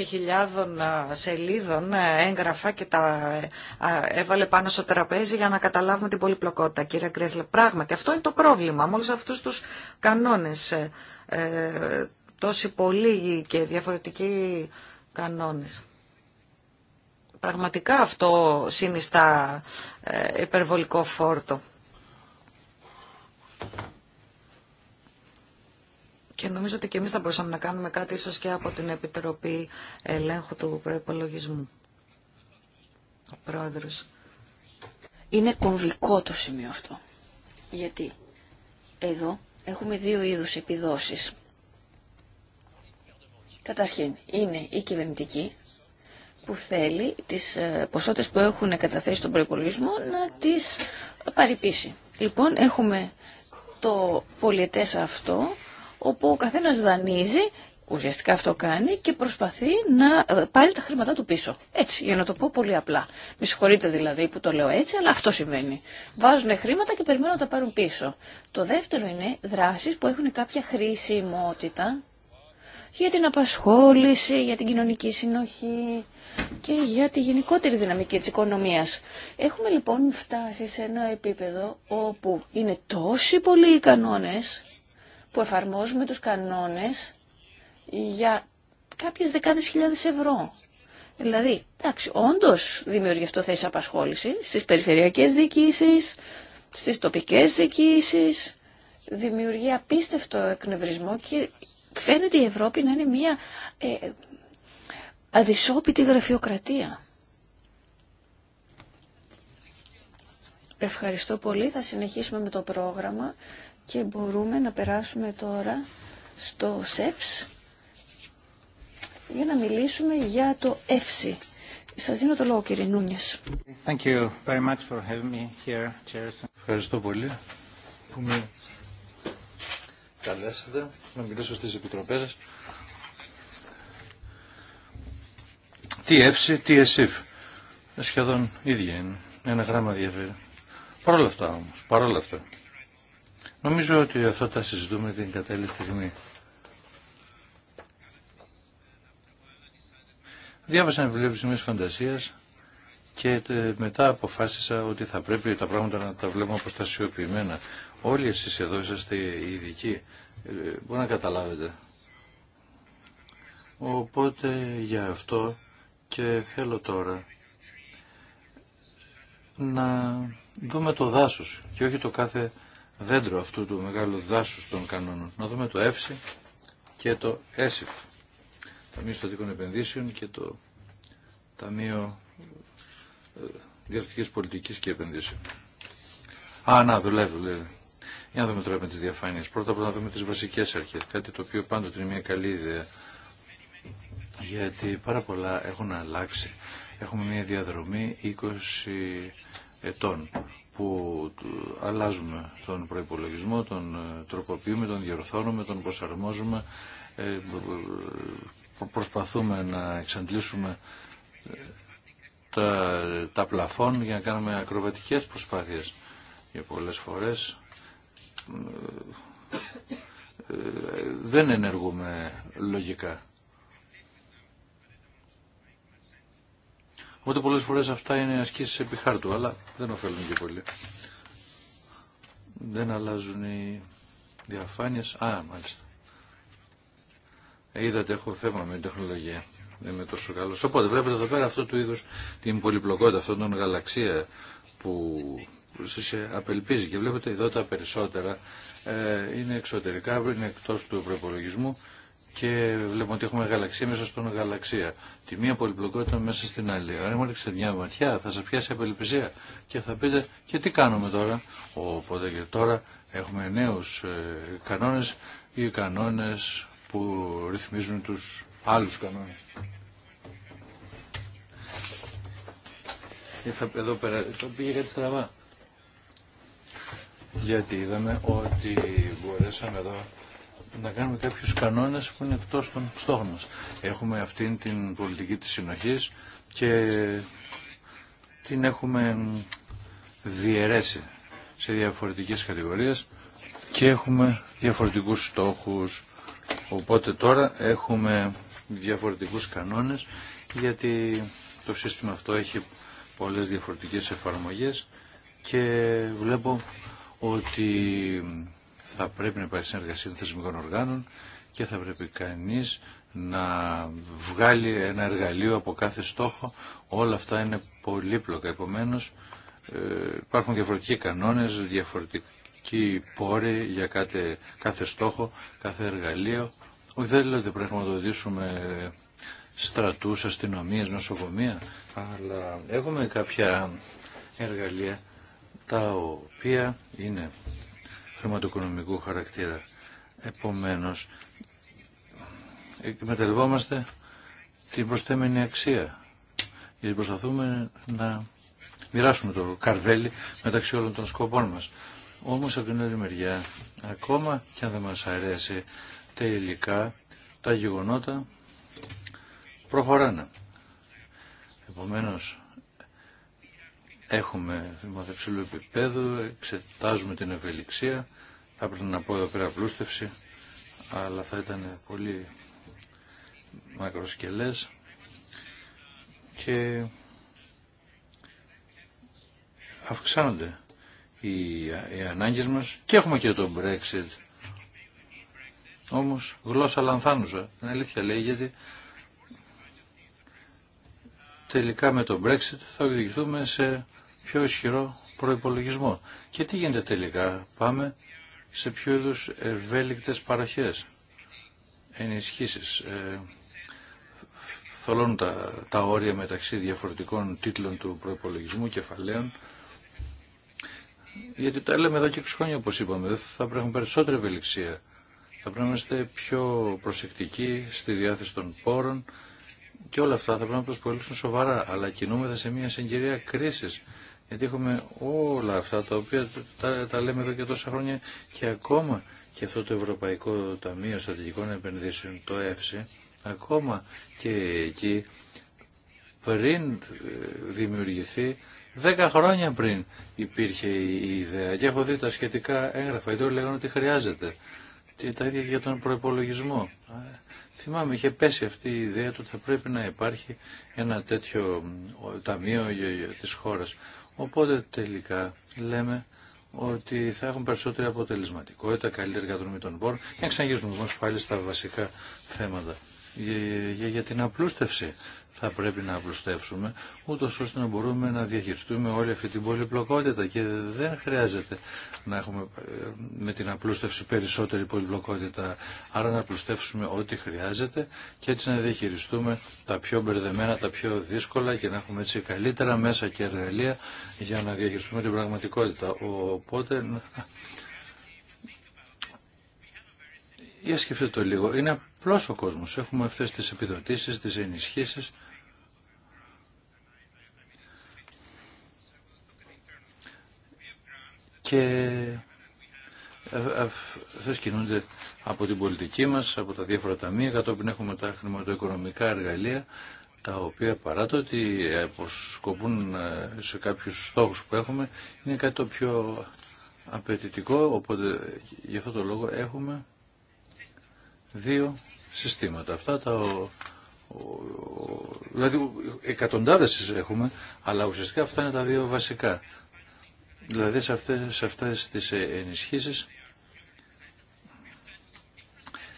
2.500 σελίδων έγγραφα και τα έβαλε πάνω στο τραπέζι για να καταλάβουμε την πολυπλοκότητα. Κύριε Γκρέσλε, πράγματι αυτό είναι το πρόβλημα Μόλις αυτούς τους κανόνες τόσοι πολλοί και διαφορετικοί κανόνες. Πραγματικά αυτό συνιστά ε, υπερβολικό φόρτο. Και νομίζω ότι και εμείς θα μπορούσαμε να κάνουμε κάτι ίσως και από την Επιτροπή Ελέγχου του Προϋπολογισμού. Ο Πρόεδρος. Είναι κομβικό το σημείο αυτό. Γιατί εδώ έχουμε δύο είδους επιδόσεις. Καταρχήν, είναι η κυβερνητική που θέλει τις ε, ποσότητες που έχουν καταθέσει στον προϋπολογισμό να τις παρυπήσει. Λοιπόν, έχουμε το πολιετές αυτό, όπου ο καθένας δανείζει, ουσιαστικά αυτό κάνει, και προσπαθεί να ε, πάρει τα χρήματά του πίσω. Έτσι, για να το πω πολύ απλά. Με συγχωρείτε δηλαδή που το λέω έτσι, αλλά αυτό συμβαίνει. Βάζουν χρήματα και περιμένουν να τα πάρουν πίσω. Το δεύτερο είναι δράσεις που έχουν κάποια χρησιμότητα, για την απασχόληση, για την κοινωνική συνοχή και για τη γενικότερη δυναμική της οικονομίας. Έχουμε λοιπόν φτάσει σε ένα επίπεδο όπου είναι τόσοι πολλοί οι κανόνες που εφαρμόζουμε τους κανόνες για κάποιες δεκάδες χιλιάδες ευρώ. Δηλαδή, εντάξει, όντως δημιουργεί αυτό θέση απασχόληση στις περιφερειακές διοικήσεις, στις τοπικές διοικήσεις, δημιουργεί απίστευτο εκνευρισμό και φαίνεται η Ευρώπη να είναι μια ε, αδυσόπιτη γραφειοκρατία. Ευχαριστώ πολύ. Θα συνεχίσουμε με το πρόγραμμα και μπορούμε να περάσουμε τώρα στο ΣΕΠΣ για να μιλήσουμε για το ΕΦΣΙ. Σας δίνω το λόγο κύριε Νούνιες. Ευχαριστώ πολύ που με καλέσατε να μιλήσω στις επιτροπές σας. Τι έψη, τι εσύφ. Ε, σχεδόν ίδια είναι. Ένα γράμμα διαφέρει. Παρ' όλα αυτά όμως, παρ' όλα αυτά. Νομίζω ότι αυτό τα συζητούμε την κατάλληλη στιγμή. Διάβασα ένα βιβλίο επιστημής φαντασίας και μετά αποφάσισα ότι θα πρέπει τα πράγματα να τα βλέπουμε αποστασιοποιημένα. Όλοι εσεί εδώ είσαστε οι ειδικοί. Ε, μπορεί να καταλάβετε. Οπότε για αυτό και θέλω τώρα να δούμε το δάσος και όχι το κάθε δέντρο αυτού του μεγάλου δάσους των κανόνων. Να δούμε το ΕΦΣΙ και το ΕΣΥΦ. Ταμείο Στατικών Επενδύσεων και το Ταμείο ε, Διαρκτικής Πολιτικής και Επενδύσεων. Α, να, δουλεύει, δουλεύει. Για να δούμε τώρα με τις διαφάνειες. Πρώτα απ' όλα να δούμε τις βασικές αρχέ, Κάτι το οποίο πάντοτε είναι μια καλή ιδέα. Γιατί πάρα πολλά έχουν αλλάξει. Έχουμε μια διαδρομή 20 ετών που αλλάζουμε τον προϋπολογισμό, τον ε, τροποποιούμε, τον διορθώνουμε, τον προσαρμόζουμε, ε, προσπαθούμε να εξαντλήσουμε ε, τα, τα πλαφόν για να κάνουμε ακροβατικές προσπάθειες. Για πολλές φορές δεν ενεργούμε λογικά. Οπότε πολλές φορές αυτά είναι ασκήσεις επί χάρτου, αλλά δεν ωφέλουν και πολύ. Δεν αλλάζουν οι διαφάνειες. Α, μάλιστα. Είδατε, έχω θέμα με την τεχνολογία. Δεν είμαι τόσο καλός. Οπότε βλέπετε εδώ πέρα αυτό του είδους την πολυπλοκότητα αυτόν τον γαλαξία που σας απελπίζει και βλέπετε εδώ τα περισσότερα ε, είναι εξωτερικά, είναι εκτός του προπολογισμού και βλέπουμε ότι έχουμε γαλαξία μέσα στον γαλαξία. Τη μία πολυπλοκότητα μέσα στην άλλη. Αν μου μια ματιά θα σας πιάσει απελπισία και θα πείτε και τι κάνουμε τώρα. Οπότε και τώρα έχουμε νέους κανόνε ή κανόνε που ρυθμίζουν τους άλλους κανόνες. Ε, εδώ πέρα, πήγε κάτι στραβά γιατί είδαμε ότι μπορέσαμε εδώ να κάνουμε κάποιους κανόνες που είναι εκτός των στόχων μας. Έχουμε αυτήν την πολιτική της συνοχής και την έχουμε διαιρέσει σε διαφορετικές κατηγορίες και έχουμε διαφορετικούς στόχους. Οπότε τώρα έχουμε διαφορετικούς κανόνες γιατί το σύστημα αυτό έχει πολλές διαφορετικές εφαρμογές και βλέπω ότι θα πρέπει να υπάρχει συνεργασία των θεσμικών οργάνων και θα πρέπει κανείς να βγάλει ένα εργαλείο από κάθε στόχο. Όλα αυτά είναι πολύπλοκα. Επομένως ε, υπάρχουν διαφορετικοί κανόνες, διαφορετικοί πόροι για κάθε, κάθε στόχο, κάθε εργαλείο. Όχι δεν λέω ότι πρέπει να το στρατούς, αστυνομίες, νοσοκομεία, αλλά έχουμε κάποια εργαλεία τα οποία είναι χρηματοοικονομικού χαρακτήρα. Επομένως, εκμεταλλευόμαστε την προσθέμενη αξία γιατί προσπαθούμε να μοιράσουμε το καρβέλι μεταξύ όλων των σκοπών μας. Όμως από την άλλη μεριά, ακόμα και αν δεν μας αρέσει υλικά, τα γεγονότα προχωράνε. Επομένως, Έχουμε θυμότητα επίπεδου, εξετάζουμε την ευελιξία. Θα πρέπει να πω εδώ πέρα πλούστευση, αλλά θα ήταν πολύ μακροσκελές. Και αυξάνονται οι, οι ανάγκες μας και έχουμε και το Brexit. Όμως γλώσσα λανθάνουσα. Την αλήθεια λέει γιατί τελικά με το Brexit θα οδηγηθούμε σε πιο ισχυρό προϋπολογισμό. Και τι γίνεται τελικά, πάμε σε πιο είδου ευέλικτες παραχές, ενισχύσεις, ε, θολώνουν τα, όρια μεταξύ διαφορετικών τίτλων του προϋπολογισμού, κεφαλαίων, γιατί τα λέμε εδώ και χρόνια, όπως είπαμε, θα πρέπει να περισσότερη ευελιξία. Θα πρέπει να είμαστε πιο προσεκτικοί στη διάθεση των πόρων και όλα αυτά θα πρέπει να προσπολήσουν σοβαρά. Αλλά κινούμεθα σε μια συγκυρία κρίσης γιατί έχουμε όλα αυτά τα οποία τα, λέμε εδώ και τόσα χρόνια και ακόμα και αυτό το Ευρωπαϊκό Ταμείο Στατηγικών Επενδύσεων, το ΕΦΣΙ, ακόμα και εκεί πριν ε, δημιουργηθεί, δέκα χρόνια πριν υπήρχε η ιδέα και έχω δει τα σχετικά έγγραφα, εδώ λέγανε ότι χρειάζεται. τα ίδια για τον προπολογισμό. Θυμάμαι, είχε πέσει αυτή η ιδέα ότι θα πρέπει να υπάρχει ένα τέτοιο ε, ταμείο της χώρας. Οπότε τελικά λέμε ότι θα έχουν περισσότερη αποτελεσματικότητα, καλύτερη κατανομή των πόρων και να ξαναγυρίσουμε πάλι στα βασικά θέματα για την απλούστευση. Θα πρέπει να απλουστεύσουμε, ούτως ώστε να μπορούμε να διαχειριστούμε όλη αυτή την πολυπλοκότητα και δεν χρειάζεται να έχουμε ε, με την απλούστευση περισσότερη πολυπλοκότητα. Άρα να απλουστεύσουμε ό,τι χρειάζεται και έτσι να διαχειριστούμε τα πιο μπερδεμένα, τα πιο δύσκολα και να έχουμε έτσι καλύτερα μέσα και εργαλεία για να διαχειριστούμε την πραγματικότητα. Οπότε για σκεφτείτε το λίγο. Είναι απλός ο κόσμος. Έχουμε αυτές τις επιδοτήσεις, τις ενισχύσεις. Και αυτέ κινούνται από την πολιτική μας, από τα διάφορα ταμεία, κατόπιν έχουμε τα χρηματοοικονομικά εργαλεία, τα οποία παρά το ότι αποσκοπούν ε, σε κάποιους στόχους που έχουμε, είναι κάτι το πιο απαιτητικό, οπότε γι' αυτό το λόγο έχουμε δύο συστήματα. Αυτά τα δηλαδή εκατοντάδες έχουμε, αλλά ουσιαστικά αυτά είναι τα δύο βασικά. Δηλαδή σε αυτές, σε αυτές τις ε, ενισχύσεις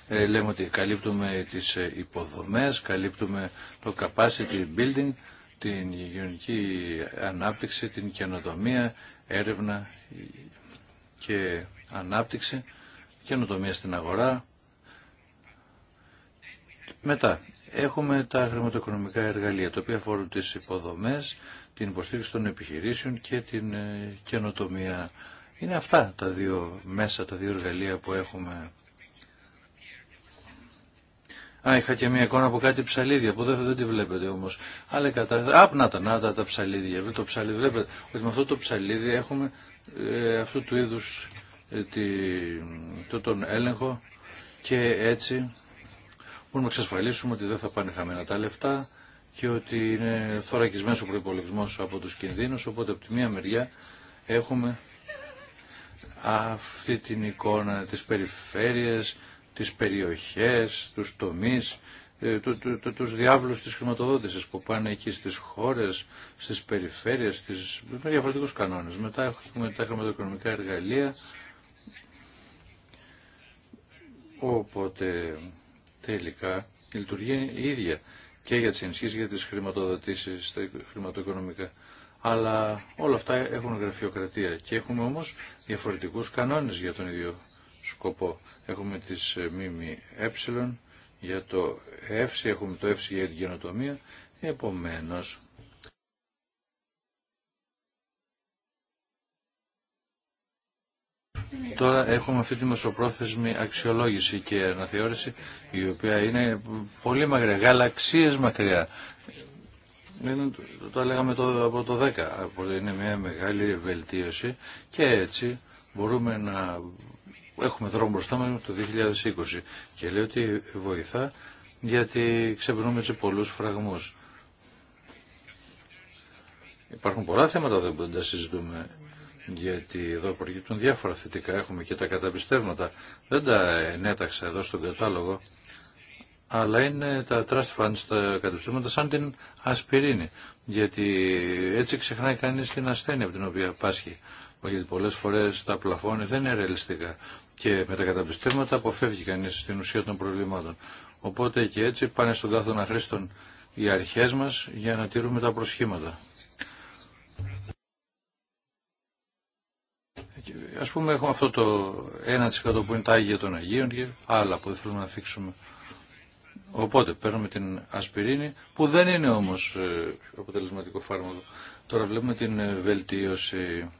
ε, λέμε ότι καλύπτουμε τις ε, υποδομές, καλύπτουμε το capacity building, την υγειονική ανάπτυξη, την καινοτομία, έρευνα και ανάπτυξη, καινοτομία στην αγορά, μετά, έχουμε τα χρηματοοικονομικά εργαλεία, τα οποία αφορούν τις υποδομές, την υποστήριξη των επιχειρήσεων και την ε, καινοτομία. Είναι αυτά τα δύο μέσα, τα δύο εργαλεία που έχουμε. Α, είχα και μια εικόνα από κάτι ψαλίδια, που δεν, τη βλέπετε όμως. Αλλά κατά... Α, να τα, να τα, ψαλίδια. Το ψαλίδι, βλέπετε ότι με αυτό το ψαλίδι έχουμε ε, αυτού του είδους ε, τον έλεγχο και έτσι μπορούμε να εξασφαλίσουμε ότι δεν θα πάνε χαμένα τα λεφτά και ότι είναι θωρακισμένος ο προπολογισμό από τους κινδύνους, οπότε από τη μία μεριά έχουμε αυτή την εικόνα της περιφέρειας, της περιοχής, τους τομείς, του, ε, του, του, τους διάβλους της χρηματοδότησης που πάνε εκεί στις χώρες, στις περιφέρειες, στις, με διαφορετικούς κανόνες. Μετά έχουμε τα χρηματοοικονομικά εργαλεία, οπότε τελικά η λειτουργία είναι η ίδια και για τις ενισχύσεις για τις χρηματοδοτήσεις τα χρηματοοικονομικά. Αλλά όλα αυτά έχουν γραφειοκρατία και έχουμε όμως διαφορετικούς κανόνες για τον ίδιο σκοπό. Έχουμε τις ΜΜΕ, για το ΕΦΣΙ, έχουμε το ΕΦΣΙ για την καινοτομία, επομένως Τώρα έχουμε αυτή τη μεσοπρόθεσμη αξιολόγηση και αναθεώρηση η οποία είναι πολύ μακριά, γαλαξίες μακριά. Είναι, το, το λέγαμε το, από το 10, είναι μια μεγάλη βελτίωση και έτσι μπορούμε να έχουμε δρόμο μπροστά μας το 2020 και λέω ότι βοηθά γιατί ξεπερνούμε έτσι πολλούς φραγμούς. Υπάρχουν πολλά θέματα που δεν τα συζητούμε γιατί εδώ προκύπτουν διάφορα θετικά. Έχουμε και τα καταπιστεύματα. Δεν τα ενέταξα εδώ στον κατάλογο, αλλά είναι τα trust funds, τα καταπιστεύματα σαν την ασπιρίνη. Γιατί έτσι ξεχνάει κανείς την ασθένεια από την οποία πάσχει. Γιατί πολλές φορές τα πλαφόνια δεν είναι ρεαλιστικά. Και με τα καταπιστεύματα αποφεύγει κανείς στην ουσία των προβλημάτων. Οπότε και έτσι πάνε στον κάθονα χρήστον οι αρχές μας για να τηρούμε τα προσχήματα. ας πούμε έχουμε αυτό το 1% που είναι τα Άγια των Αγίων και άλλα που δεν θέλουμε να θίξουμε. Οπότε παίρνουμε την ασπιρίνη που δεν είναι όμως ε, αποτελεσματικό φάρμακο. Τώρα βλέπουμε την ε, βελτίωση,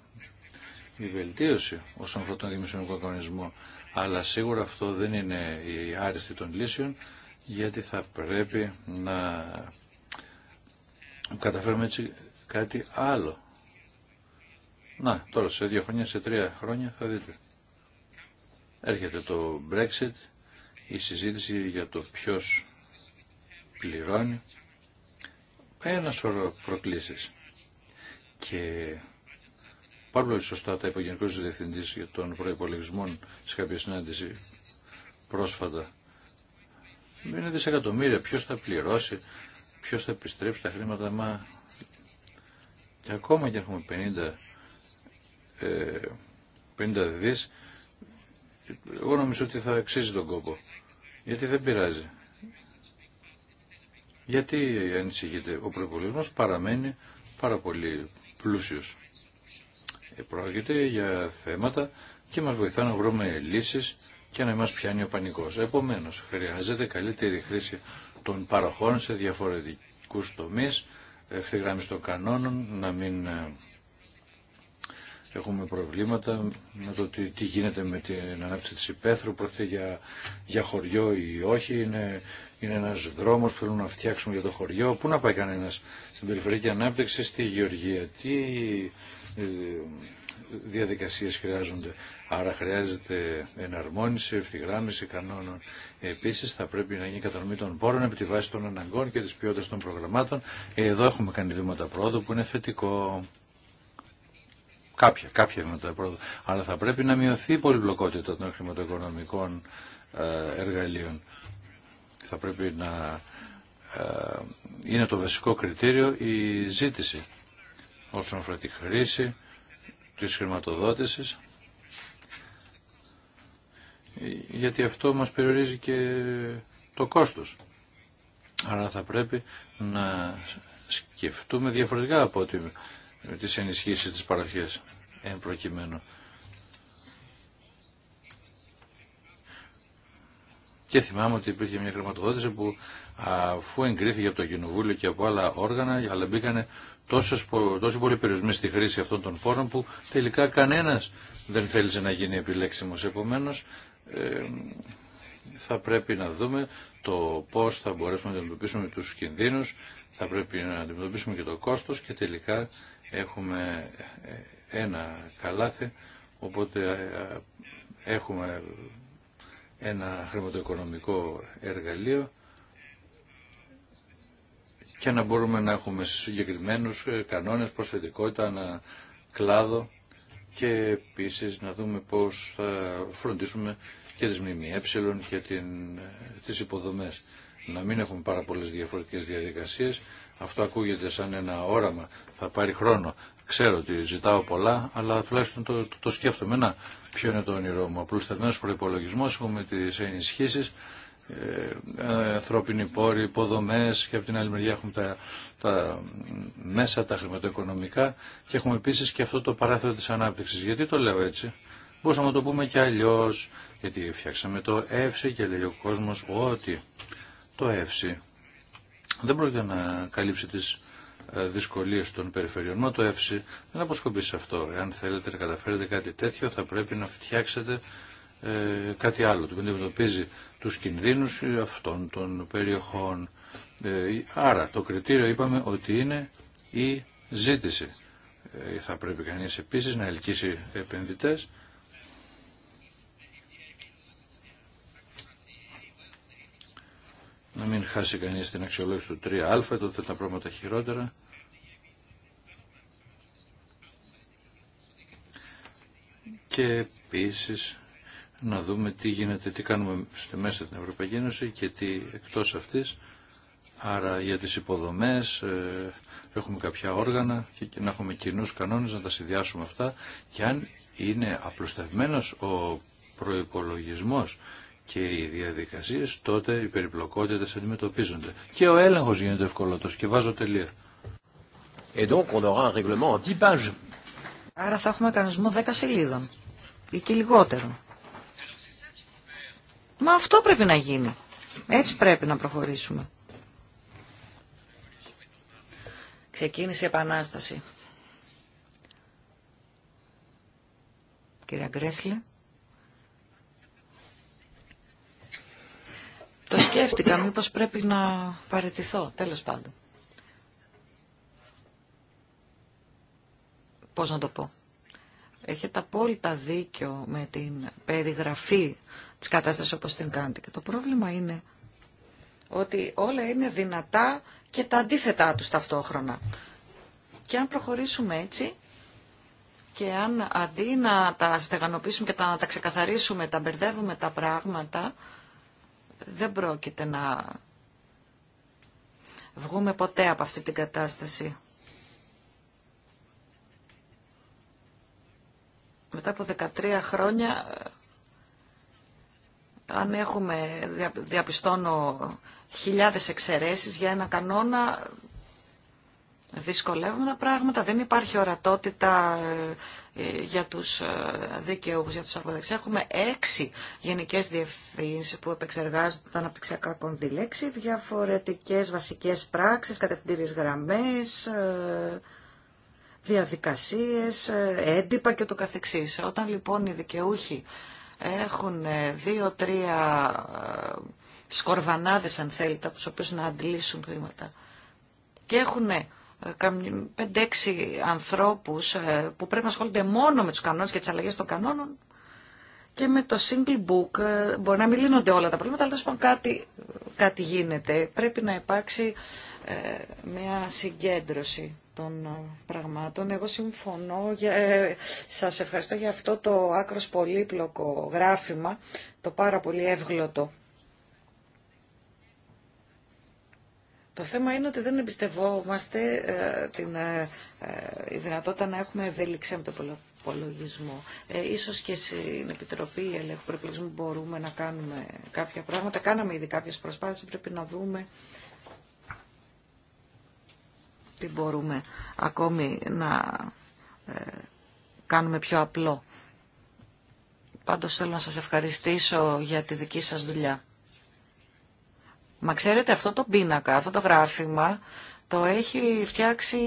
η βελτίωση όσον αφορά τον δημιουργικό κανονισμό. Αλλά σίγουρα αυτό δεν είναι η άριστη των λύσεων γιατί θα πρέπει να καταφέρουμε έτσι κάτι άλλο. Να, τώρα σε δύο χρόνια, σε τρία χρόνια θα δείτε. Έρχεται το Brexit, η συζήτηση για το ποιος πληρώνει. Ένα σωρό προκλήσεις. Και πάρα πολύ σωστά τα είπε ο των Διευθυντής για τον προϋπολογισμό σε κάποια συνάντηση πρόσφατα. Είναι δισεκατομμύρια. Ποιος θα πληρώσει, ποιος θα επιστρέψει τα χρήματα. Μα και ακόμα και έχουμε 50 50 ε, δις, εγώ νομίζω ότι θα αξίζει τον κόπο. Γιατί δεν πειράζει. Γιατί ανησυχείται Ο προπολογισμό παραμένει πάρα πολύ πλούσιος. Ε, πρόκειται για θέματα και μας βοηθά να βρούμε λύσεις και να μας πιάνει ο πανικός. Επομένως, χρειάζεται καλύτερη χρήση των παροχών σε διαφορετικούς τομείς, ευθυγράμμιση των κανόνων, να μην ε, Έχουμε προβλήματα με το τι, γίνεται με την ανάπτυξη της υπαίθρου, πρόκειται για, για χωριό ή όχι. Είναι, είναι ένας δρόμος που θέλουν να φτιάξουν για το χωριό. Πού να πάει κανένας στην περιφερειακή ανάπτυξη, στη γεωργία. Τι ε, διαδικασίες χρειάζονται. Άρα χρειάζεται εναρμόνιση, ευθυγράμμιση κανόνων. Επίσης θα πρέπει να γίνει κατανομή των πόρων επί τη βάση των αναγκών και της ποιότητας των προγραμμάτων. Ε, εδώ έχουμε κάνει βήματα πρόοδου που είναι θετικό. Κάποια, κάποια βήματα πρόοδου. Αλλά θα πρέπει να μειωθεί η πολυπλοκότητα των χρηματοοικονομικών ε, εργαλείων. Θα πρέπει να ε, είναι το βασικό κριτήριο η ζήτηση όσον αφορά τη χρήση της χρηματοδότησης γιατί αυτό μας περιορίζει και το κόστος. Άρα θα πρέπει να σκεφτούμε διαφορετικά από ότι τις ενισχύσεις της παροχής εν προκειμένου. Και θυμάμαι ότι υπήρχε μια χρηματοδότηση που αφού εγκρίθηκε από το Κοινοβούλιο και από άλλα όργανα, αλλά μπήκαν τόσοι πολλοί περιορισμοί στη χρήση αυτών των πόρων που τελικά κανένας δεν θέλησε να γίνει επιλέξιμος. Επομένως, ε, θα πρέπει να δούμε το πώς θα μπορέσουμε να αντιμετωπίσουμε τους κινδύνους, θα πρέπει να αντιμετωπίσουμε και το κόστος και τελικά έχουμε ε, ένα καλάθι, οπότε ε, έχουμε ένα χρηματοοικονομικό εργαλείο και να μπορούμε να έχουμε συγκεκριμένους ε, κανόνες, προσθετικότητα, ένα κλάδο και επίσης να δούμε πώς θα φροντίσουμε και τις ΜΜΕ και την, τις υποδομές. Να μην έχουμε πάρα πολλές διαφορετικές διαδικασίες, αυτό ακούγεται σαν ένα όραμα, θα πάρει χρόνο. Ξέρω ότι ζητάω πολλά, αλλά τουλάχιστον το, το, σκέφτομαι. Να, ποιο είναι το όνειρό μου. Απλουστευμένο προπολογισμό, έχουμε τι ενισχύσει, ε, ανθρώπινοι πόροι, υποδομέ και από την άλλη μεριά έχουμε τα, τα μέσα, τα χρηματοοικονομικά και έχουμε επίση και αυτό το παράθυρο τη ανάπτυξη. Γιατί το λέω έτσι. Μπορούσαμε να το πούμε και αλλιώ, γιατί φτιάξαμε το ΕΦΣΙ και λέει ο κόσμο ότι το εύση δεν πρόκειται να καλύψει τις ε, δυσκολίες των περιφερειών. Μα το ΕΦΣΥ δεν αποσκοπεί σε αυτό. Εάν θέλετε να καταφέρετε κάτι τέτοιο θα πρέπει να φτιάξετε ε, κάτι άλλο. Το αντιμετωπίζει τους κινδύνους αυτών των περιοχών. Ε, άρα το κριτήριο είπαμε ότι είναι η ζήτηση. θα πρέπει κανείς επίσης να ελκύσει επενδυτές να μην χάσει κανείς την αξιολόγηση του 3α, τότε θα τα πράγματα χειρότερα. Και επίσης να δούμε τι γίνεται, τι κάνουμε στη μέσα την Ευρωπαϊκή Ένωση και τι εκτός αυτής. Άρα για τις υποδομές ε, έχουμε κάποια όργανα και, να έχουμε κοινού κανόνες να τα συνδυάσουμε αυτά και αν είναι απλουστευμένος ο προϋπολογισμός και οι διαδικασίες, τότε οι περιπλοκότητες αντιμετωπίζονται. Και ο έλεγχο γίνεται ευκολότερο. και βάζω τελεία. on aura un Άρα θα έχουμε κανονισμό 10 σελίδων ή και λιγότερο. Μα αυτό πρέπει να γίνει. Έτσι πρέπει να προχωρήσουμε. Ξεκίνησε η Επανάσταση. Κυρία Γκρέσλε. σκέφτηκα μήπως πρέπει να παραιτηθώ, τέλος πάντων. Πώς να το πω. Έχετε απόλυτα δίκιο με την περιγραφή της κατάστασης όπως την κάνετε. Και το πρόβλημα είναι ότι όλα είναι δυνατά και τα αντίθετά τους ταυτόχρονα. Και αν προχωρήσουμε έτσι, και αν αντί να τα στεγανοποιήσουμε και να τα ξεκαθαρίσουμε, τα μπερδεύουμε τα πράγματα, δεν πρόκειται να βγούμε ποτέ από αυτή την κατάσταση. Μετά από 13 χρόνια, ε, αν έχουμε, διαπιστώνω χιλιάδες εξαιρέσεις για ένα κανόνα, Δυσκολεύουμε τα πράγματα, δεν υπάρχει ορατότητα ε, για τους ε, δικαιούχους, για τους αγωδεξιούς. Έχουμε έξι γενικές διευθύνσεις που επεξεργάζονται τα αναπτυξιακά κονδυλέξη, διαφορετικές βασικές πράξεις, κατευθυντήριες γραμμές, ε, διαδικασίες, έντυπα και το καθεξής. Όταν λοιπόν οι δικαιούχοι έχουν δύο-τρία σκορβανάδες αν θέλετε από τους οποίους να αντλήσουν χρήματα και έχουν 5-6 ανθρώπους ε, που πρέπει να ασχολούνται μόνο με τους κανόνες και τις αλλαγές των κανόνων και με το single book ε, μπορεί να μην λύνονται όλα τα προβλήματα, αλλά τέλο κάτι, κάτι γίνεται. Πρέπει να υπάρξει ε, μια συγκέντρωση των πραγμάτων. Εγώ συμφωνώ, για, σας ευχαριστώ για αυτό το άκρος πολύπλοκο γράφημα, το πάρα πολύ εύγλωτο Το θέμα είναι ότι δεν εμπιστευόμαστε ε, την ε, ε, δυνατότητα να έχουμε ευέλιξη με τον υπολογισμό. Ε, ίσως και στην Επιτροπή Ελέγχου Προπολογισμού μπορούμε να κάνουμε κάποια πράγματα. Κάναμε ήδη κάποιες προσπάθειες, πρέπει να δούμε τι μπορούμε ακόμη να κάνουμε πιο απλό. Πάντως θέλω να σας ευχαριστήσω για τη δική σας δουλειά. Μα ξέρετε αυτό το πίνακα, αυτό το γράφημα το έχει φτιάξει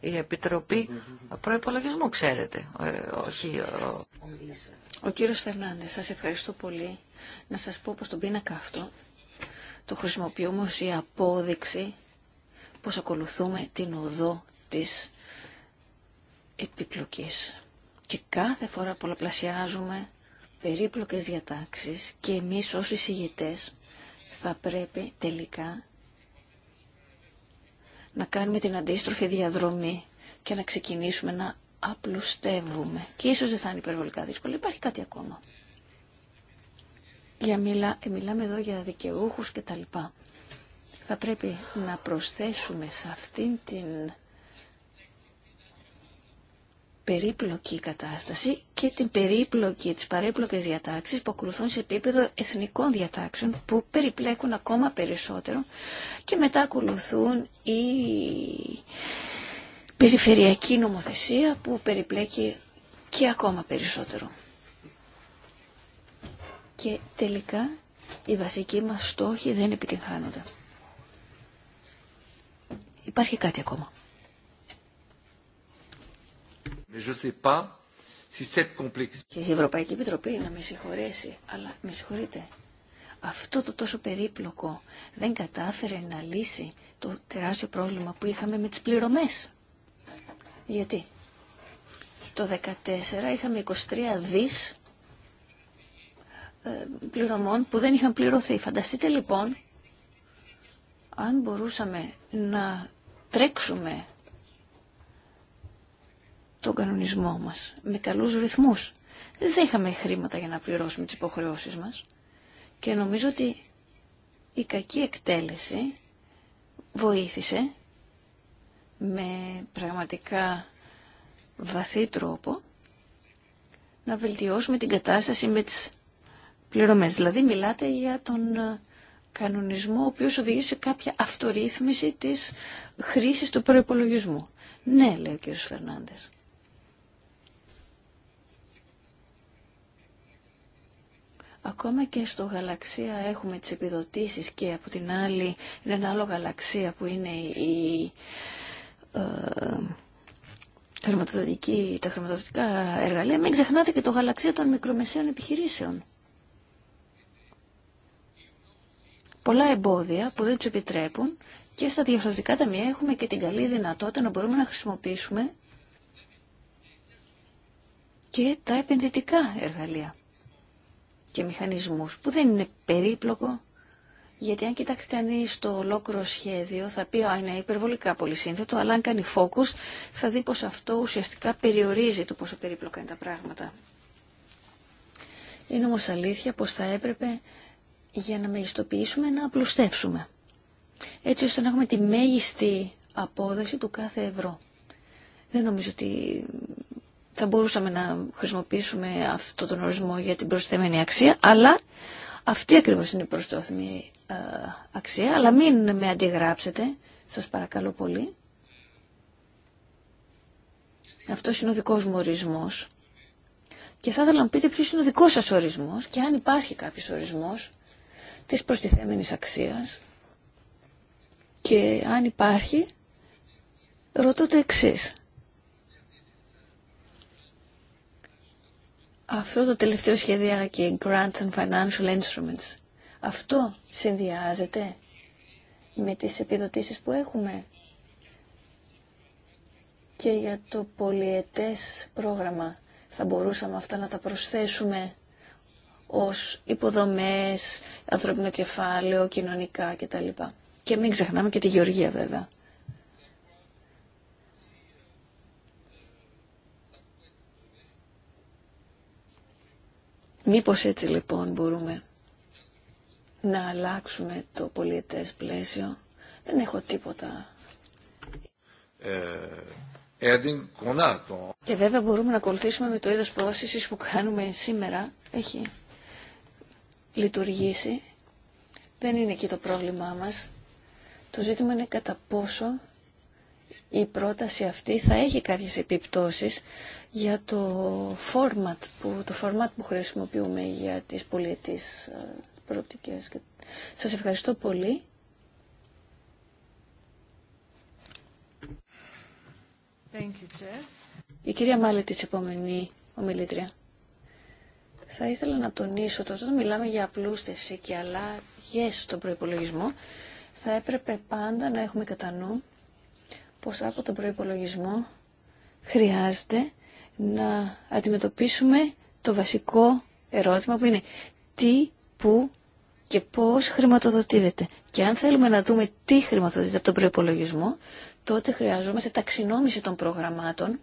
η Επιτροπή Προϋπολογισμού, ξέρετε. Ε, όχι, ο... ο κύριος Φερνάνδης, σας ευχαριστώ πολύ. Να σας πω πως το πίνακα αυτό το χρησιμοποιούμε ως η απόδειξη πως ακολουθούμε την οδό της επιπλοκής. Και κάθε φορά πολλαπλασιάζουμε περίπλοκες διατάξεις και εμείς ως εισηγητές θα πρέπει τελικά να κάνουμε την αντίστροφη διαδρομή και να ξεκινήσουμε να απλουστεύουμε. Και ίσως δεν θα είναι υπερβολικά δύσκολο. Υπάρχει κάτι ακόμα. Για μιλά, ε, μιλάμε εδώ για δικαιούχους και τα λοιπά. Θα πρέπει να προσθέσουμε σε αυτήν την περίπλοκη κατάσταση και την περίπλοκη, τις παρέπλοκες διατάξεις που ακολουθούν σε επίπεδο εθνικών διατάξεων που περιπλέκουν ακόμα περισσότερο και μετά ακολουθούν η περιφερειακή νομοθεσία που περιπλέκει και ακόμα περισσότερο. Και τελικά οι βασικοί μας στόχοι δεν επιτυγχάνονται. Υπάρχει κάτι ακόμα. Και η Ευρωπαϊκή Επιτροπή να με συγχωρέσει, αλλά με συγχωρείτε. Αυτό το τόσο περίπλοκο δεν κατάφερε να λύσει το τεράστιο πρόβλημα που είχαμε με τις πληρωμές. Γιατί το 2014 είχαμε 23 δις ε, πληρωμών που δεν είχαν πληρωθεί. Φανταστείτε λοιπόν αν μπορούσαμε να τρέξουμε τον κανονισμό μας με καλούς ρυθμούς. Δεν είχαμε χρήματα για να πληρώσουμε τις υποχρεώσεις μας και νομίζω ότι η κακή εκτέλεση βοήθησε με πραγματικά βαθύ τρόπο να βελτιώσουμε την κατάσταση με τις πληρωμές. Δηλαδή μιλάτε για τον ε, κανονισμό ο οποίος οδηγεί σε κάποια αυτορύθμιση της χρήσης του προϋπολογισμού. Ναι, λέει ο κ. Φερνάντες. Ακόμα και στο γαλαξία έχουμε τις επιδοτήσεις και από την άλλη είναι ένα άλλο γαλαξία που είναι η, ε, τα χρηματοδοτικά εργαλεία. Μην ξεχνάτε και το γαλαξία των μικρομεσαίων επιχειρήσεων. Πολλά εμπόδια που δεν τους επιτρέπουν και στα διαφορετικά ταμεία έχουμε και την καλή δυνατότητα να μπορούμε να χρησιμοποιήσουμε και τα επενδυτικά εργαλεία και μηχανισμούς που δεν είναι περίπλοκο γιατί αν κοιτάξει κανεί το ολόκληρο σχέδιο θα πει ότι είναι υπερβολικά πολύ σύνθετο, αλλά αν κάνει focus θα δει πως αυτό ουσιαστικά περιορίζει το πόσο περίπλοκα είναι τα πράγματα. Είναι όμως αλήθεια πως θα έπρεπε για να μεγιστοποιήσουμε να απλουστεύσουμε. Έτσι ώστε να έχουμε τη μέγιστη απόδοση του κάθε ευρώ. Δεν νομίζω ότι θα μπορούσαμε να χρησιμοποιήσουμε αυτό τον ορισμό για την προσθέμενη αξία, αλλά αυτή ακριβώς είναι η προστιθέμενη ε, αξία, αλλά μην με αντιγράψετε, σας παρακαλώ πολύ. Αυτός είναι ο δικός μου ορισμός. Και θα ήθελα να πείτε ποιος είναι ο δικός σας ορισμός και αν υπάρχει κάποιος ορισμός της προστιθέμενης αξίας. Και αν υπάρχει, ρωτώ το εξής. Αυτό το τελευταίο και Grants and Financial Instruments, αυτό συνδυάζεται με τις επιδοτήσεις που έχουμε και για το πολιετές πρόγραμμα. Θα μπορούσαμε αυτά να τα προσθέσουμε ως υποδομές, ανθρώπινο κεφάλαιο, κοινωνικά κτλ. Και μην ξεχνάμε και τη γεωργία βέβαια. Μήπως έτσι λοιπόν μπορούμε να αλλάξουμε το πολιετές πλαίσιο. Δεν έχω τίποτα. Ε, και βέβαια μπορούμε να ακολουθήσουμε με το είδος πρόσθεσης που κάνουμε σήμερα. Έχει λειτουργήσει. Δεν είναι εκεί το πρόβλημά μας. Το ζήτημα είναι κατά πόσο η πρόταση αυτή θα έχει κάποιες επιπτώσεις για το format που, το format που χρησιμοποιούμε για τις πολιτικές ε, προοπτικές. Σας ευχαριστώ πολύ. Thank you, η κυρία Μάλετη, επόμενη ομιλήτρια. Θα ήθελα να τονίσω, το όταν μιλάμε για απλούστευση και αλλαγές στον προϋπολογισμό, θα έπρεπε πάντα να έχουμε κατά νου πως από τον προϋπολογισμό χρειάζεται να αντιμετωπίσουμε το βασικό ερώτημα που είναι τι, που και πώς χρηματοδοτείται. Και αν θέλουμε να δούμε τι χρηματοδοτείται από τον προϋπολογισμό, τότε χρειαζόμαστε ταξινόμηση των προγραμμάτων,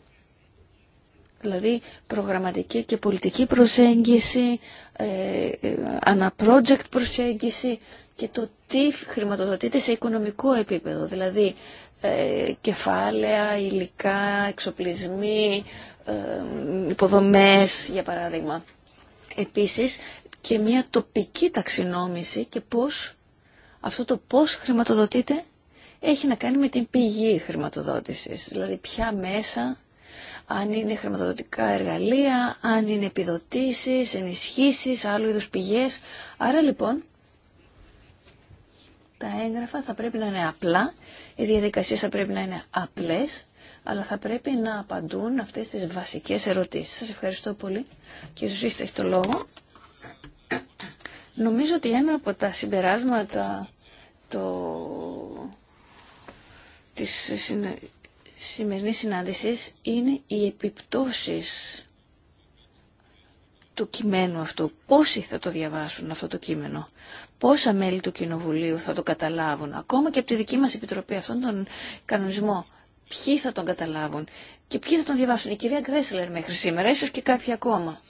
δηλαδή προγραμματική και πολιτική προσέγγιση, ε, ε, αναπρότζεκτ προσέγγιση και το τι χρηματοδοτείται σε οικονομικό επίπεδο. Δηλαδή ε, κεφάλαια, υλικά, εξοπλισμοί, ε, υποδομές, για παράδειγμα. Επίσης, και μια τοπική ταξινόμηση και πώς αυτό το πώς χρηματοδοτείται έχει να κάνει με την πηγή χρηματοδότησης. Δηλαδή ποια μέσα, αν είναι χρηματοδοτικά εργαλεία, αν είναι επιδοτήσεις, ενισχύσεις, άλλου είδους πηγές. Άρα λοιπόν τα έγγραφα θα πρέπει να είναι απλά οι διαδικασίες θα πρέπει να είναι απλές, αλλά θα πρέπει να απαντούν αυτές τις βασικές ερωτήσεις. Σας ευχαριστώ πολύ. και Ζήστε, το λόγο. Νομίζω ότι ένα από τα συμπεράσματα το... της συνα... σημερινής συνάντησης είναι οι επιπτώσεις του κειμένου αυτού. Πόσοι θα το διαβάσουν αυτό το κείμενο. Πόσα μέλη του Κοινοβουλίου θα το καταλάβουν, ακόμα και από τη δική μας Επιτροπή, αυτόν τον κανονισμό. Ποιοι θα τον καταλάβουν και ποιοι θα τον διαβάσουν. Η κυρία Γκρέσλερ μέχρι σήμερα, ίσως και κάποιοι ακόμα.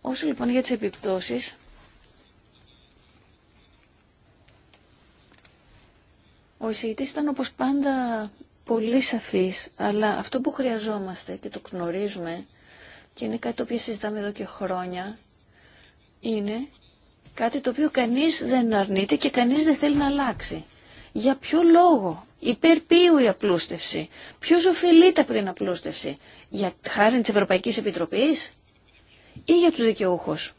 Όσο λοιπόν για τις επιπτώσεις, ο εισηγητής ήταν όπως πάντα πολύ σαφής, αλλά αυτό που χρειαζόμαστε και το γνωρίζουμε και είναι κάτι το οποίο συζητάμε εδώ και χρόνια, είναι Κάτι το οποίο κανείς δεν αρνείται και κανείς δεν θέλει να αλλάξει. Για ποιο λόγο, υπερπείου η απλούστευση, ποιο ωφελείται από την απλούστευση, για χάρη της Ευρωπαϊκής Επιτροπής ή για τους δικαιούχους.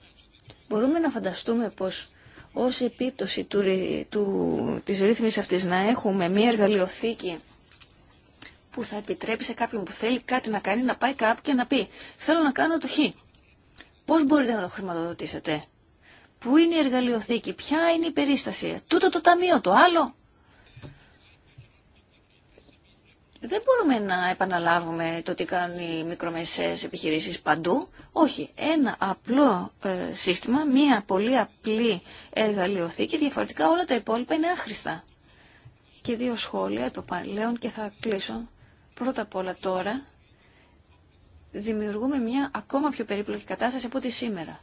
Μπορούμε να φανταστούμε πως ω επίπτωση του, του, της ρύθμισης αυτής να έχουμε μια εργαλειοθήκη που θα επιτρέπει σε κάποιον που θέλει κάτι να κάνει να πάει κάπου και να πει θέλω να κάνω το χ. Πώς μπορείτε να το χρηματοδοτήσετε. Πού είναι η εργαλειοθήκη, ποια είναι η περίσταση, τούτο το ταμείο, το άλλο. Δεν μπορούμε να επαναλάβουμε το τι κάνουν οι μικρομεσαίες επιχειρήσεις παντού. Όχι, ένα απλό ε, σύστημα, μία πολύ απλή εργαλειοθήκη, διαφορετικά όλα τα υπόλοιπα είναι άχρηστα. Και δύο σχόλια, το λέω και θα κλείσω. Πρώτα απ' όλα τώρα, δημιουργούμε μια ακόμα πιο περίπλοκη κατάσταση από ό,τι σήμερα.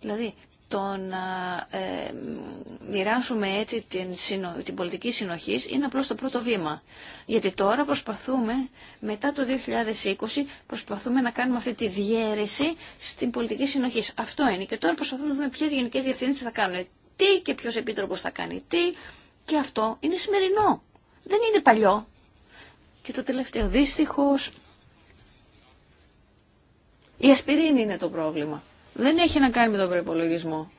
Δηλαδή, το να ε, μοιράσουμε έτσι την, την πολιτική συνοχή είναι απλώς το πρώτο βήμα. Γιατί τώρα προσπαθούμε, μετά το 2020, προσπαθούμε να κάνουμε αυτή τη διέρεση στην πολιτική συνοχή. Αυτό είναι. Και τώρα προσπαθούμε να δούμε ποιε γενικέ διευθύνσει θα κάνουν. Τι και ποιο επίτροπο θα κάνει τι. Και αυτό είναι σημερινό. Δεν είναι παλιό. Και το τελευταίο, Δυστυχώς Η ασπιρίνη είναι το πρόβλημα δεν έχει να κάνει με τον προπολογισμό.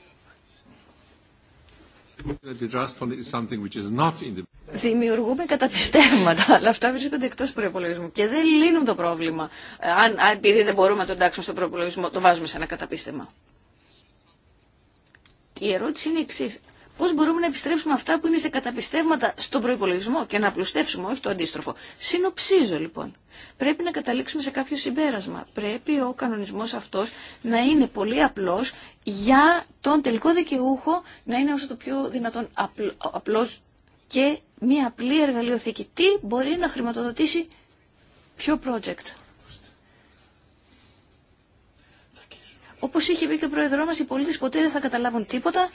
Δημιουργούμε καταπιστεύματα, αλλά αυτά βρίσκονται εκτό προπολογισμού και δεν λύνουν το πρόβλημα. Αν, επειδή δεν μπορούμε να το εντάξουμε στον προπολογισμό, το βάζουμε σε ένα καταπίστευμα. Η ερώτηση είναι εξή. Πώς μπορούμε να επιστρέψουμε αυτά που είναι σε καταπιστεύματα στον προπολογισμό και να απλουστεύσουμε, όχι το αντίστροφο. Συνοψίζω λοιπόν. Πρέπει να καταλήξουμε σε κάποιο συμπέρασμα. Πρέπει ο κανονισμός αυτός να είναι πολύ απλός για τον τελικό δικαιούχο να είναι όσο το πιο δυνατόν απλός και μια απλή εργαλειοθήκη. Τι μπορεί να χρηματοδοτήσει πιο project. Όπω είχε πει και ο Πρόεδρό μα, οι πολίτε ποτέ δεν θα καταλάβουν τίποτα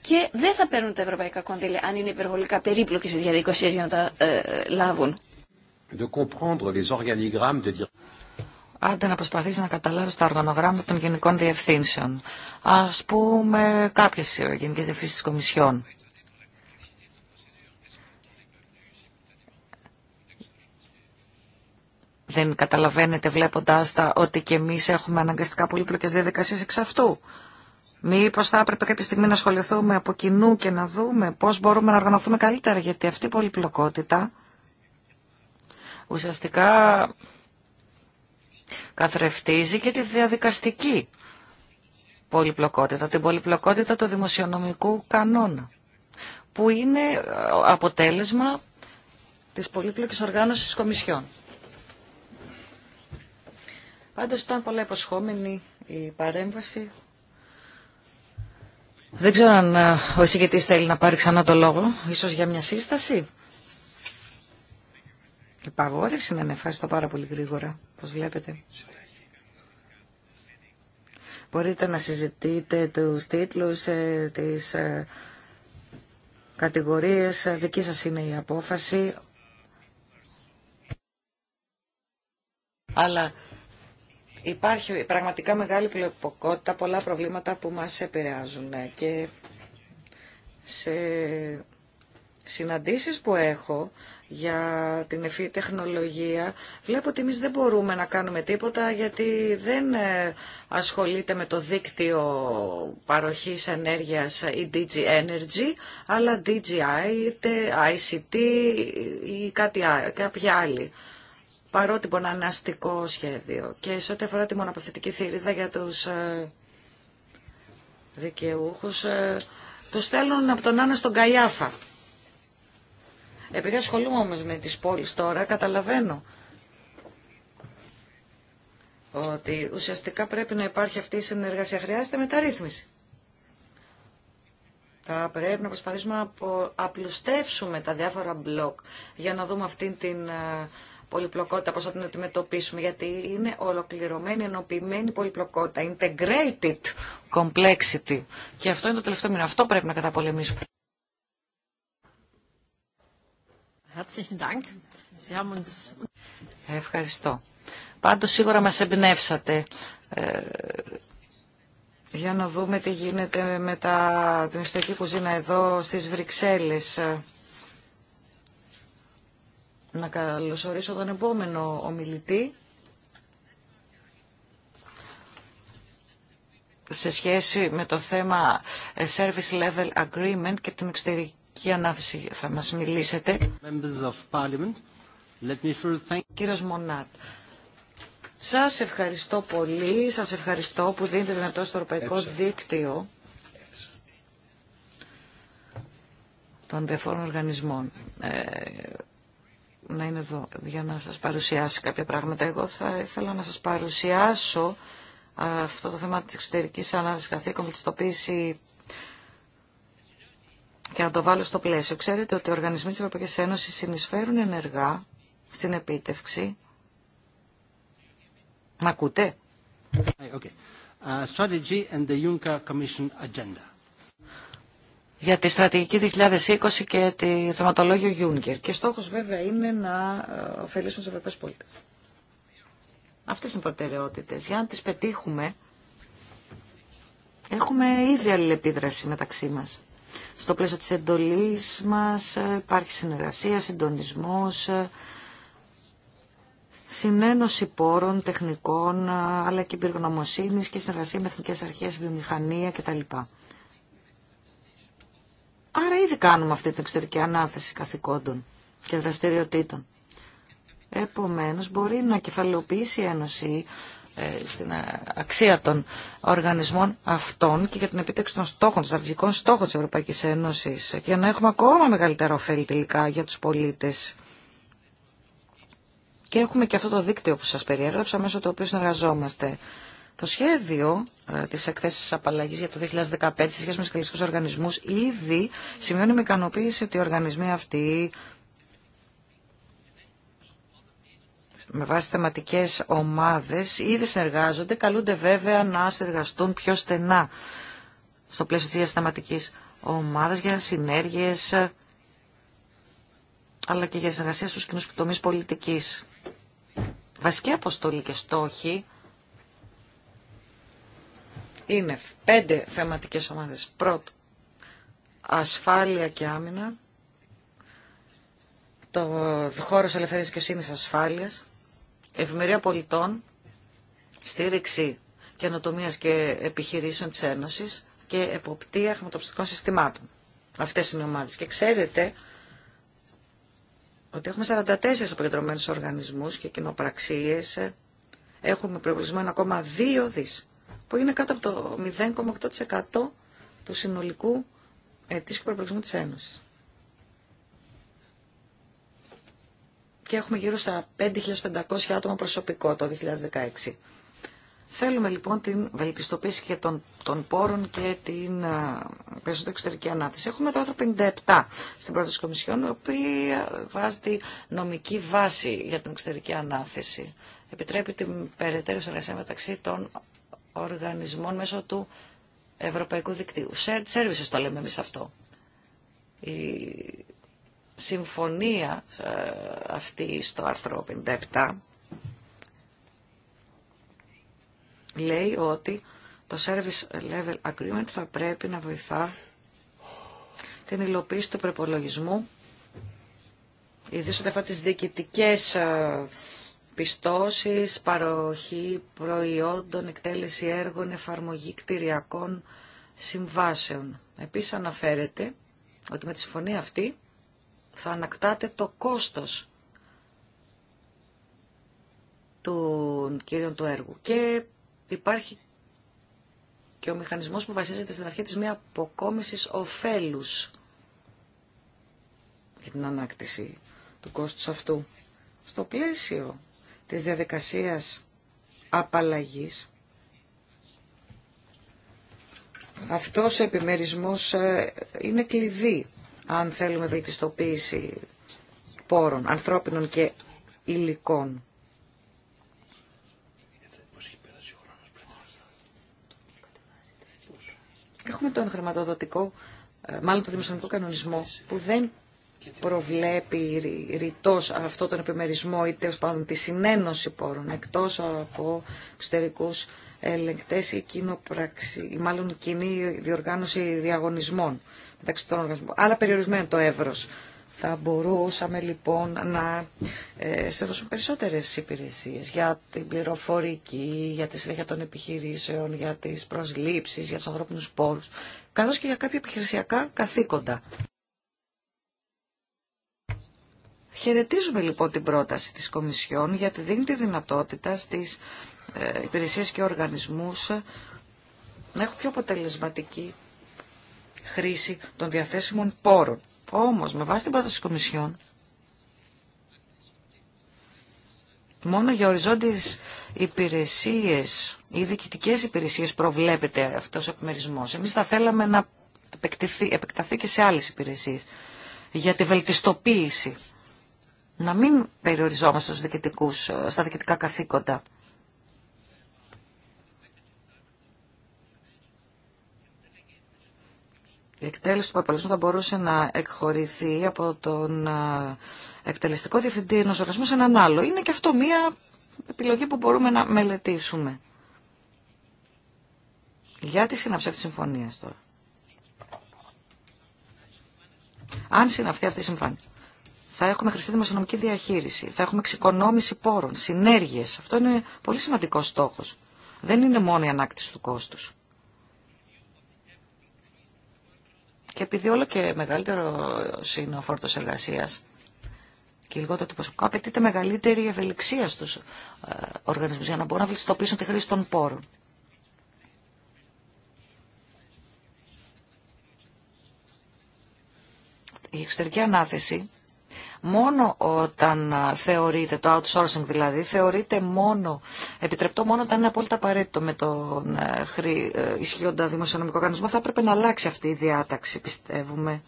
και δεν θα παίρνουν τα ευρωπαϊκά κονδύλια αν είναι υπερβολικά περίπλοκε οι διαδικασίε για να τα ε, λάβουν. De comprendre Άντε να προσπαθήσει να καταλάβει τα οργανογράμματα των γενικών διευθύνσεων. Α πούμε, κάποιε γενικέ διευθύνσει τη Κομισιόν. Δεν καταλαβαίνετε βλέποντάς τα ότι και εμείς έχουμε αναγκαστικά πολύπλοκες διαδικασίες εξ αυτού. Μήπως θα έπρεπε κάποια στιγμή να ασχοληθούμε από κοινού και να δούμε πώς μπορούμε να οργανωθούμε καλύτερα, γιατί αυτή η πολυπλοκότητα ουσιαστικά καθρεφτίζει και τη διαδικαστική πολυπλοκότητα, την πολυπλοκότητα του δημοσιονομικού κανόνα, που είναι αποτέλεσμα της πολύπλοκης οργάνωσης κομισιών. Πάντως ήταν πολλά υποσχόμενη η παρέμβαση δεν ξέρω αν ε, ο εισηγητής θέλει να πάρει ξανά το λόγο, ίσως για μια σύσταση. Επαγόρευση να ναι, το πάρα πολύ γρήγορα, όπως βλέπετε. Μπορείτε να συζητείτε τους τίτλους, ε, τις ε, κατηγορίες, δική σας είναι η απόφαση. Αλλά Υπάρχει πραγματικά μεγάλη πλειοποκότητα, πολλά προβλήματα που μας επηρεάζουν ναι. και σε συναντήσεις που έχω για την ευφύ τεχνολογία βλέπω ότι εμείς δεν μπορούμε να κάνουμε τίποτα γιατί δεν ε, ασχολείται με το δίκτυο παροχής ενέργειας η DG Energy αλλά DGI, είτε ICT ή κάτι, κάποια άλλη παρότι μπορεί να είναι αστικό σχέδιο. Και σε ό,τι αφορά τη μοναποθετική θηρίδα για τους ε, δικαιούχους, ε, τους στέλνουν από τον Άννα στον Καϊάφα. Επειδή ασχολούμαι όμως με τις πόλεις τώρα, καταλαβαίνω ότι ουσιαστικά πρέπει να υπάρχει αυτή η συνεργασία. Χρειάζεται μεταρρύθμιση. Θα πρέπει να προσπαθήσουμε να απλουστεύσουμε τα διάφορα μπλοκ για να δούμε αυτή την ε, πολυπλοκότητα, πώς θα την αντιμετωπίσουμε, γιατί είναι ολοκληρωμένη, ενοποιημένη πολυπλοκότητα, integrated complexity. Και αυτό είναι το τελευταίο μήνα. Αυτό πρέπει να καταπολεμήσουμε. Ευχαριστώ. Πάντως σίγουρα μας εμπνεύσατε. Ε, για να δούμε τι γίνεται με τα, την ιστορική κουζίνα εδώ στις Βρυξέλλες να καλωσορίσω τον επόμενο ομιλητή σε σχέση με το θέμα ε, Service Level Agreement και την εξωτερική ανάθεση θα μας μιλήσετε. Κύριος Μονάτ, σας ευχαριστώ πολύ, σας ευχαριστώ που δίνετε δυνατό στο Ευρωπαϊκό Δίκτυο των διαφόρων οργανισμών. Ε, να είναι εδώ για να σας παρουσιάσει κάποια πράγματα. Εγώ θα ήθελα να σας παρουσιάσω αυτό το θέμα της εξωτερικής ανάδυσης καθήκων της τοπίσει και να το βάλω στο πλαίσιο. Ξέρετε ότι οι οργανισμοί της Ευρωπαϊκής Ένωσης συνεισφέρουν ενεργά στην επίτευξη. Μ' ακούτε? Okay. Uh, strategy and the Juncker Commission agenda για τη στρατηγική 2020 και τη θεματολόγιο Juncker. Και στόχος βέβαια είναι να ε, ωφελήσουν τους Ευρωπαίους πολίτες. Αυτές είναι οι προτεραιότητες. Για να τις πετύχουμε, έχουμε ήδη αλληλεπίδραση μεταξύ μας. Στο πλαίσιο της εντολής μας ε, υπάρχει συνεργασία, συντονισμός, ε, συνένωση πόρων, τεχνικών, αλλά και πυργνωμοσύνης και συνεργασία με εθνικές αρχές, βιομηχανία κτλ. Άρα ήδη κάνουμε αυτή την εξωτερική ανάθεση καθηκόντων και δραστηριοτήτων. Επομένως, μπορεί να κεφαλαιοποιήσει η Ένωση ε, στην ε, αξία των οργανισμών αυτών και για την επίτευξη των στόχων, των στρατηγικών στόχων της Ευρωπαϊκής Ένωσης για να έχουμε ακόμα μεγαλύτερο ωφέλη τελικά για τους πολίτες. Και έχουμε και αυτό το δίκτυο που σας περιέγραψα, μέσω του οποίου συνεργαζόμαστε. Το σχέδιο ε, τη εκθέση απαλλαγή για το 2015 σε σχέση με του κλειστικού οργανισμού ήδη σημειώνει με ικανοποίηση ότι οι οργανισμοί αυτοί με βάση θεματικέ ομάδε ήδη συνεργάζονται, καλούνται βέβαια να συνεργαστούν πιο στενά στο πλαίσιο τη θεματική ομάδα για συνέργειε ε, αλλά και για συνεργασία στους κοινούς τομείς πολιτική. Βασική αποστολή και στόχοι είναι πέντε θεματικές ομάδες. Πρώτο, ασφάλεια και άμυνα. Το χώρος ελευθερίας δικαιοσύνη ασφάλειας. Ευημερία πολιτών. Στήριξη καινοτομίας και επιχειρήσεων της Ένωσης και εποπτεία χρηματοπιστικών συστημάτων. Αυτές είναι οι ομάδες. Και ξέρετε ότι έχουμε 44 αποκεντρωμένους οργανισμούς και κοινοπραξίες. Έχουμε προβλησμένο ακόμα 2 δις που είναι κάτω από το 0,8% του συνολικού ετήσιου προπολογισμού της Ένωσης. Και έχουμε γύρω στα 5.500 άτομα προσωπικό το 2016. Θέλουμε λοιπόν την βελτιστοποίηση και των, πόρων και την ε, περισσότερη εξωτερική ανάθεση. Έχουμε το άρθρο 57 στην πρόταση της Κομισιόν, η οποία βάζει νομική βάση για την εξωτερική ανάθεση. Επιτρέπει την περαιτέρω συνεργασία μεταξύ των οργανισμών μέσω του Ευρωπαϊκού Δικτύου. Shared το λέμε εμείς αυτό. Η συμφωνία ε, αυτή στο άρθρο 57 λέει ότι το Service Level Agreement θα πρέπει να βοηθά την υλοποίηση του προπολογισμού, ιδίως όταν αυτά τις διοικητικές ε, πιστώσεις, παροχή προϊόντων, εκτέλεση έργων, εφαρμογή κτηριακών συμβάσεων. Επίσης αναφέρεται ότι με τη συμφωνία αυτή θα ανακτάτε το κόστος του κύριων του έργου. Και υπάρχει και ο μηχανισμός που βασίζεται στην αρχή της μία αποκόμισης ωφέλους για την ανάκτηση του κόστους αυτού. Στο πλαίσιο της διαδικασίας απαλλαγής, αυτός ο επιμερισμός ε, είναι κλειδί αν θέλουμε βελτιστοποίηση πόρων, ανθρώπινων και υλικών. Έχουμε τον χρηματοδοτικό, ε, μάλλον τον δημοσιονομικό κανονισμό, που δεν προβλέπει ρητό αυτό τον επιμερισμό ή τέλο πάντων τη συνένωση πόρων εκτό από εξωτερικού ελεγκτέ ή κοινοπραξη, ή μάλλον κοινή διοργάνωση διαγωνισμών μεταξύ των οργανισμών. Αλλά περιορισμένο το εύρο. Θα μπορούσαμε λοιπόν να ε, σε δώσουν περισσότερες υπηρεσίες για την πληροφορική, για τη συνέχεια των επιχειρήσεων, για τις προσλήψεις, για τους ανθρώπινους πόρους, καθώς και για κάποια επιχειρησιακά καθήκοντα. Χαιρετίζουμε λοιπόν την πρόταση της Κομισιόν γιατί δίνει τη δυνατότητα στις ε, υπηρεσίες και οργανισμούς να έχουν πιο αποτελεσματική χρήση των διαθέσιμων πόρων. Όμως, με βάση την πρόταση της Κομισιόν, μόνο για οριζόντιες υπηρεσίες ή διοικητικέ υπηρεσίες προβλέπεται αυτός ο επιμερισμός. Εμείς θα θέλαμε να επεκταθεί και σε άλλες υπηρεσίες για τη βελτιστοποίηση να μην περιοριζόμαστε στους διοικητικούς, ε, στα διοικητικά καθήκοντα. Η εκτέλεση του Παπαλισμού θα μπορούσε να εκχωρηθεί από τον ε, εκτελεστικό διευθυντή ενός οργανισμού σε έναν άλλο. Είναι και αυτό μία επιλογή που μπορούμε να μελετήσουμε. Για τη σύναψη της συμφωνία τώρα. Αν συναυθεί αυτή η συμφωνία θα έχουμε χρηστή δημοσιονομική διαχείριση, θα έχουμε εξοικονόμηση πόρων, συνέργειες. Αυτό είναι πολύ σημαντικός στόχος. Δεν είναι μόνο η ανάκτηση του κόστους. Και επειδή όλο και μεγαλύτερο είναι ο φόρτο εργασίας και λιγότερο του προσωπικού, απαιτείται μεγαλύτερη ευελιξία στους ε, οργανισμούς για να μπορούν να βελτιστοποιήσουν τη χρήση των πόρων. Η εξωτερική ανάθεση μόνο όταν θεωρείται, το outsourcing δηλαδή, θεωρείται μόνο, επιτρεπτό μόνο όταν είναι απόλυτα απαραίτητο με τον ε, ε, ισχύοντα δημοσιονομικό οργανισμό, θα έπρεπε να αλλάξει αυτή η διάταξη, πιστεύουμε.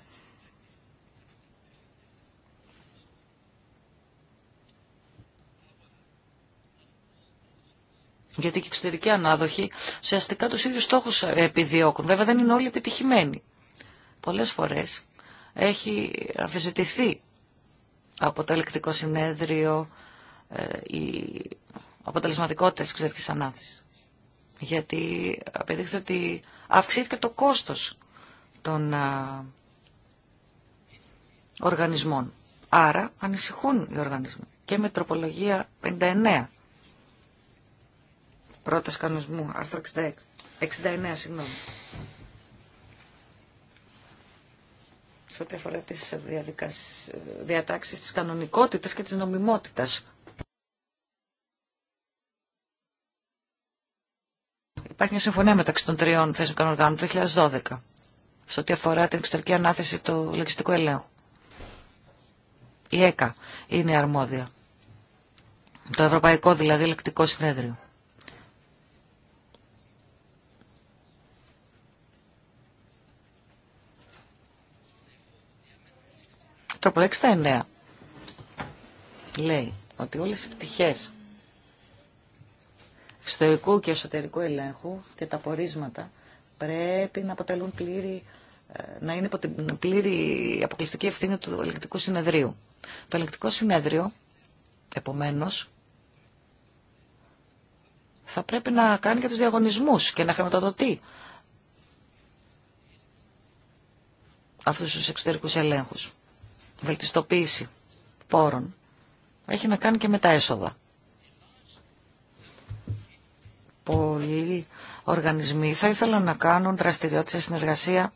Γιατί και οι εξωτερικοί ανάδοχοι ουσιαστικά του ίδιου στόχου ε, επιδιώκουν. Βέβαια δεν είναι όλοι επιτυχημένοι. Πολλέ φορές έχει αφιεστηθεί από το ελεκτικό συνέδριο η ε, αποτελεσματικότητα της ξέρχης ανάθεσης. Γιατί απεδείχθηκε ότι αυξήθηκε το κόστος των οργανισμών. Άρα ανησυχούν οι οργανισμοί. Και με τροπολογία 59 πρόταση κανονισμού, άρθρο 69, συγγνώμη. σε ό,τι αφορά τι διατάξει της κανονικότητας και της νομιμότητας. Υπάρχει μια συμφωνία μεταξύ των τριών θέσεων οργάνων του 2012 σε ό,τι αφορά την εξωτερική ανάθεση του λογιστικού ελέγχου. Η ΕΚΑ είναι αρμόδια. Το Ευρωπαϊκό δηλαδή Ελεκτικό Συνέδριο. Τρόπο 69 λέει ότι όλες οι πτυχές εξωτερικού και εσωτερικού ελέγχου και τα πορίσματα πρέπει να αποτελούν πλήρη, ε, να είναι υπό την πλήρη αποκλειστική ευθύνη του ελεκτικού συνεδρίου. Το ελεκτικό συνέδριο, επομένως, θα πρέπει να κάνει και τους διαγωνισμούς και να χρηματοδοτεί αυτούς τους εξωτερικούς ελέγχους βελτιστοποίηση πόρων έχει να κάνει και με τα έσοδα. Πολλοί οργανισμοί θα ήθελαν να κάνουν δραστηριότητα συνεργασία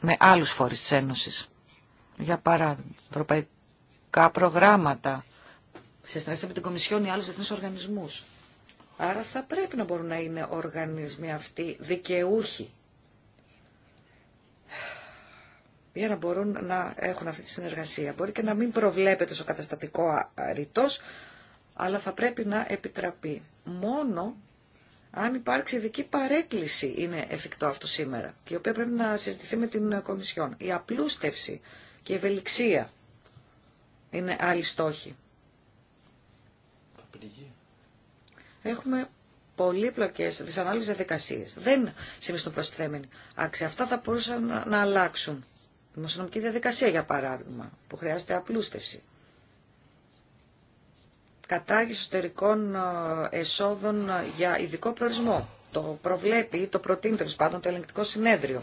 με άλλους φορείς της Ένωσης. Για παράδειγμα, ευρωπαϊκά προγράμματα σε συνεργασία με την Κομισιόν ή άλλους διεθνείς οργανισμούς. Άρα θα πρέπει να μπορούν να είναι οργανισμοί αυτοί δικαιούχοι για να μπορούν να έχουν αυτή τη συνεργασία. Μπορεί και να μην προβλέπεται στο καταστατικό ρητός, αλλά θα πρέπει να επιτραπεί. Μόνο αν υπάρξει ειδική παρέκκληση είναι εφικτό αυτό σήμερα και η οποία πρέπει να συζητηθεί με την Κομισιόν. Η απλούστευση και η ευελιξία είναι άλλοι στόχοι. Έχουμε πολύπλοκε δυσανάλυσε διαδικασίε. Δεν συμβεί στο προστιθέμενη άξια. Αυτά θα μπορούσαν να αλλάξουν δημοσιονομική διαδικασία, για παράδειγμα, που χρειάζεται απλούστευση. Κατάργηση εσωτερικών ε, εσόδων ε, για ειδικό προορισμό. Το προβλέπει ή το προτείνει τέλο πάντων το ελεγκτικό συνέδριο.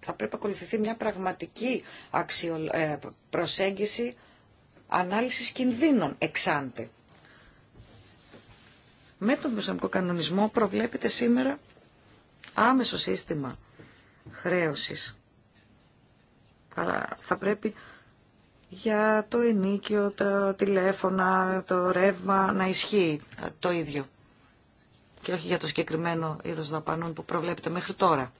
Θα πρέπει να ακολουθηθεί μια πραγματική ε, προσέγγιση ανάλυσης κινδύνων εξάντε. Με τον δημοσιονομικό κανονισμό προβλέπεται σήμερα άμεσο σύστημα χρέωσης. Αλλά θα πρέπει για το ενίκιο, τα τηλέφωνα, το ρεύμα να ισχύει το ίδιο. Και όχι για το συγκεκριμένο είδος δαπανών που προβλέπεται μέχρι τώρα.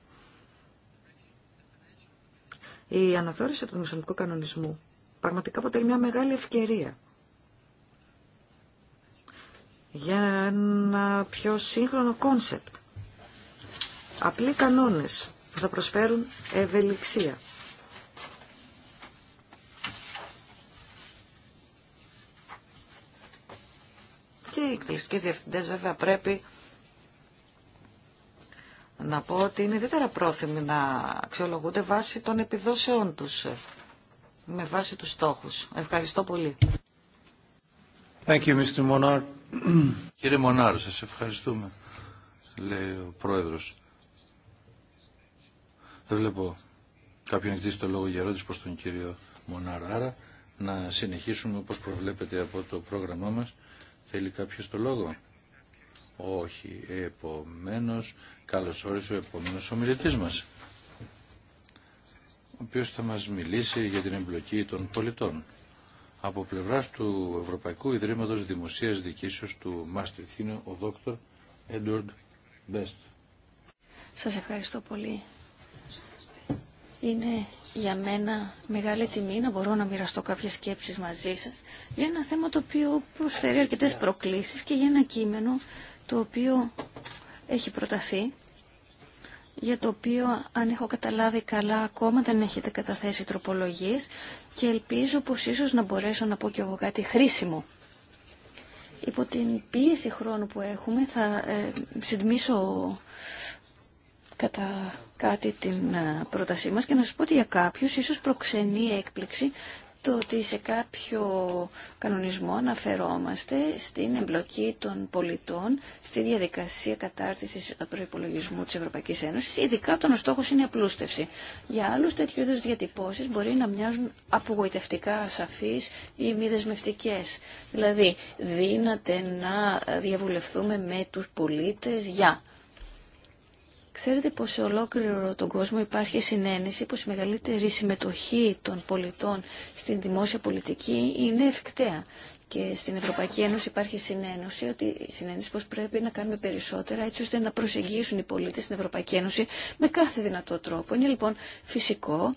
Η αναθεώρηση του δημοσιονομικού κανονισμού πραγματικά αποτελεί μια μεγάλη ευκαιρία για ένα πιο σύγχρονο κόνσεπτ απλοί κανόνες που θα προσφέρουν ευελιξία. Και οι εκτελεστικοί διευθυντές βέβαια πρέπει να πω ότι είναι ιδιαίτερα πρόθυμοι να αξιολογούνται βάσει των επιδόσεών τους, με βάση τους στόχους. Ευχαριστώ πολύ. Thank you, Mr. Κύριε Μονάρ, σας ευχαριστούμε, λέει ο Πρόεδρος. Δεν βλέπω κάποιον το λόγο για ερώτηση προς τον κύριο Μονάρα. Άρα να συνεχίσουμε όπως προβλέπετε από το πρόγραμμά μας. Θέλει κάποιος το λόγο. Όχι. Επομένως, καλώς όρισε ο επόμενος ομιλητής μας. Ο οποίος θα μας μιλήσει για την εμπλοκή των πολιτών. Από πλευράς του Ευρωπαϊκού Ιδρύματος Δημοσίας Δικήσεως του Μάστριχ είναι ο δόκτωρ Έντουαρντ Μπέστ. Σας ευχαριστώ πολύ είναι για μένα μεγάλη τιμή να μπορώ να μοιραστώ κάποιες σκέψεις μαζί σας για ένα θέμα το οποίο προσφέρει αρκετές προκλήσεις και για ένα κείμενο το οποίο έχει προταθεί για το οποίο, αν έχω καταλάβει καλά, ακόμα δεν έχετε καταθέσει τροπολογίες και ελπίζω πως ίσως να μπορέσω να πω κι εγώ κάτι χρήσιμο. Υπό την πίεση χρόνου που έχουμε θα ε, κατά κάτι την πρότασή μας και να σας πω ότι για κάποιους ίσως προξενεί έκπληξη το ότι σε κάποιο κανονισμό αναφερόμαστε στην εμπλοκή των πολιτών στη διαδικασία κατάρτισης προϋπολογισμού της Ευρωπαϊκής Ένωσης, ειδικά όταν ο στόχος είναι απλούστευση. Για άλλους τέτοιου είδους διατυπώσεις μπορεί να μοιάζουν απογοητευτικά ασαφείς ή μη δεσμευτικέ. Δηλαδή, δύναται να διαβουλευτούμε με τους πολίτες για... Ξέρετε πως σε ολόκληρο τον κόσμο υπάρχει συνένεση πως η μεγαλύτερη συμμετοχή των πολιτών στην δημόσια πολιτική είναι ευκταία. Και στην Ευρωπαϊκή Ένωση υπάρχει συνένωση ότι συνένεση πως πρέπει να κάνουμε περισσότερα έτσι ώστε να προσεγγίσουν οι πολίτες στην Ευρωπαϊκή Ένωση με κάθε δυνατό τρόπο. Είναι λοιπόν φυσικό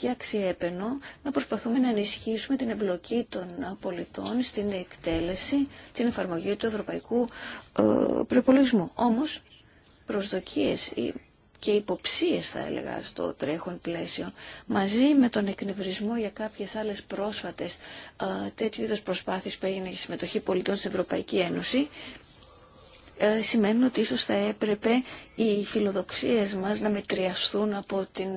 και αξιέπαινο να προσπαθούμε να ενισχύσουμε την εμπλοκή των πολιτών στην εκτέλεση, την εφαρμογή του ευρωπαϊκού ε, προπολογισμού. Όμως, προσδοκίες και υποψίες θα έλεγα στο τρέχον πλαίσιο μαζί με τον εκνευρισμό για κάποιες άλλες πρόσφατες τέτοιου είδους προσπάθειες που έγινε η συμμετοχή πολιτών στην Ευρωπαϊκή Ένωση ε, σημαίνουν ότι ίσως θα έπρεπε οι φιλοδοξίες μας να μετριαστούν από την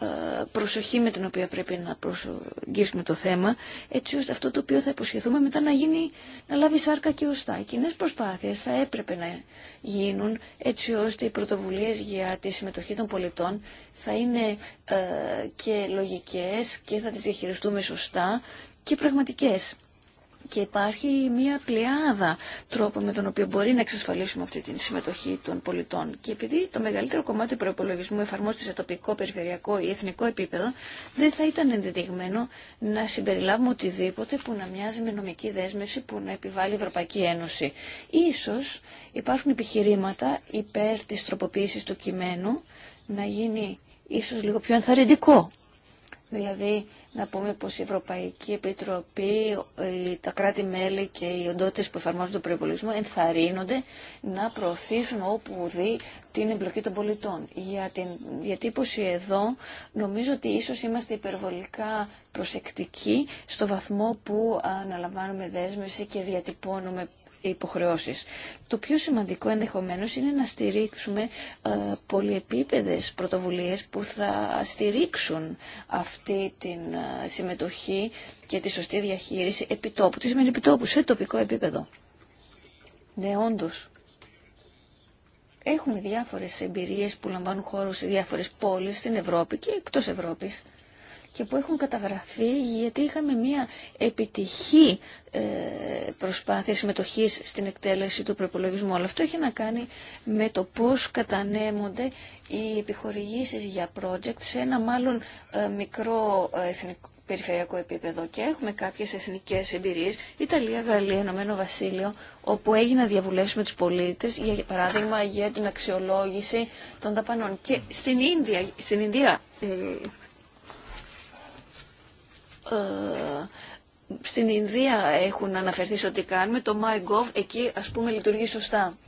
ε, προσοχή με την οποία πρέπει να προσεγγίσουμε το θέμα, έτσι ώστε αυτό το οποίο θα υποσχεθούμε μετά να, γίνει, να λάβει σάρκα και οστά. Οι κοινέ προσπάθειε θα έπρεπε να γίνουν έτσι ώστε οι πρωτοβουλίε για τη συμμετοχή των πολιτών θα είναι ε, και λογικές και θα τις διαχειριστούμε σωστά και πραγματικές και υπάρχει μια πλειάδα τρόπων με τον οποίο μπορεί να εξασφαλίσουμε αυτή τη συμμετοχή των πολιτών. Και επειδή το μεγαλύτερο κομμάτι του προπολογισμού εφαρμόζεται σε τοπικό, περιφερειακό ή εθνικό επίπεδο, δεν θα ήταν ενδεδειγμένο να συμπεριλάβουμε οτιδήποτε που να μοιάζει με νομική δέσμευση που να επιβάλλει η Ευρωπαϊκή Ένωση. Ίσως υπάρχουν επιχειρήματα υπέρ της τροποποίησης του κειμένου να γίνει ίσως λίγο πιο ενθαρρυντικό Δηλαδή, να πούμε πως η Ευρωπαϊκή Επιτροπή, ε, τα κράτη-μέλη και οι οντότητες που εφαρμόζουν τον προϋπολογισμό ενθαρρύνονται να προωθήσουν όπου δει την εμπλοκή των πολιτών. Για την διατύπωση εδώ, νομίζω ότι ίσως είμαστε υπερβολικά προσεκτικοί στο βαθμό που αναλαμβάνουμε δέσμευση και διατυπώνουμε υποχρεώσεις. Το πιο σημαντικό ενδεχομένως είναι να στηρίξουμε ε, πολυεπίπεδες πρωτοβουλίες που θα στηρίξουν αυτή την ε, συμμετοχή και τη σωστή διαχείριση επιτόπου. Τι σημαίνει επιτόπου, σε τοπικό επίπεδο. Ναι, όντως. Έχουμε διάφορες εμπειρίες που λαμβάνουν χώρο σε διάφορες πόλεις στην Ευρώπη και εκτός Ευρώπης και που έχουν καταγραφεί γιατί είχαμε μια επιτυχή ε, προσπάθεια συμμετοχή στην εκτέλεση του προπολογισμού. Αλλά αυτό έχει να κάνει με το πώ κατανέμονται οι επιχορηγήσει για project σε ένα μάλλον ε, μικρό ε, εθνικό περιφερειακό επίπεδο και έχουμε κάποιες εθνικές εμπειρίες, Ιταλία, Γαλλία, Ενωμένο Βασίλειο, όπου έγινα να με τους πολίτες, για παράδειγμα για την αξιολόγηση των δαπανών. Και στην Ινδία, στην Ινδία ε, στην Ινδία έχουν αναφερθεί σε ό,τι κάνουμε, το MyGov εκεί ας πούμε λειτουργεί σωστά.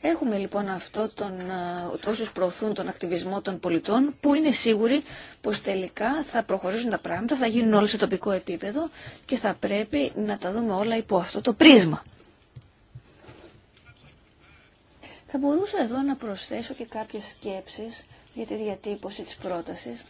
Έχουμε λοιπόν αυτό τον, ε, όσους προωθούν τον ακτιβισμό των πολιτών που είναι σίγουροι πως τελικά θα προχωρήσουν τα πράγματα, θα γίνουν όλοι σε τοπικό επίπεδο και θα πρέπει να τα δούμε όλα υπό αυτό το πρίσμα. Θα μπορούσα εδώ να προσθέσω και κάποιες σκέψεις για τη διατύπωση της πρότασης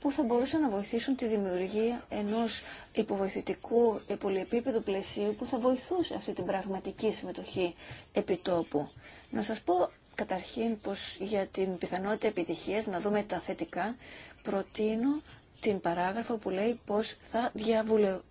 που θα μπορούσαν να βοηθήσουν τη δημιουργία ενός υποβοηθητικού πολυεπίπεδου πλαισίου που θα βοηθούσε αυτή την πραγματική συμμετοχή επιτόπου. Να σας πω καταρχήν πως για την πιθανότητα επιτυχίας, να δούμε τα θετικά, προτείνω την παράγραφο που λέει πως θα διαβουλευτούν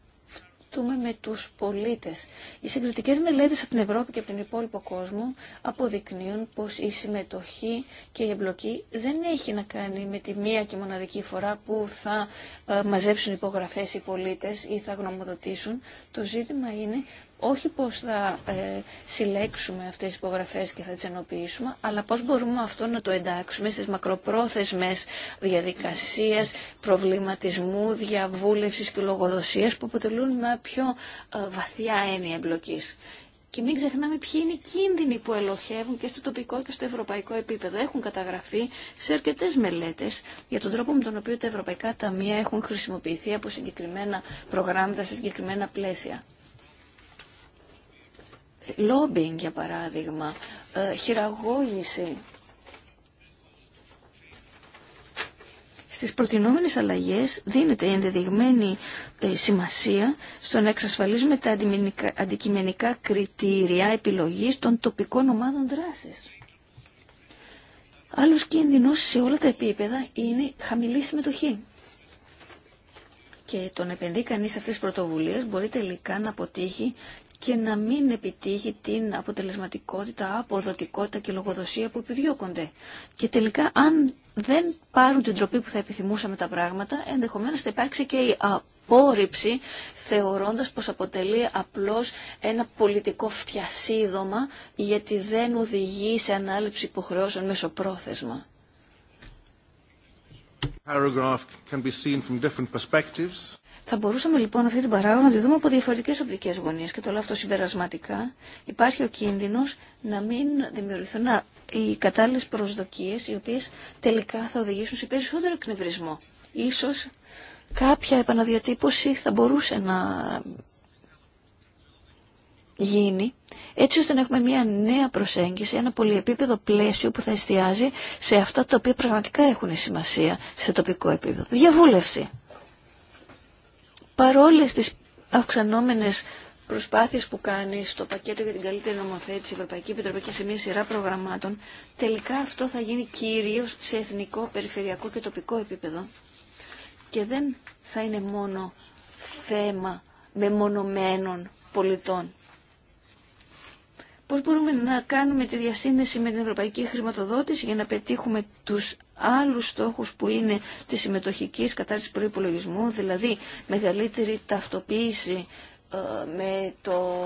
συζητούμε με τους πολίτες. Οι συγκριτικές μελέτες από την Ευρώπη και από τον υπόλοιπο κόσμο αποδεικνύουν πως η συμμετοχή και η εμπλοκή δεν έχει να κάνει με τη μία και μοναδική φορά που θα ε, μαζέψουν υπογραφές οι πολίτες ή θα γνωμοδοτήσουν. Το ζήτημα είναι όχι πώς θα ε, συλλέξουμε αυτές τις υπογραφές και θα τις ενοποιήσουμε, αλλά πώς μπορούμε αυτό να το εντάξουμε στις μακροπρόθεσμες διαδικασίες προβληματισμού, διαβούλευσης και λογοδοσίας που αποτελούν μια πιο ε, βαθιά έννοια εμπλοκή. Και μην ξεχνάμε ποιοι είναι οι κίνδυνοι που ελοχεύουν και στο τοπικό και στο ευρωπαϊκό επίπεδο. Έχουν καταγραφεί σε αρκετέ μελέτε για τον τρόπο με τον οποίο τα ευρωπαϊκά ταμεία έχουν χρησιμοποιηθεί από συγκεκριμένα προγράμματα σε συγκεκριμένα πλαίσια. Λόμπινγκ, για παράδειγμα, ε, χειραγώγηση. Στις προτινόμενες αλλαγές δίνεται η ενδεδειγμένη ε, σημασία στο να εξασφαλίζουμε τα αντικειμενικά κριτήρια επιλογής των τοπικών ομάδων δράσης. Άλλος κίνδυνος σε όλα τα επίπεδα είναι χαμηλή συμμετοχή. Και το να επενδύει κανείς σε αυτές τις πρωτοβουλίες μπορεί τελικά να αποτύχει και να μην επιτύχει την αποτελεσματικότητα, αποδοτικότητα και λογοδοσία που επιδιώκονται. Και τελικά, αν δεν πάρουν την τροπή που θα επιθυμούσαμε τα πράγματα, ενδεχομένως θα υπάρξει και η απόρριψη, θεωρώντας πως αποτελεί απλώς ένα πολιτικό φτιασίδωμα, γιατί δεν οδηγεί σε ανάληψη υποχρεώσεων μεσοπρόθεσμα. Paragraph can be seen from different perspectives. Θα μπορούσαμε λοιπόν αυτή την παράγωγη να τη δούμε από διαφορετικέ οπτικέ γωνίε και το λέω αυτό συμπερασματικά. Υπάρχει ο κίνδυνο να μην δημιουργηθούν οι κατάλληλε προσδοκίε οι οποίε τελικά θα οδηγήσουν σε περισσότερο εκνευρισμό. Σω κάποια επαναδιατύπωση θα μπορούσε να γίνει, έτσι ώστε να έχουμε μια νέα προσέγγιση, ένα πολυεπίπεδο πλαίσιο που θα εστιάζει σε αυτά τα οποία πραγματικά έχουν σημασία σε τοπικό επίπεδο. Διαβούλευση παρόλες τις αυξανόμενες προσπάθειες που κάνει στο πακέτο για την καλύτερη νομοθέτηση, Ευρωπαϊκή Επιτροπή και σε μια σειρά προγραμμάτων, τελικά αυτό θα γίνει κυρίως σε εθνικό, περιφερειακό και τοπικό επίπεδο. Και δεν θα είναι μόνο θέμα μεμονωμένων πολιτών πώς μπορούμε να κάνουμε τη διασύνδεση με την ευρωπαϊκή χρηματοδότηση για να πετύχουμε τους άλλους στόχους που είναι τη συμμετοχική κατάρτιση προϋπολογισμού, δηλαδή μεγαλύτερη ταυτοποίηση ε, με το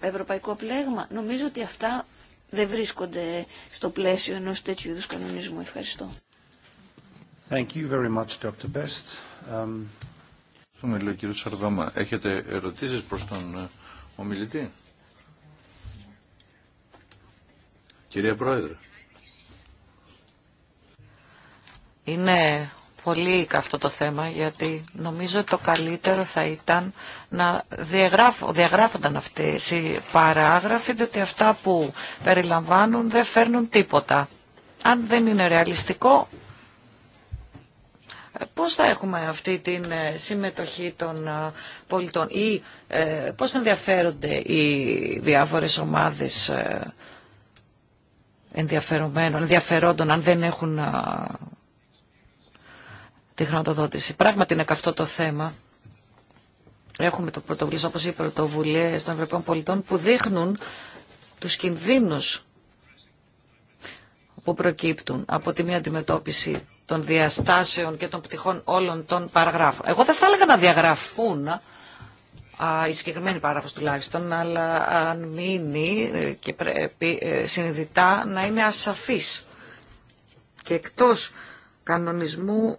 ευρωπαϊκό πλέγμα. Νομίζω ότι αυτά δεν βρίσκονται στο πλαίσιο ενός τέτοιου είδους κανονισμού. Ευχαριστώ. Thank you very much, um, έχετε ερωτήσεις προς τον ε, ομιλητή. Κυρία Πρόεδρε. Είναι πολύ καυτό το θέμα γιατί νομίζω το καλύτερο θα ήταν να διαγράφονταν αυτές οι παράγραφοι διότι αυτά που περιλαμβάνουν δεν φέρνουν τίποτα. Αν δεν είναι ρεαλιστικό πώς θα έχουμε αυτή την ε, συμμετοχή των ε, πολιτών ή ε, πώς θα ενδιαφέρονται οι διάφορες ομάδες ενδιαφερομένων, ενδιαφερόντων αν δεν έχουν τη χρηματοδότηση. Πράγματι είναι καυτό το θέμα. Έχουμε το πρωτοβουλίες, όπως οι πρωτοβουλίες των Ευρωπαίων Πολιτών που δείχνουν τους κινδύνους που προκύπτουν από τη μία αντιμετώπιση των διαστάσεων και των πτυχών όλων των παραγράφων. Εγώ δεν θα έλεγα να διαγραφούν η συγκεκριμένη παράγραφος τουλάχιστον, αλλά αν μείνει και πρέπει ε, συνειδητά να είναι ασαφής και εκτός κανονισμού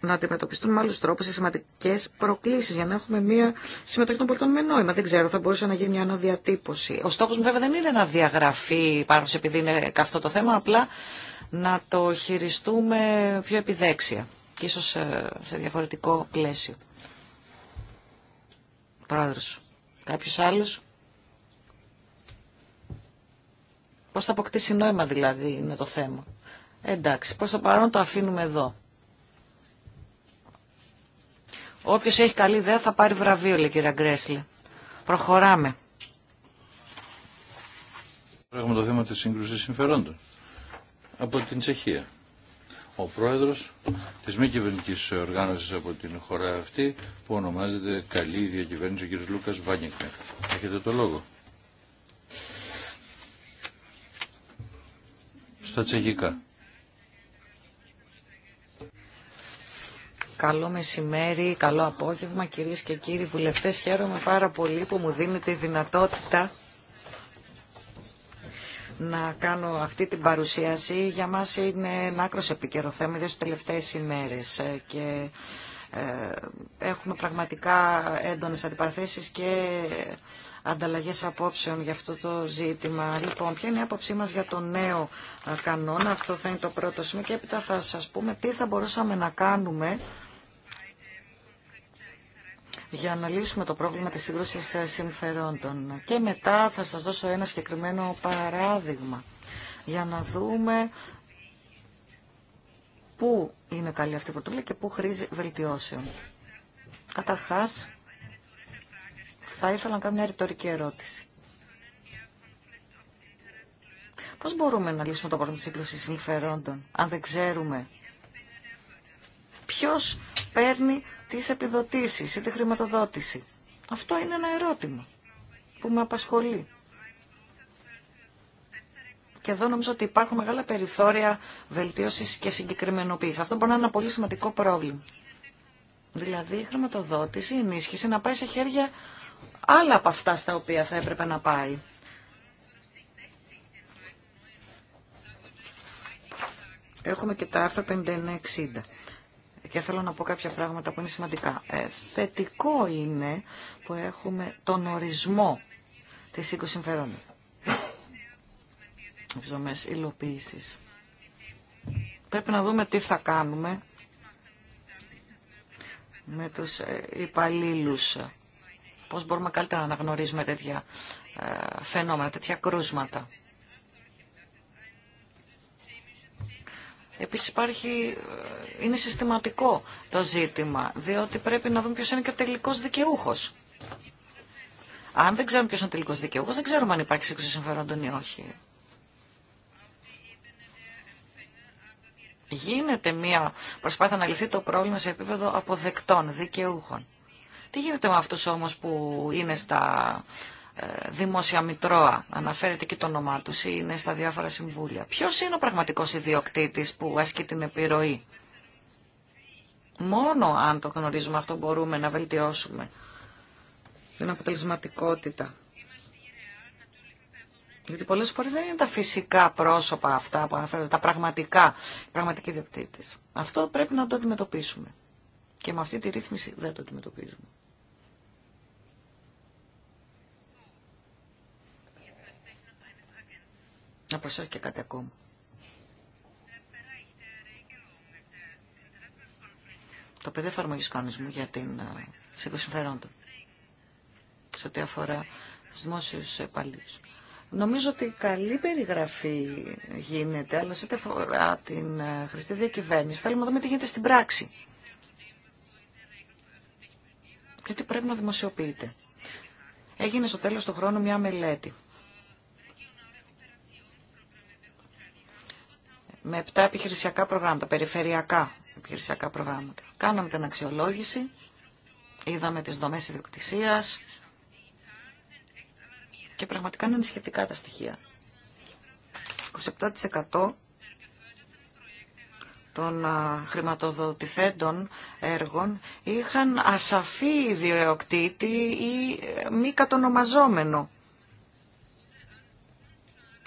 να αντιμετωπιστούν με άλλους τρόπους σε σημαντικέ προκλήσει για να έχουμε μια συμμετοχή των πολιτών με νόημα. Δεν ξέρω, θα μπορούσε να γίνει μια αναδιατύπωση. Ο στόχος μου βέβαια δεν είναι να διαγραφεί η πάνω επειδή είναι αυτό το θέμα, απλά να το χειριστούμε πιο επιδέξια και ίσως ε, σε διαφορετικό πλαίσιο. Πρόεδρος. Κάποιος άλλος. Πώς θα αποκτήσει νόημα δηλαδή είναι το θέμα. Εντάξει, πώς το παρόν το αφήνουμε εδώ. Όποιος έχει καλή ιδέα θα πάρει βραβείο, λέει κυρία Γκρέσλε. Προχωράμε. Έχουμε το θέμα της σύγκρουσης συμφερόντων από την Τσεχία ο πρόεδρος της μη κυβερνητική οργάνωσης από την χώρα αυτή που ονομάζεται Καλή Διακυβέρνηση ο κ. Λούκας Βάνιεκμερ. Έχετε το λόγο. Στα τσεχικά. Καλό μεσημέρι, καλό απόγευμα κυρίες και κύριοι βουλευτές. Χαίρομαι πάρα πολύ που μου δίνετε η δυνατότητα να κάνω αυτή την παρουσίαση. Για μας είναι ένα άκρος επικαιρό θέμα, στι τελευταίες ημέρες. Ε, και ε, έχουμε πραγματικά έντονες αντιπαρθέσεις και ανταλλαγές απόψεων για αυτό το ζήτημα. Λοιπόν, ποια είναι η άποψή μας για το νέο ε, κανόνα, αυτό θα είναι το πρώτο σημείο και έπειτα θα σας πούμε τι θα μπορούσαμε να κάνουμε για να λύσουμε το πρόβλημα της σύγκρουσης ε, συμφερόντων. Και μετά θα σας δώσω ένα συγκεκριμένο παράδειγμα για να δούμε πού είναι καλή αυτή η πρωτοβουλία και πού χρήζει βελτιώσεων. Καταρχάς, θα ήθελα να κάνω μια ρητορική ερώτηση. Πώς μπορούμε να λύσουμε το πρόβλημα της σύγκρουσης συμφερόντων, αν δεν ξέρουμε ποιος παίρνει τις επιδοτήσεις ή τη χρηματοδότηση. Αυτό είναι ένα ερώτημα που με απασχολεί. Και εδώ νομίζω ότι υπάρχουν μεγάλα περιθώρια βελτίωσης και συγκεκριμενοποίησης. Αυτό μπορεί να είναι ένα πολύ σημαντικό πρόβλημα. Δηλαδή η χρηματοδότηση, η ενίσχυση να πάει σε χέρια άλλα από αυτά στα οποία θα έπρεπε να πάει. Έχουμε και τα άρθρα 59-60 και θέλω να πω κάποια πράγματα που είναι σημαντικά. Ε, θετικό είναι που έχουμε τον ορισμό της οίκου συμφερόντων. Πρέπει να δούμε τι θα κάνουμε με τους ε, υπαλλήλου. Πώς μπορούμε καλύτερα να αναγνωρίζουμε τέτοια ε, φαινόμενα, τέτοια κρούσματα. Επίσης υπάρχει, ε, είναι συστηματικό το ζήτημα, διότι πρέπει να δούμε ποιος είναι και ο τελικός δικαιούχος. Αν δεν ξέρουμε ποιος είναι ο τελικός δικαιούχος, δεν ξέρουμε αν υπάρχει σύγκρουση συμφερόντων ή όχι. Γίνεται μια προσπάθεια να λυθεί το πρόβλημα σε επίπεδο αποδεκτών, δικαιούχων. Τι γίνεται με αυτούς όμως που είναι στα δημόσια μητρώα, αναφέρεται και το όνομά του είναι στα διάφορα συμβούλια. Ποιο είναι ο πραγματικός ιδιοκτήτης που ασκεί την επιρροή. Μόνο αν το γνωρίζουμε αυτό μπορούμε να βελτιώσουμε την αποτελεσματικότητα. Γιατί πολλές φορές δεν είναι τα φυσικά πρόσωπα αυτά που αναφέρονται, τα πραγματικά, οι πραγματικοί ιδιοκτήτες. Αυτό πρέπει να το αντιμετωπίσουμε. Και με αυτή τη ρύθμιση δεν το αντιμετωπίζουμε. να προσέχει και κάτι ακόμα. Το παιδί εφαρμογή κανονισμού για την σύγκρουση ε, συμφερόντων σε ό,τι αφορά του δημόσιου υπαλλήλου. Νομίζω ότι καλή περιγραφή γίνεται, αλλά σε ό,τι αφορά την ε, χρηστή διακυβέρνηση, θέλουμε να δούμε τι γίνεται στην πράξη. Και τι πρέπει να δημοσιοποιείται. Έγινε στο τέλος του χρόνου μια μελέτη με επτά επιχειρησιακά προγράμματα, περιφερειακά επιχειρησιακά προγράμματα. Κάναμε την αξιολόγηση, είδαμε τις δομές ιδιοκτησίας και πραγματικά είναι σχετικά τα στοιχεία. 27% των χρηματοδοτηθέντων έργων είχαν ασαφή ιδιοκτήτη ή ε, μη κατονομαζόμενο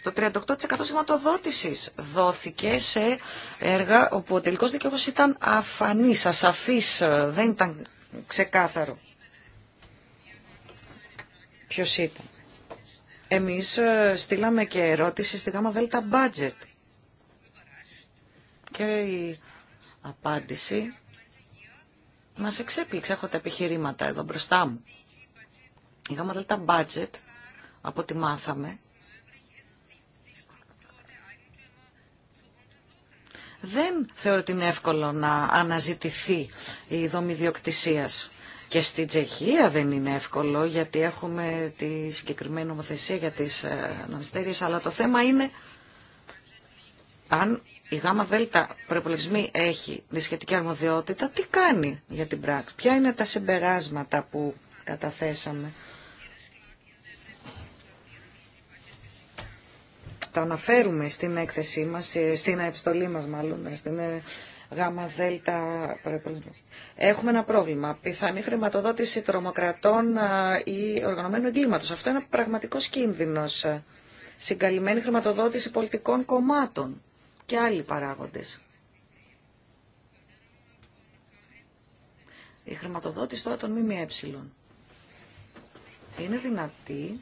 το 38% σηματοδότηση δόθηκε σε έργα όπου ο τελικό δικαιός ήταν αφανή, ασαφή. Ε, δεν ήταν ξεκάθαρο Ποιο ήταν. Εμείς ε, στείλαμε και ερώτηση στη ΓΑΜΑ ΔΕΛΤΑ Budget και η απάντηση μας εξέπληξε. Έχω τα επιχειρήματα εδώ μπροστά μου. Η ΓΑΜΑ ΔΕΛΤΑ Budget, από ό,τι μάθαμε, δεν θεωρώ ότι είναι εύκολο να αναζητηθεί η δομή διοκτησίας. Και στην Τσεχία δεν είναι εύκολο γιατί έχουμε τη συγκεκριμένη νομοθεσία για τις ε, νομιστέριες, αλλά το θέμα είναι αν η ΓΑΜΑ ΔΕΛΤΑ προπολογισμή έχει τη σχετική αρμοδιότητα, τι κάνει για την πράξη, ποια είναι τα συμπεράσματα που καταθέσαμε. τα αναφέρουμε στην έκθεσή μας, ε, στην επιστολή μας μάλλον, ε, στην ε, γάμα δέλτα Έχουμε ένα πρόβλημα. Πιθανή χρηματοδότηση τρομοκρατών ή οργανωμένου εγκλήματος. Αυτό είναι πραγματικός κίνδυνος. Συγκαλυμμένη χρηματοδότηση πολιτικών κομμάτων και άλλοι παράγοντες. Η χρηματοδότηση τώρα των ΜΜΕ είναι δυνατή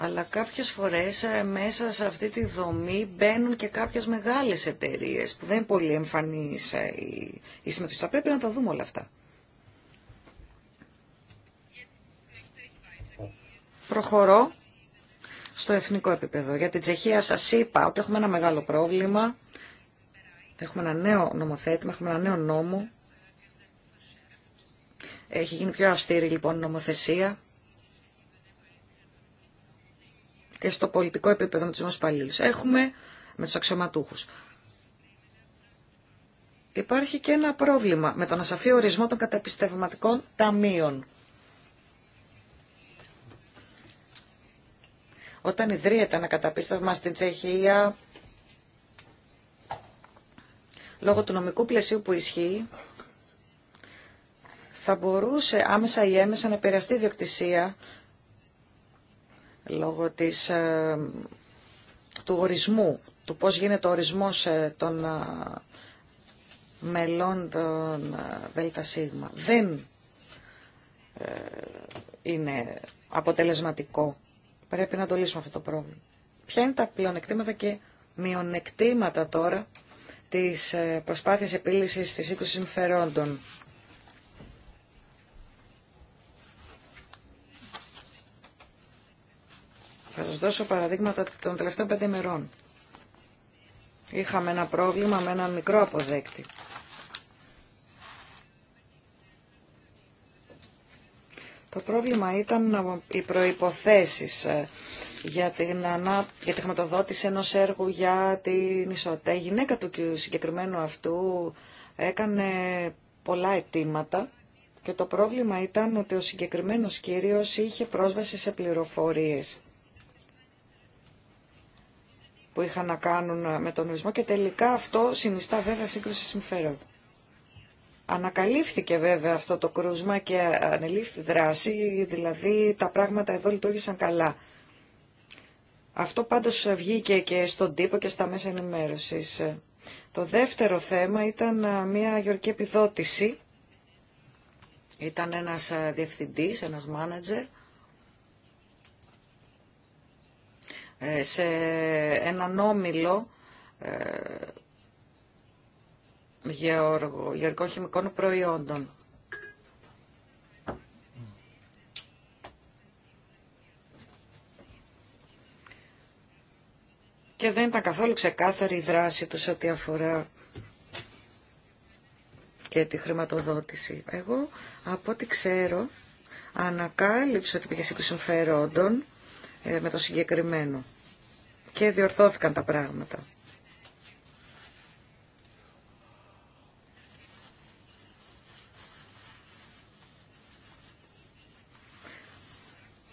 αλλά κάποιες φορές ε, μέσα σε αυτή τη δομή μπαίνουν και κάποιες μεγάλες εταιρείες που δεν είναι πολύ εμφανείς η ε, συμμετοχή. Θα πρέπει να τα δούμε όλα αυτά. Προχωρώ στο εθνικό επίπεδο. Για την Τσεχία σας είπα ότι έχουμε ένα μεγάλο πρόβλημα. Έχουμε ένα νέο νομοθέτημα, έχουμε ένα νέο νόμο. Έχει γίνει πιο αυστήρη λοιπόν η νομοθεσία. και στο πολιτικό επίπεδο με τους Έχουμε με τους αξιωματούχους. Υπάρχει και ένα πρόβλημα με τον ασαφή ορισμό των καταπιστευματικών ταμείων. Όταν ιδρύεται ένα καταπίστευμα στην Τσεχία, λόγω του νομικού πλαισίου που ισχύει, θα μπορούσε άμεσα ή έμεσα να επηρεαστεί η διοκτησία λόγω της, ε, του ορισμού, του πώς γίνεται ο ορισμός ε, των ε, μελών των ΔΣ. Δεν είναι αποτελεσματικό. Πρέπει να το λύσουμε αυτό το πρόβλημα. Ποια είναι τα πλεονεκτήματα και μειονεκτήματα τώρα της προσπάθειας επίλυσης της 20 συμφερόντων. Θα σας δώσω παραδείγματα των τελευταίων πέντε ημερών. Είχαμε ένα πρόβλημα με έναν μικρό αποδέκτη. Το πρόβλημα ήταν οι προϋποθέσεις ε, για την, ανα... για τη χρηματοδότηση ενός έργου για την ισότητα. Η γυναίκα του συγκεκριμένου αυτού έκανε πολλά αιτήματα και το πρόβλημα ήταν ότι ο συγκεκριμένος κύριος είχε πρόσβαση σε πληροφορίες που είχαν να κάνουν ε, με τον ορισμό και τελικά αυτό συνιστά βέβαια σύγκρουση συμφέροντων. Ανακαλύφθηκε βέβαια αυτό το κρούσμα και ανελήφθη δράση, δηλαδή τα πράγματα εδώ λειτουργήσαν καλά. Αυτό πάντως βγήκε και στον τύπο και στα μέσα ενημέρωσης. Το δεύτερο θέμα ήταν ε, μια γεωργική επιδότηση. Ήταν ένας ε, διευθυντής, ένας μάνατζερ, Ε, σε έναν όμιλο ε, γεωργικών χημικών προϊόντων. Και δεν ήταν καθόλου ξεκάθαρη η δράση τους ό,τι αφορά και τη χρηματοδότηση. Εγώ, από ό,τι ξέρω, ανακάλυψα ότι πήγε συμφερόντων ε, με το συγκεκριμένο. Και διορθώθηκαν τα πράγματα.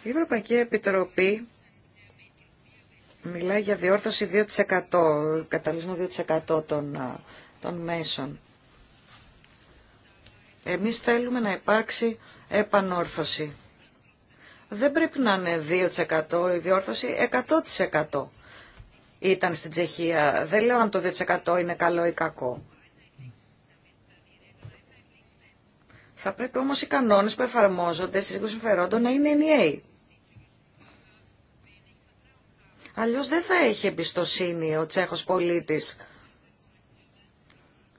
Η Ευρωπαϊκή Επιτροπή μιλάει για διόρθωση 2%, καταλυσμό 2% των, των μέσων. Εμείς θέλουμε να υπάρξει επανόρθωση δεν πρέπει να είναι 2% η διόρθωση, 100% ήταν στην Τσεχία. Δεν λέω αν το 2% είναι καλό ή κακό. Θα πρέπει όμως οι κανόνες που εφαρμόζονται στις συμφερόντων να είναι ενιαίοι. Αλλιώς δεν θα έχει εμπιστοσύνη ο Τσέχος πολίτης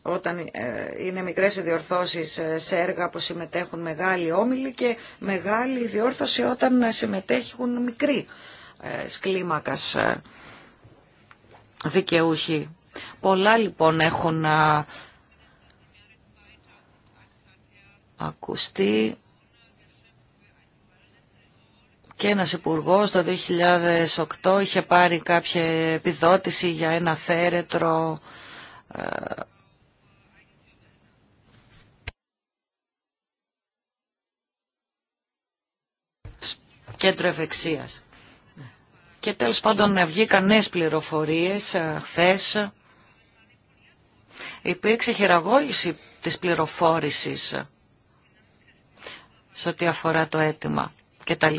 όταν ε, είναι μικρές οι διορθώσεις ε, σε έργα που συμμετέχουν μεγάλοι όμιλοι και μεγάλη διόρθωση όταν συμμετέχουν μικροί ε, σκλήμακας δικαιούχοι. Πολλά λοιπόν έχουν ακουστεί και ένας υπουργό το 2008 είχε πάρει κάποια επιδότηση για ένα θέρετρο κέντρο ευεξίας. Και τέλος πάντων βγήκαν νέες πληροφορίες ε, χθες. Υπήρξε χειραγώγηση της πληροφόρησης ε, σε ό,τι αφορά το αίτημα κτλ.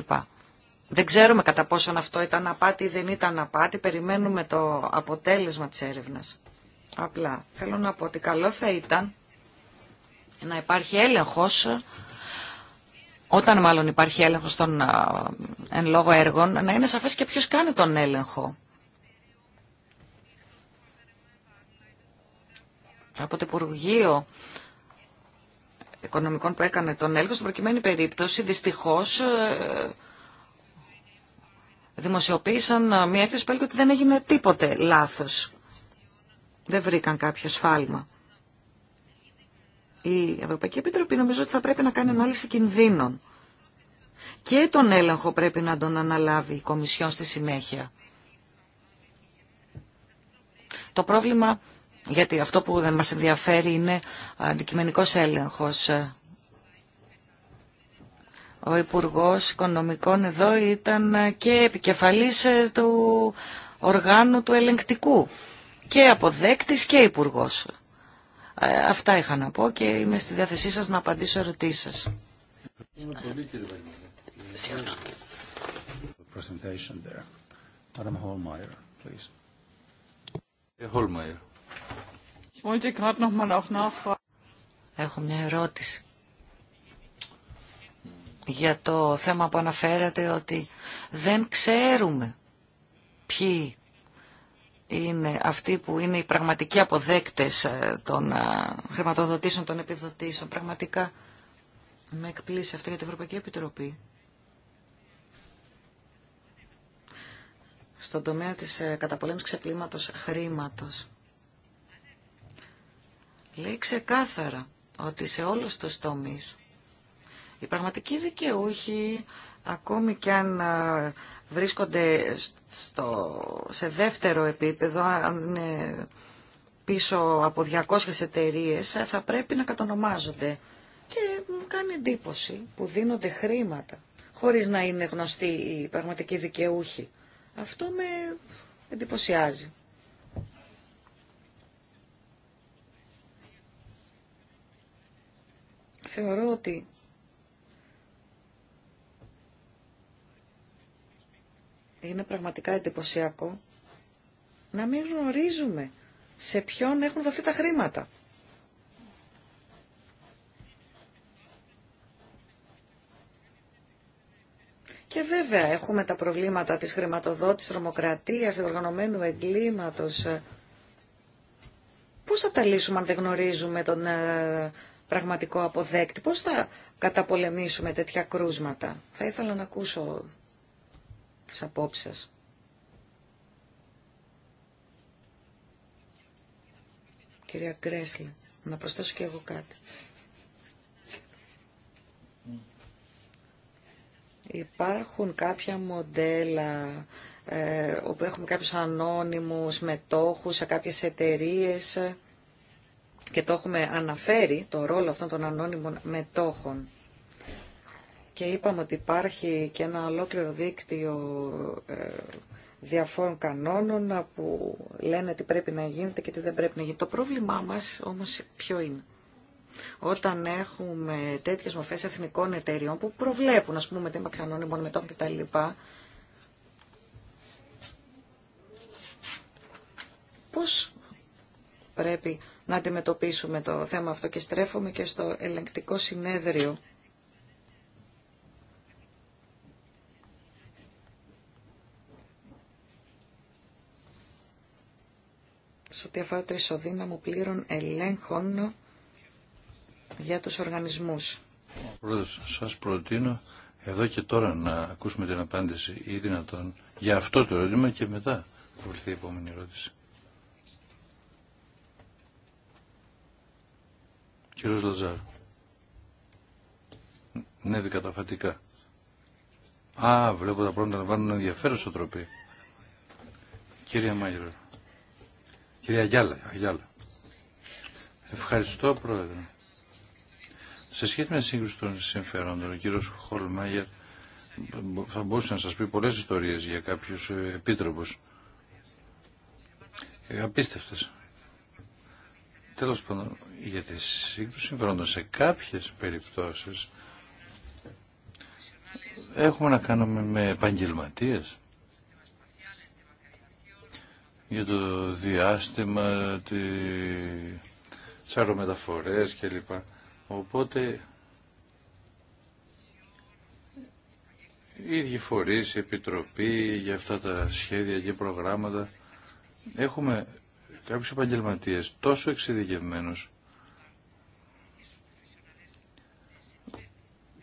Δεν ξέρουμε κατά πόσον αυτό ήταν απάτη ή δεν ήταν απάτη. Περιμένουμε το αποτέλεσμα της έρευνας. Απλά θέλω να πω ότι καλό θα ήταν να υπάρχει έλεγχος όταν μάλλον υπάρχει έλεγχος των εν λόγω έργων, να είναι σαφές και ποιος κάνει τον έλεγχο. Από το Υπουργείο Οικονομικών που έκανε τον έλεγχο, στην προκειμένη περίπτωση, δυστυχώς ε, δημοσιοποίησαν ε, μια αίθουσα που έλεγε ότι δεν έγινε τίποτε λάθος. Δεν βρήκαν κάποιο σφάλμα. Η Ευρωπαϊκή Επιτροπή νομίζω ότι θα πρέπει να κάνει ανάλυση κινδύνων. Και τον έλεγχο πρέπει να τον αναλάβει η Κομισιόν στη συνέχεια. Το πρόβλημα, γιατί αυτό που δεν μας ενδιαφέρει είναι αντικειμενικός έλεγχος. Ο Υπουργός Οικονομικών εδώ ήταν και επικεφαλής ε, του οργάνου του ελεγκτικού. Και αποδέκτης και υπουργός. Ε, αυτά είχα να πω και είμαι στη διάθεσή σας να απαντήσω ερωτήσεις σας. Έχω μια ερώτηση για το θέμα που αναφέρατε ότι δεν ξέρουμε ποιοι είναι αυτοί που είναι οι πραγματικοί αποδέκτες ε, των ε, χρηματοδοτήσεων, των επιδοτήσεων. Πραγματικά με εκπλήσει αυτό για την Ευρωπαϊκή Επιτροπή. Στον τομέα της ε, καταπολέμησης ξεπλήματος χρήματος. Λέει ξεκάθαρα ότι σε όλους τους τομείς οι πραγματικοί δικαιούχοι ακόμη και αν ε, βρίσκονται στο, σε δεύτερο επίπεδο, αν είναι πίσω από 200 εταιρείε, ε, θα πρέπει να κατονομάζονται. Και μου κάνει εντύπωση που δίνονται χρήματα, χωρίς να είναι γνωστοί οι πραγματικοί δικαιούχοι. Αυτό με εντυπωσιάζει. Θεωρώ ότι Είναι πραγματικά εντυπωσιακό να μην γνωρίζουμε σε ποιον έχουν δοθεί τα χρήματα. Και βέβαια έχουμε τα προβλήματα της χρηματοδότησης, τρομοκρατίας, οργανωμένου εγκλήματος. Πώς θα τα λύσουμε αν δεν γνωρίζουμε τον ε, πραγματικό αποδέκτη, πώς θα καταπολεμήσουμε τέτοια κρούσματα. Θα ήθελα να ακούσω τις απόψεις σας. Κυρία Κρέσλη, να προσθέσω και εγώ κάτι. Υπάρχουν κάποια μοντέλα ε, όπου έχουμε κάποιους ανώνυμους μετόχους σε κάποιες εταιρείες ε, και το έχουμε αναφέρει, το ρόλο αυτών των ανώνυμων μετόχων και είπαμε ότι υπάρχει και ένα ολόκληρο δίκτυο ε, διαφόρων κανόνων που λένε τι πρέπει να γίνεται και τι δεν πρέπει να γίνεται. Το πρόβλημά μας όμως ποιο είναι. Όταν έχουμε τέτοιες μορφές εθνικών εταιριών που προβλέπουν, ας πούμε, την και τα κτλ. Πώς πρέπει να αντιμετωπίσουμε το θέμα αυτό και στρέφομαι και στο ελεγκτικό συνέδριο σε ό,τι αφορά το ισοδύναμο πλήρων ελέγχων για τους οργανισμούς. Πρόεδρος, σας προτείνω εδώ και τώρα να ακούσουμε την απάντηση ή δυνατόν για αυτό το ερώτημα και μετά θα βρεθεί η επόμενη ερώτηση. Κύριος Λαζάρου. Ναι, δικαταφατικά. Α, βλέπω τα πρώτα να βάλουν στο τροπή. Κύριε Μάγερ. Κυρία Γιάλα, Γιάλα. Ευχαριστώ, Πρόεδρε. Σε σχέση με σύγκρουση των συμφερόντων, ο κύριος Χολμάγερ θα μπορούσε να σας πει πολλές ιστορίες για κάποιου ε, επίτροπου. Ε, Απίστευτε. Τέλος πάντων, για τη σύγκρουση συμφερόντων σε κάποιες περιπτώσεις έχουμε να κάνουμε με επαγγελματίες για το διάστημα, τις αερομεταφορές κλπ. Οπότε οι ίδιοι φορείς, η Επιτροπή για αυτά τα σχέδια και προγράμματα έχουμε κάποιους επαγγελματίε τόσο εξειδικευμένους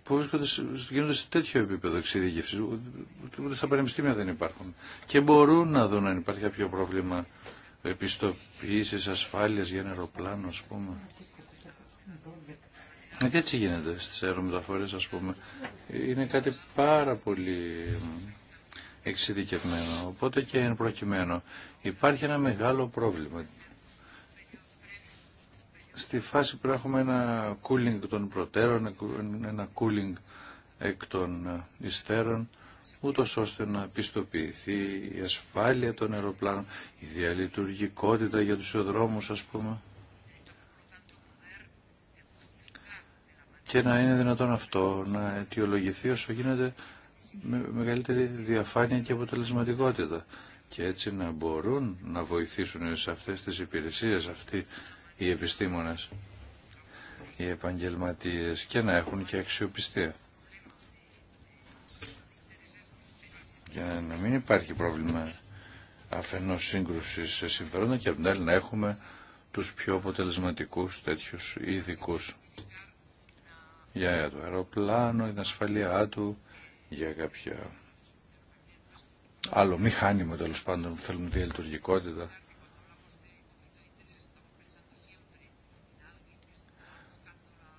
που γίνονται σε τέτοιο επίπεδο εξειδίκευση, ούτε στα πανεπιστήμια δεν υπάρχουν. Και μπορούν να δουν αν υπάρχει κάποιο πρόβλημα επιστοποίηση, ασφάλεια για ένα αεροπλάνο, α πούμε. Ε, και έτσι γίνεται στι αερομεταφορέ, α πούμε. Είναι κάτι πάρα πολύ εξειδικευμένο. Οπότε και εν προκειμένου υπάρχει ένα μεγάλο πρόβλημα στη φάση που έχουμε ένα cooling των προτέρων, ένα cooling εκ των υστέρων, ούτως ώστε να πιστοποιηθεί η ασφάλεια των αεροπλάνων, η διαλειτουργικότητα για τους οδρόμους, ας πούμε. Και να είναι δυνατόν αυτό να αιτιολογηθεί όσο γίνεται με μεγαλύτερη διαφάνεια και αποτελεσματικότητα. Και έτσι να μπορούν να βοηθήσουν σε αυτές τις υπηρεσίες αυτοί οι επιστήμονες, οι επαγγελματίες και να έχουν και αξιοπιστία. Για να μην υπάρχει πρόβλημα αφενός σύγκρουσης σε συμφερόντα και από να έχουμε τους πιο αποτελεσματικούς τέτοιους ειδικού για το αεροπλάνο, την ασφαλειά του, για κάποια άλλο μηχάνημα τέλο πάντων που θέλουν διαλειτουργικότητα.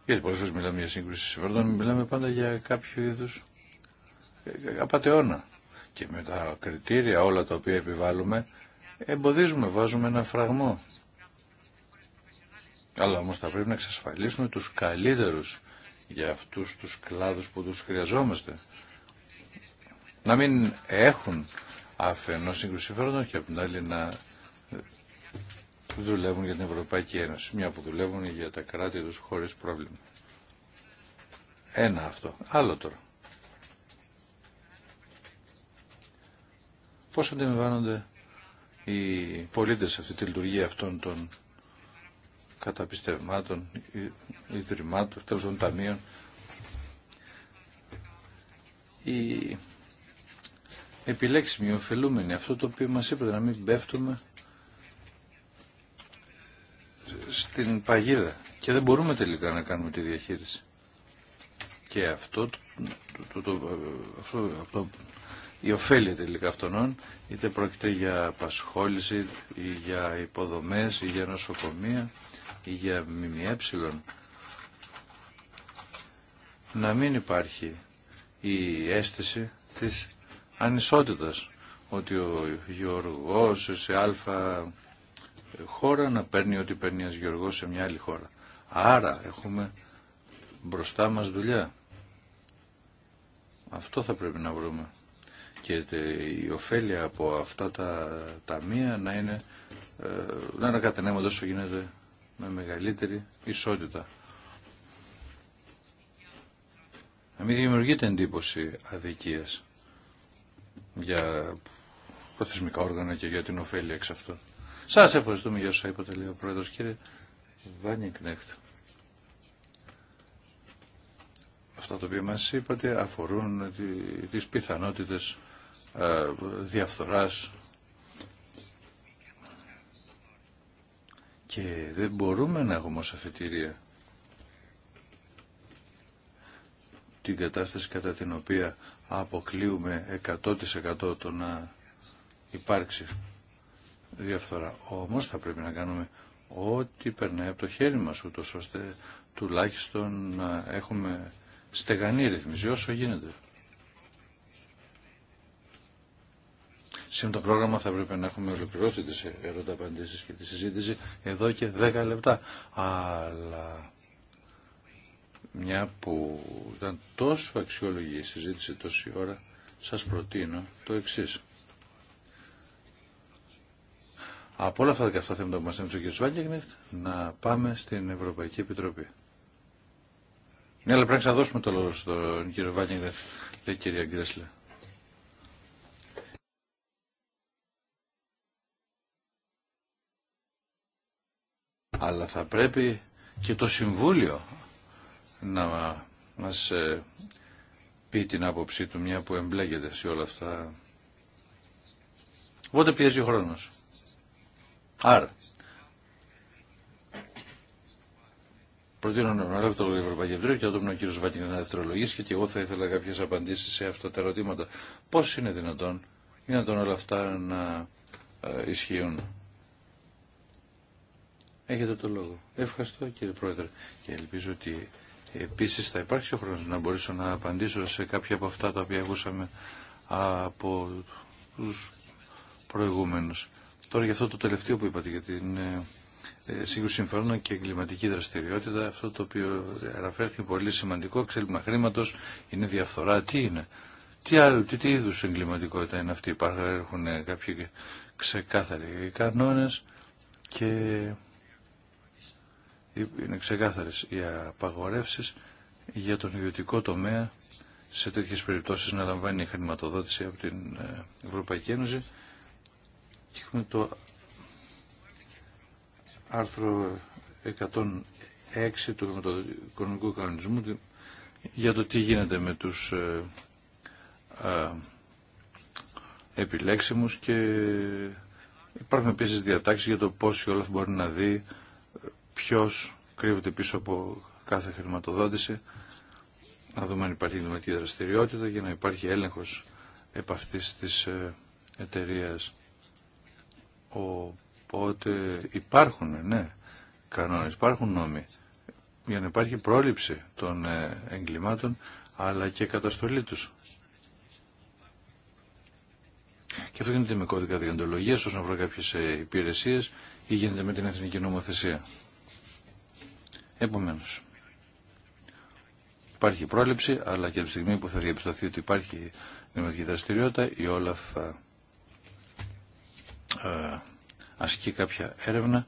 Γιατί πολλέ φορέ μιλάμε για σύγκρουση συμφερόντων, μιλάμε πάντα για κάποιο είδου ε, απαταιώνα. Και με τα κριτήρια όλα τα οποία επιβάλλουμε, εμποδίζουμε, βάζουμε ένα φραγμό. Αλλά όμως θα πρέπει να εξασφαλίσουμε τους καλύτερους για αυτούς τους κλάδους που τους χρειαζόμαστε. Να μην έχουν αφενός σύγκρουση συμφερόντων και από την άλλη να που δουλεύουν για την Ευρωπαϊκή Ένωση, μια που δουλεύουν για τα κράτη τους χωρί πρόβλημα. Ένα αυτό. Άλλο τώρα. Πώ αντιμετωπίζονται οι πολίτες σε αυτή τη λειτουργία αυτών των καταπιστευμάτων, ιδρυμάτων, τέλος των ταμείων. Οι επιλέξιμοι, οι ωφελούμενοι, αυτό το οποίο μας είπατε να μην πέφτουμε την παγίδα και δεν μπορούμε τελικά να κάνουμε τη διαχείριση. Και αυτό, το, το, το, αυτό, η ωφέλεια τελικά αυτών, είτε πρόκειται για απασχόληση ή για υποδομές ή για νοσοκομεία ή για ΜΜΕ, να μην υπάρχει η αίσθηση της ανισότητας ότι ο Γιώργος σε αλφα χώρα να παίρνει ό,τι παίρνει ένα γεωργός σε μια άλλη χώρα. Άρα έχουμε μπροστά μας δουλειά. Αυτό θα πρέπει να βρούμε. Και η ωφέλεια από αυτά τα ταμεία να είναι ε, να ανακατενέμονται όσο γίνεται με μεγαλύτερη ισότητα. Να μην δημιουργείται εντύπωση αδικίας για προθεσμικά όργανα και για την ωφέλεια εξ αυτού. Σας ευχαριστούμε για όσα λέει ο πρόεδρο, κύριε Βάνιγκνεχτ. Αυτά τα οποία μας είπατε αφορούν τις πιθανότητε ε, διαφθοράς και δεν μπορούμε να έχουμε ως αφετηρία την κατάσταση κατά την οποία αποκλείουμε 100% το να υπάρξει διαφθορά. Όμως θα πρέπει να κάνουμε ό,τι περνάει από το χέρι μας, ούτως ώστε τουλάχιστον να έχουμε στεγανή ρυθμίση όσο γίνεται. Σύμφωνα το πρόγραμμα θα πρέπει να έχουμε ολοκληρώσει τις ερωταπαντήσεις και τη συζήτηση εδώ και 10 λεπτά. Αλλά μια που ήταν τόσο αξιόλογη η συζήτηση τόση ώρα, σας προτείνω το εξής από όλα αυτά τα αυτά θέματα που μας έμεινε ο κ. Βάγκεγνεχτ να πάμε στην Ευρωπαϊκή Επιτροπή. Ναι, αλλά πρέπει να δώσουμε το λόγο στον κύριο Βάγκεγνεχτ, λέει η κυρία Γκρέσλε. Αλλά θα πρέπει και το Συμβούλιο να μας ε, πει την άποψή του μια που εμπλέκεται σε όλα αυτά. Οπότε πιέζει ο χρόνος. Άρα, προτείνω να αναλάβει το Ευρωπαϊκό Επιτροπή και όταν ο κύριο Βατίνη να δευτερολογήσει και εγώ θα ήθελα κάποιε απαντήσει σε αυτά τα ερωτήματα. Πώ είναι δυνατόν, δυνατόν όλα αυτά να ε, ισχύουν. Έχετε το λόγο. Ευχαριστώ κύριε Πρόεδρε και ελπίζω ότι επίση θα υπάρξει ο χρόνο να μπορέσω να απαντήσω σε κάποια από αυτά τα οποία ακούσαμε από του προηγούμενου. Τώρα για αυτό το τελευταίο που είπατε για την ε, ε, σύγκρουση συμφέροντα και εγκληματική δραστηριότητα, αυτό το οποίο αναφέρθηκε πολύ σημαντικό, ξέλυμα χρήματο, είναι διαφθορά. Τι είναι, τι, άλλο, τι, τι είδου εγκληματικότητα είναι αυτή, υπάρχουν ε, κάποιοι ξεκάθαροι κανόνε και είναι ξεκάθαρε οι απαγορεύσει για τον ιδιωτικό τομέα σε τέτοιες περιπτώσεις να λαμβάνει η χρηματοδότηση από την Ευρωπαϊκή Ένωση και έχουμε το άρθρο 106 του Οικονομικού Κανονισμού για το τι γίνεται με τους ε, ε, επιλέξιμους και υπάρχουν επίσης διατάξεις για το πώς η Όλαφ μπορεί να δει ε, ποιος κρύβεται πίσω από κάθε χρηματοδότηση να δούμε αν υπάρχει δραστηριότητα για να υπάρχει έλεγχος επ' αυτής της ε, εταιρείας. Οπότε υπάρχουν, ναι, κανόνες, υπάρχουν νόμοι για να υπάρχει πρόληψη των ε, εγκλημάτων αλλά και καταστολή τους. Και αυτό γίνεται με κώδικα διοντολογίας όσον αφορά κάποιες ε, υπηρεσίες ή γίνεται με την εθνική νομοθεσία. Επομένως, υπάρχει πρόληψη αλλά και από τη στιγμή που θα διαπιστωθεί ότι υπάρχει δημοτική δραστηριότητα η όλα αυτά ε, ασκεί κάποια έρευνα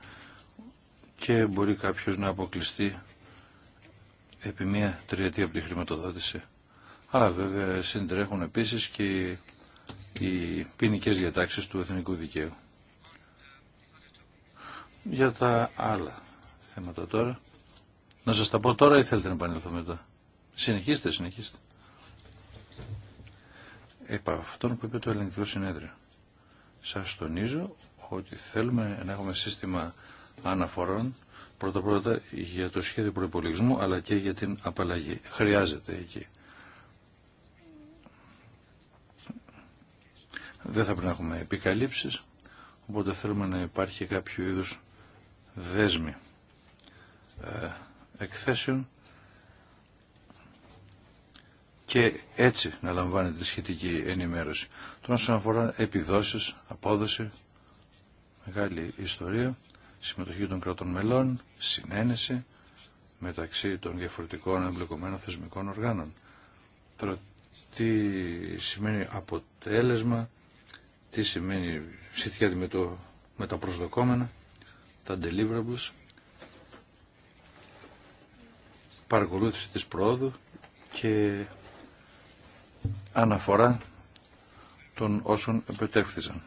και μπορεί κάποιος να αποκλειστεί επί μία τριετία από τη χρηματοδότηση. Αλλά βέβαια συντρέχουν επίσης και οι ποινικέ διατάξεις του εθνικού δικαίου. Για τα άλλα θέματα τώρα. Να σας τα πω τώρα ή θέλετε να επανέλθω μετά. Συνεχίστε, συνεχίστε. Επ' αυτόν που είπε το ελληνικό συνέδριο σας τονίζω ότι θέλουμε να έχουμε σύστημα αναφορών πρώτα πρώτα για το σχέδιο προπολογισμού αλλά και για την απαλλαγή. Χρειάζεται εκεί. Δεν θα πρέπει να έχουμε επικαλύψεις, οπότε θέλουμε να υπάρχει κάποιο είδους δέσμη ε, εκθέσεων και έτσι να λαμβάνεται σχετική ενημέρωση. Τώρα όσον αφορά επιδόσεις, απόδοση, μεγάλη ιστορία, συμμετοχή των κρατών μελών, συνένεση μεταξύ των διαφορετικών εμπλεκομένων θεσμικών οργάνων. τι σημαίνει αποτέλεσμα, τι σημαίνει σχετικά με, το, με τα προσδοκόμενα, τα deliverables, παρακολούθηση της πρόοδου και αναφορά των όσων επιτέχθησαν.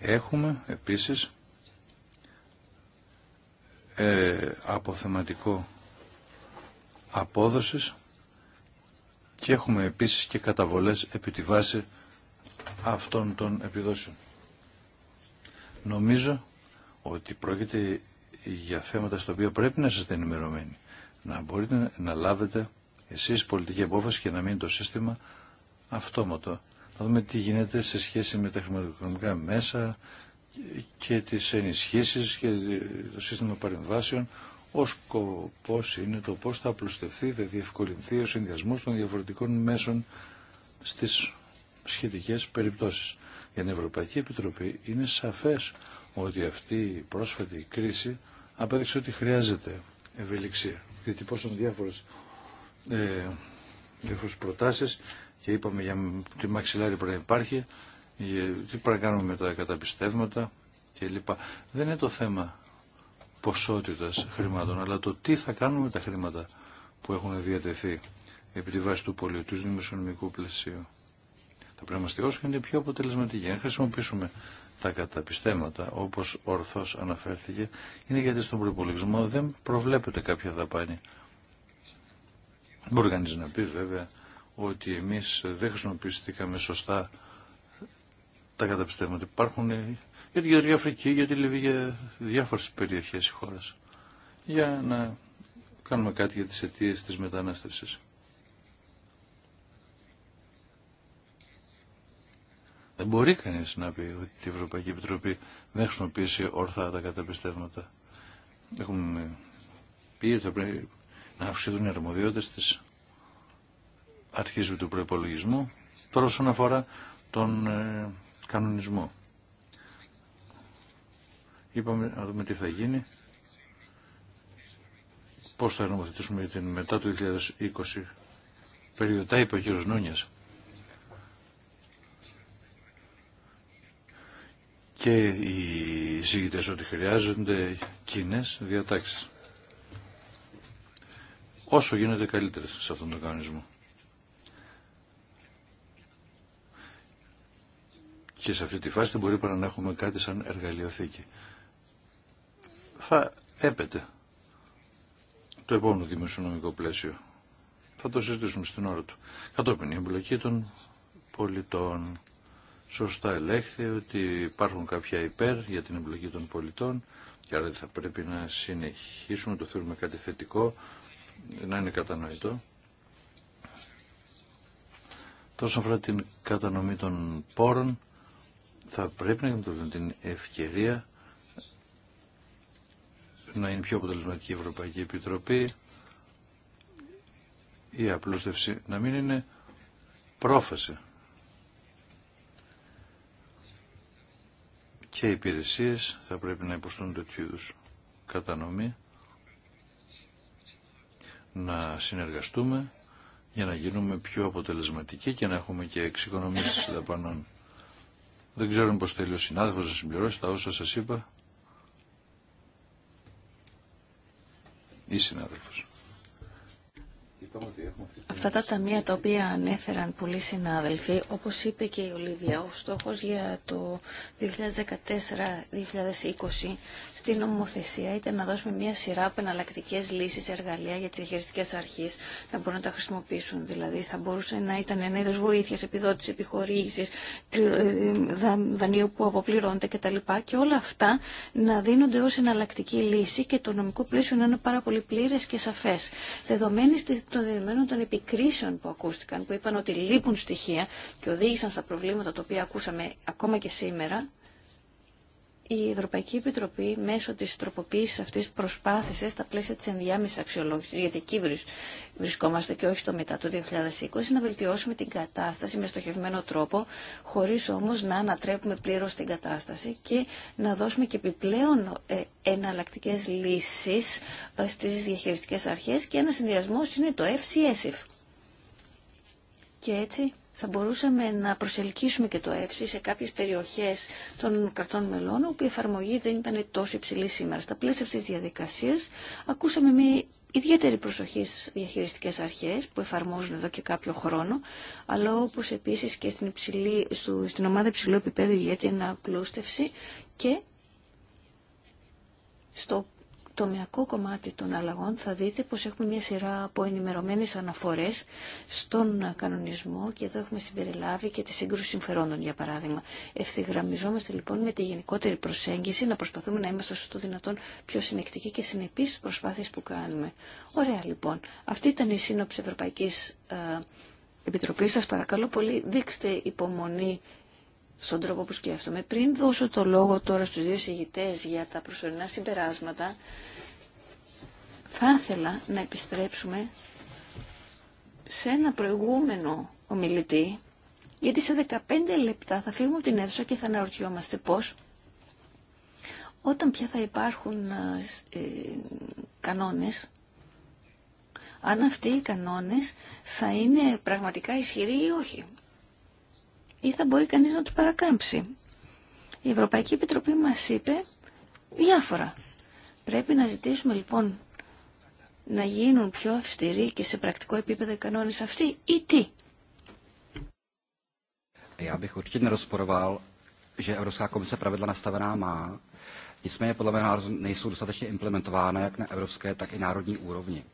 Έχουμε επίσης ε, αποθεματικό απόδοσης και έχουμε επίσης και καταβολές επί τη βάση αυτών των επιδόσεων. Νομίζω ότι πρόκειται για θέματα στο οποία πρέπει να είστε ενημερωμένοι. Να μπορείτε να λάβετε εσείς πολιτική απόφαση και να μείνει το σύστημα αυτόματο. Να δούμε τι γίνεται σε σχέση με τα χρηματοοικονομικά μέσα και τις ενισχύσεις και το σύστημα παρεμβάσεων. Ο σκοπό είναι το πώς θα απλουστευτεί, θα διευκολυνθεί ο συνδυασμός των διαφορετικών μέσων στις σχετικές περιπτώσεις. Για την Ευρωπαϊκή Επιτροπή είναι σαφές ότι αυτή η πρόσφατη κρίση απέδειξε ότι χρειάζεται ευελιξία. πόσο διάφορες, ε, διάφορες προτάσεις και είπαμε για τη μαξιλάρι πρέπει να υπάρχει, τι πρέπει να κάνουμε με τα καταπιστεύματα κλπ. Δεν είναι το θέμα ποσότητας χρημάτων, αλλά το τι θα κάνουμε με τα χρήματα που έχουν διατεθεί επί τη βάση του πολιτού δημοσιονομικού πλαισίου. Θα πρέπει να είμαστε όσο είναι πιο αποτελεσματικοί. Αν χρησιμοποιήσουμε τα καταπιστέματα, Όπω ορθώς αναφέρθηκε, είναι γιατί στον προπολογισμό δεν προβλέπεται κάποια δαπάνη. Μπορεί κανεί να πει βέβαια ότι εμείς δεν χρησιμοποιηθήκαμε σωστά τα καταπιστεύματα. Υπάρχουν για τη Γεωργία Αφρική, για τη Λιβύη, για διάφορες περιοχές της χώρας. Για να κάνουμε κάτι για τις αιτίε της μετανάστευσης. Δεν μπορεί κανείς να πει ότι η Ευρωπαϊκή Επιτροπή δεν χρησιμοποιήσει ορθά τα καταπιστεύματα. Έχουμε πει ότι πρέπει να αυξηθούν οι αρμοδιότητες της αρχής του προϋπολογισμού τώρα όσον αφορά τον ε, κανονισμό. Είπαμε να δούμε τι θα γίνει, πώς θα νομοθετήσουμε για την μετά το 2020 περίοδο. Τα είπε ο Και οι εισηγητές ότι χρειάζονται κοινέ διατάξεις. Όσο γίνονται καλύτερες σε αυτόν τον κανονισμό. και σε αυτή τη φάση δεν μπορεί παρά να έχουμε κάτι σαν εργαλειοθήκη. Θα έπεται το επόμενο δημοσιονομικό πλαίσιο. Θα το συζητήσουμε στην ώρα του. Κατόπιν η εμπλοκή των πολιτών. Σωστά ελέγχθη ότι υπάρχουν κάποια υπέρ για την εμπλοκή των πολιτών και άρα θα πρέπει να συνεχίσουμε, το θέλουμε κάτι θετικό, να είναι κατανοητό. Τόσο αφορά την κατανομή των πόρων, θα πρέπει να δούμε την ευκαιρία να είναι πιο αποτελεσματική η Ευρωπαϊκή Επιτροπή η απλούστευση να μην είναι πρόφαση και οι υπηρεσίες θα πρέπει να υποστούν τέτοιου είδου κατανομή να συνεργαστούμε για να γίνουμε πιο αποτελεσματικοί και να έχουμε και εξοικονομήσεις δαπανών. Δεν ξέρω πω θέλει ο συνάδελφο να συμπληρώσει τα όσα σας είπα. Ή συνάδελφος. Αυτά τα ταμεία τα οποία ανέφεραν πολλοί συνάδελφοι, όπως είπε και η Ολίβια, ο στόχος για το 2014-2020 στην νομοθεσία ήταν να δώσουμε μια σειρά από εναλλακτικέ λύσεις, εργαλεία για τις διαχειριστικές αρχές να μπορούν να τα χρησιμοποιήσουν. Δηλαδή θα μπορούσε να ήταν ένα είδος βοήθειας, επιδότηση, επιχορήγησης, ε, δανείου που αποπληρώνεται κτλ. Και όλα αυτά να δίνονται ως εναλλακτική λύση και το νομικό πλαίσιο να είναι πάρα πολύ πλήρες και σαφές. Δεδομένη των δεδομένων των επικρίσεων που ακούστηκαν, που είπαν ότι λείπουν στοιχεία και οδήγησαν στα προβλήματα τα οποία ακούσαμε ακόμα και σήμερα, η Ευρωπαϊκή Επιτροπή μέσω της τροποποίησης αυτής προσπάθησε στα πλαίσια της ενδιάμεσης αξιολόγησης, γιατί εκεί βρισκόμαστε και όχι στο μετά το 2020, να βελτιώσουμε την κατάσταση με στοχευμένο τρόπο, χωρίς όμως να ανατρέπουμε πλήρως την κατάσταση και να δώσουμε και επιπλέον ε, εναλλακτικέ λύσεις ε, στις διαχειριστικές αρχές και ένα συνδυασμό είναι το FCSIF. Και έτσι θα μπορούσαμε να προσελκύσουμε και το ΕΦΣΙ σε κάποιες περιοχές των κρατών μελών όπου η εφαρμογή δεν ήταν τόσο υψηλή σήμερα. Στα πλαίσια αυτή τη διαδικασία ακούσαμε μια ιδιαίτερη προσοχή στις διαχειριστικές αρχές που εφαρμόζουν εδώ και κάποιο χρόνο αλλά όπως επίσης και στην, υψηλή, στο, στην ομάδα υψηλού επίπεδου για την απλούστευση και στο το τομιακό κομμάτι των αλλαγών θα δείτε πως έχουμε μια σειρά από ενημερωμένες αναφορές στον κανονισμό και εδώ έχουμε συμπεριλάβει και τη σύγκρουση συμφερόντων για παράδειγμα. Ευθυγραμμιζόμαστε λοιπόν με τη γενικότερη προσέγγιση να προσπαθούμε να είμαστε όσο το δυνατόν πιο συνεκτικοί και συνεπείς στις προσπάθειες που κάνουμε. Ωραία λοιπόν. Αυτή ήταν η σύνοψη Ευρωπαϊκής ε, Επιτροπής. Σας παρακαλώ πολύ δείξτε υπομονή στον τρόπο που σκέφτομαι. Πριν δώσω το λόγο τώρα στους δύο συγητές για τα προσωρινά συμπεράσματα, θα ήθελα να επιστρέψουμε σε ένα προηγούμενο ομιλητή, γιατί σε 15 λεπτά θα φύγουμε από την αίθουσα και θα αναρωτιόμαστε πώς, όταν πια θα υπάρχουν ε, ε κανόνες, αν αυτοί οι κανόνες θα είναι πραγματικά ισχυροί ή όχι ή θα μπορεί κανείς να τους παρακάμψει. Η Ευρωπαϊκή Επιτροπή μας είπε διάφορα. Πρέπει να ζητήσουμε λοιπόν να γίνουν πιο αυστηροί και σε πρακτικό επίπεδο οι κανόνες αυτοί ή τι. Já bych určitě nerozporoval, že Evropská komise pravidla nastavená má, nicméně podle mého názoru nejsou dostatečně implementována jak na evropské, tak i národní úrovni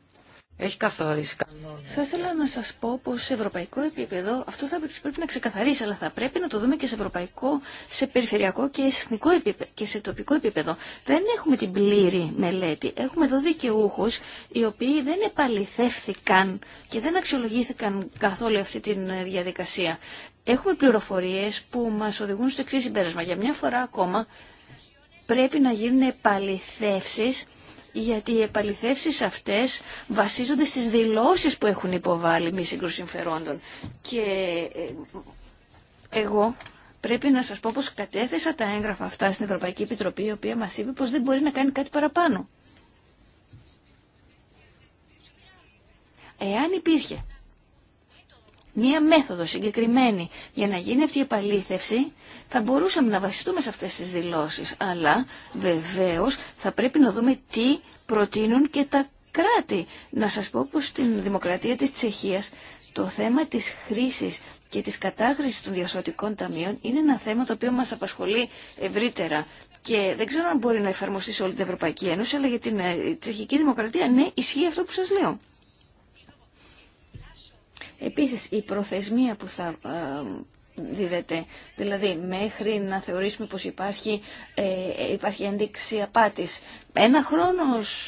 έχει καθορίσει κανόνε. Θα ήθελα να σα πω πω σε ευρωπαϊκό επίπεδο αυτό θα πρέπει να ξεκαθαρίσει, αλλά θα πρέπει να το δούμε και σε ευρωπαϊκό, σε περιφερειακό και σε εθνικό επίπεδο και σε τοπικό επίπεδο. Δεν έχουμε την πλήρη μελέτη. Έχουμε εδώ δικαιούχου οι οποίοι δεν επαληθεύθηκαν και δεν αξιολογήθηκαν καθόλου αυτή τη ε, διαδικασία. Έχουμε πληροφορίε που μα οδηγούν στο εξή συμπέρασμα. Για μια φορά ακόμα πρέπει να γίνουν επαληθεύσει γιατί οι επαληθεύσεις αυτές βασίζονται στις δηλώσεις που έχουν υποβάλει μη συμφερόντων. Και ε, εγώ πρέπει να σας πω πως κατέθεσα τα έγγραφα αυτά στην Ευρωπαϊκή Επιτροπή, η οποία μας είπε πως δεν μπορεί να κάνει κάτι παραπάνω. Εάν υπήρχε μία μέθοδο συγκεκριμένη για να γίνει αυτή η επαλήθευση, θα μπορούσαμε να βασιστούμε σε αυτές τις δηλώσεις. Αλλά βεβαίως θα πρέπει να δούμε τι προτείνουν και τα κράτη. Να σας πω πως στην δημοκρατία της Τσεχίας το θέμα της χρήσης και της κατάχρησης των διασωτικών ταμείων είναι ένα θέμα το οποίο μας απασχολεί ευρύτερα. Και δεν ξέρω αν μπορεί να εφαρμοστεί σε όλη την Ευρωπαϊκή Ένωση, αλλά για την ε, τσεχική δημοκρατία ναι, ισχύει αυτό που σας λέω. Επίσης, η προθεσμία που θα ε, διδετε, δηλαδή μέχρι να θεωρήσουμε πως υπάρχει, ε, υπάρχει ένδειξη απάτης ένα χρόνο,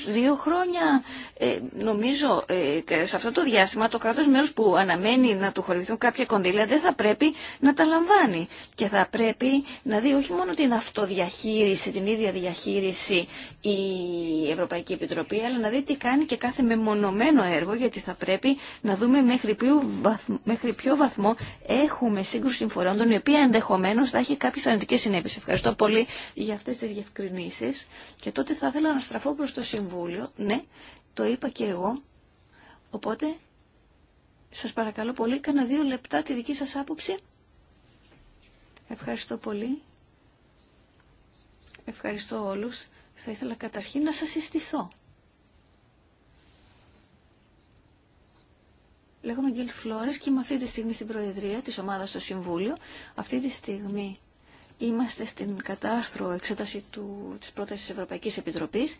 δύο χρόνια, ε, νομίζω ε, σε αυτό το διάστημα το κράτος μέλος που αναμένει να του χορηγηθούν κάποια κονδύλια δεν θα πρέπει να τα λαμβάνει και θα πρέπει να δει όχι μόνο την αυτοδιαχείριση, την ίδια διαχείριση η Ευρωπαϊκή Επιτροπή αλλά να δει τι κάνει και κάθε μεμονωμένο έργο γιατί θα πρέπει να δούμε μέχρι ποιο βαθμό, μέχρι ποιο βαθμό έχουμε σύγκρουση συμφορώντων η οποία ενδεχομένως θα έχει κάποιες αρνητικές συνέπειες. Ευχαριστώ πολύ για αυτές τις διευκρινήσεις και τότε ήθελα να στραφώ προς το Συμβούλιο. Ναι, το είπα και εγώ. Οπότε, σας παρακαλώ πολύ, κάνα δύο λεπτά τη δική σας άποψη. Ευχαριστώ πολύ. Ευχαριστώ όλους. Θα ήθελα καταρχήν να σας συστηθώ. Λέγομαι Γκίλτ Φλόρες και είμαι αυτή τη στιγμή στην Προεδρία της ομάδας στο Συμβούλιο. Αυτή τη στιγμή Είμαστε στην κατάστρο εξέταση του, της πρότασης της Ευρωπαϊκής Επιτροπής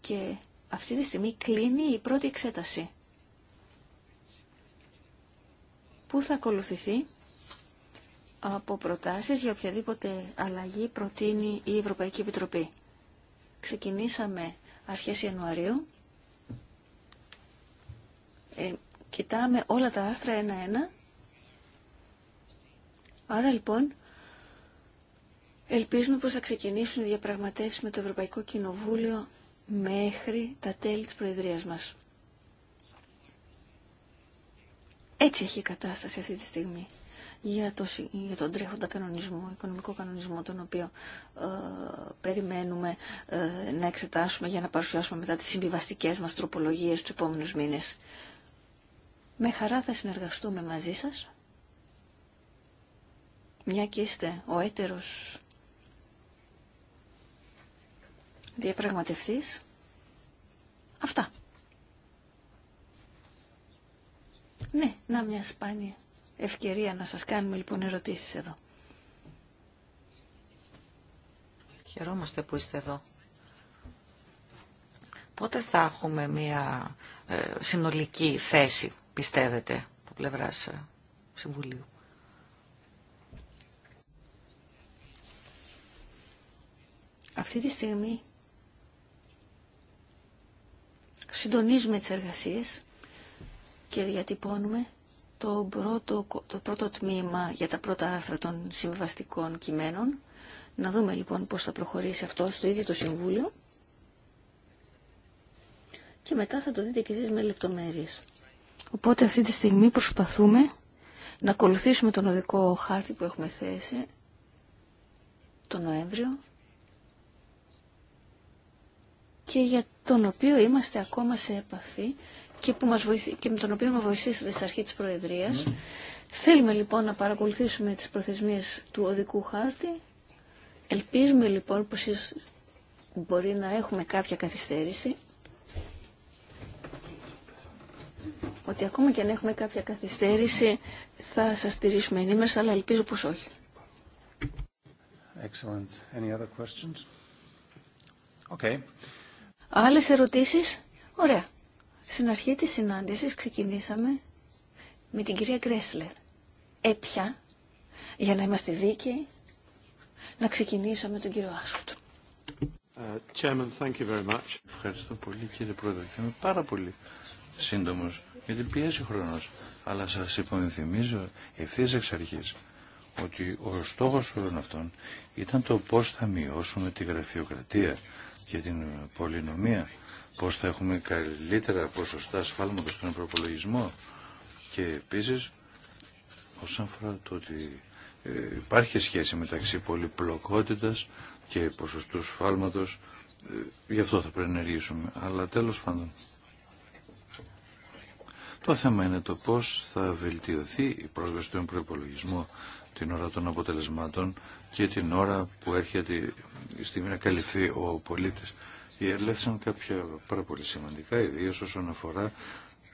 και αυτή τη στιγμή κλείνει η πρώτη εξέταση. Πού θα ακολουθηθεί από προτάσεις για οποιαδήποτε αλλαγή προτείνει η Ευρωπαϊκή Επιτροπή. Ξεκινήσαμε αρχές Ιανουαρίου. Ε, κοιτάμε όλα τα άρθρα ένα-ένα. Άρα λοιπόν Ελπίζουμε πως θα ξεκινήσουν οι διαπραγματεύσεις με το Ευρωπαϊκό Κοινοβούλιο μέχρι τα τέλη της Προεδρίας μας. Έτσι έχει η κατάσταση αυτή τη στιγμή για, το, για τον τρέχοντα κανονισμό, οικονομικό κανονισμό, τον οποίο ε, περιμένουμε ε, να εξετάσουμε για να παρουσιάσουμε μετά τις συμβιβαστικές μας τροπολογίες του επόμενους μήνες. Με χαρά θα συνεργαστούμε μαζί σας, μια και είστε ο έτερος διαπραγματευτείς. Αυτά. Ναι, να μια σπάνια ευκαιρία να σας κάνουμε λοιπόν ερωτήσεις εδώ. Χαιρόμαστε που είστε εδώ. Πότε θα έχουμε μια ε, συνολική θέση, πιστεύετε, από πλευράς ε, Συμβουλίου. Αυτή τη στιγμή συντονίζουμε τις εργασίες και διατυπώνουμε το πρώτο, το πρώτο τμήμα για τα πρώτα άρθρα των συμβαστικών κειμένων. Να δούμε λοιπόν πώς θα προχωρήσει αυτό στο ίδιο το Συμβούλιο και μετά θα το δείτε και εσείς με λεπτομέρειες. Οπότε αυτή τη στιγμή προσπαθούμε να ακολουθήσουμε τον οδικό χάρτη που έχουμε θέσει τον Νοέμβριο και για τον οποίο είμαστε ακόμα σε επαφή και, που μας και με τον οποίο μας βοηθήσατε στην αρχή της Προεδρίας. Ναι. Θέλουμε λοιπόν να παρακολουθήσουμε τις προθεσμίες του οδικού χάρτη. Ελπίζουμε λοιπόν πως μπορεί να έχουμε κάποια καθυστέρηση. Ότι ακόμα και αν έχουμε κάποια καθυστέρηση θα σας στηρίσουμε ενήμερες, αλλά ελπίζω πως όχι. Excellent. Any other questions? Okay. Άλλες ερωτήσεις. Ωραία. Στην αρχή της συνάντησης ξεκινήσαμε με την κυρία Γκρέσλερ. Έπια, για να είμαστε δίκαιοι, να ξεκινήσω με τον κύριο Άσχουτ. Ε, Ευχαριστώ πολύ κύριε Πρόεδρε. είμαι πάρα πολύ σύντομο γιατί πιέζει ο χρόνο. Αλλά σα υπενθυμίζω ευθύ εξ αρχή ότι ο στόχο όλων αυτών ήταν το πώ θα μειώσουμε τη γραφειοκρατία, για την πολυνομία, πώς θα έχουμε καλύτερα ποσοστά σφάλματος στον προπολογισμό και επίσης όσον αφορά το ότι ε, υπάρχει σχέση μεταξύ πολυπλοκότητας και ποσοστού σφάλματος, ε, γι' αυτό θα πρέπει να ενεργήσουμε. Αλλά τέλος πάντων, το θέμα είναι το πώς θα βελτιωθεί η πρόσβαση στον προπολογισμό την ώρα των αποτελεσμάτων και την ώρα που έρχεται η στιγμή να καλυφθεί ο πολίτης. Ελέγχθησαν κάποια πάρα πολύ σημαντικά, ιδίω όσον αφορά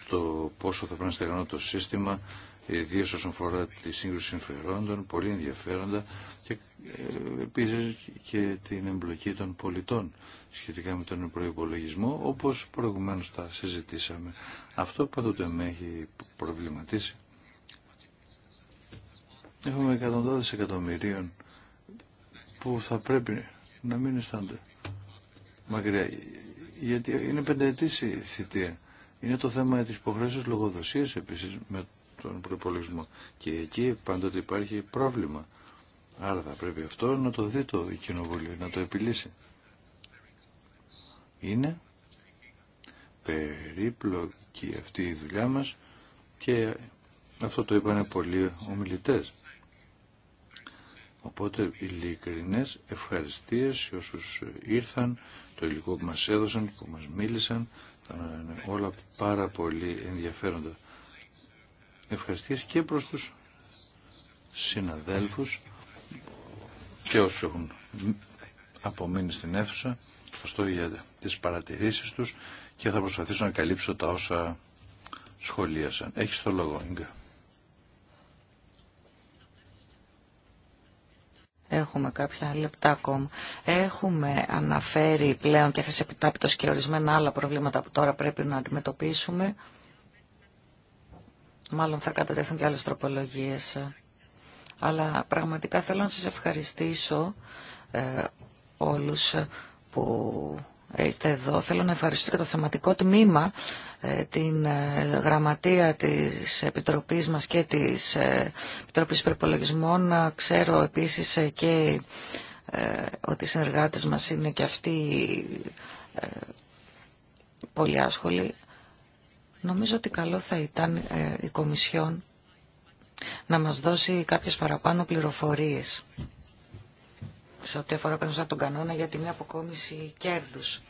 το πόσο θα πρέπει να στεγνώ το σύστημα, ιδίω όσον αφορά τη σύγκρουση συμφερόντων, πολύ ενδιαφέροντα και ε, επίση και την εμπλοκή των πολιτών σχετικά με τον προπολογισμό, όπω προηγουμένω τα συζητήσαμε. Αυτό πάντοτε με έχει προβληματίσει. Έχουμε εκατοντάδε εκατομμυρίων που θα πρέπει να μην αισθάνονται μακριά. Γιατί είναι πενταετή η θητεία. Είναι το θέμα της υποχρέωση λογοδοσία επίση με τον προπολογισμό. Και εκεί πάντοτε υπάρχει πρόβλημα. Άρα θα πρέπει αυτό να το δει το κοινοβούλιο, να το επιλύσει. Είναι περίπλοκη αυτή η δουλειά μας και αυτό το είπανε πολλοί ομιλητές. Οπότε ειλικρινές ευχαριστίες σε όσους ήρθαν, το υλικό που μας έδωσαν, που μας μίλησαν, ήταν όλα πάρα πολύ ενδιαφέροντα. Ευχαριστίες και προς τους συναδέλφους και όσους έχουν απομείνει στην αίθουσα. Ευχαριστώ για τις παρατηρήσεις τους και θα προσπαθήσω να καλύψω τα όσα σχολίασαν. Έχεις το λόγο, Ίγκα. Έχουμε κάποια λεπτά ακόμα. Έχουμε αναφέρει πλέον και σε επιτάπητος και ορισμένα άλλα προβλήματα που τώρα πρέπει να αντιμετωπίσουμε. Μάλλον θα κατατεθούν και άλλες τροπολογίες. Αλλά πραγματικά θέλω να σας ευχαριστήσω ε, όλους που είστε εδώ. Θέλω να ευχαριστήσω και το θεματικό τμήμα ε, την ε, γραμματεία της Επιτροπής μας και της ε, Επιτροπής προπολογισμών. Ξέρω επίσης και ότι οι συνεργάτες μας είναι και αυτοί πολύ άσχολοι. Νομίζω ότι καλό θα ήταν η Κομισιόν να μας δώσει κάποιες παραπάνω πληροφορίες σε ό,τι αφορά πέρα τον κανόνα για τη μία αποκόμιση κέρδους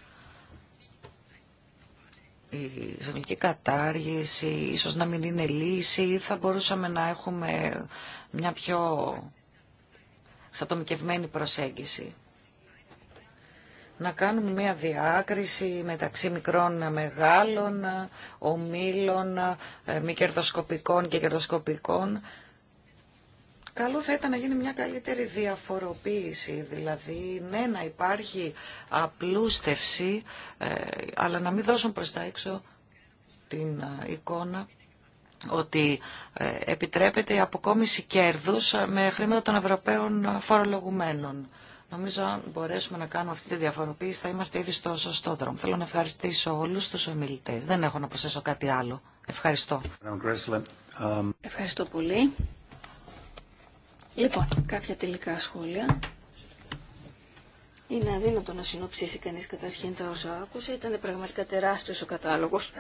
η συνολική κατάργηση ίσως να μην είναι λύση ή θα μπορούσαμε να έχουμε μια πιο εξατομικευμένη προσέγγιση. Να κάνουμε μια διάκριση μεταξύ μικρών μεγάλων, ομίλων, ε, μη κερδοσκοπικών και κερδοσκοπικών Καλό θα ήταν να γίνει μια καλύτερη διαφοροποίηση, δηλαδή ναι να υπάρχει απλούστευση, ε, αλλά να μην δώσουν προς τα έξω την ε, εικόνα ότι ε, επιτρέπεται η αποκόμιση κέρδους με χρήματα των Ευρωπαίων φορολογουμένων. Νομίζω αν μπορέσουμε να κάνουμε αυτή τη διαφοροποίηση θα είμαστε ήδη στο σωστό δρόμο. Θέλω να ευχαριστήσω όλους τους ομιλητές. Δεν έχω να προσθέσω κάτι άλλο. Ευχαριστώ. Um, Ευχαριστώ πολύ. Λοιπόν, κάποια τελικά σχόλια. Είναι αδύνατο να συνοψίσει κανείς καταρχήν τα όσα άκουσε. Ήταν πραγματικά τεράστιος ο κατάλογος.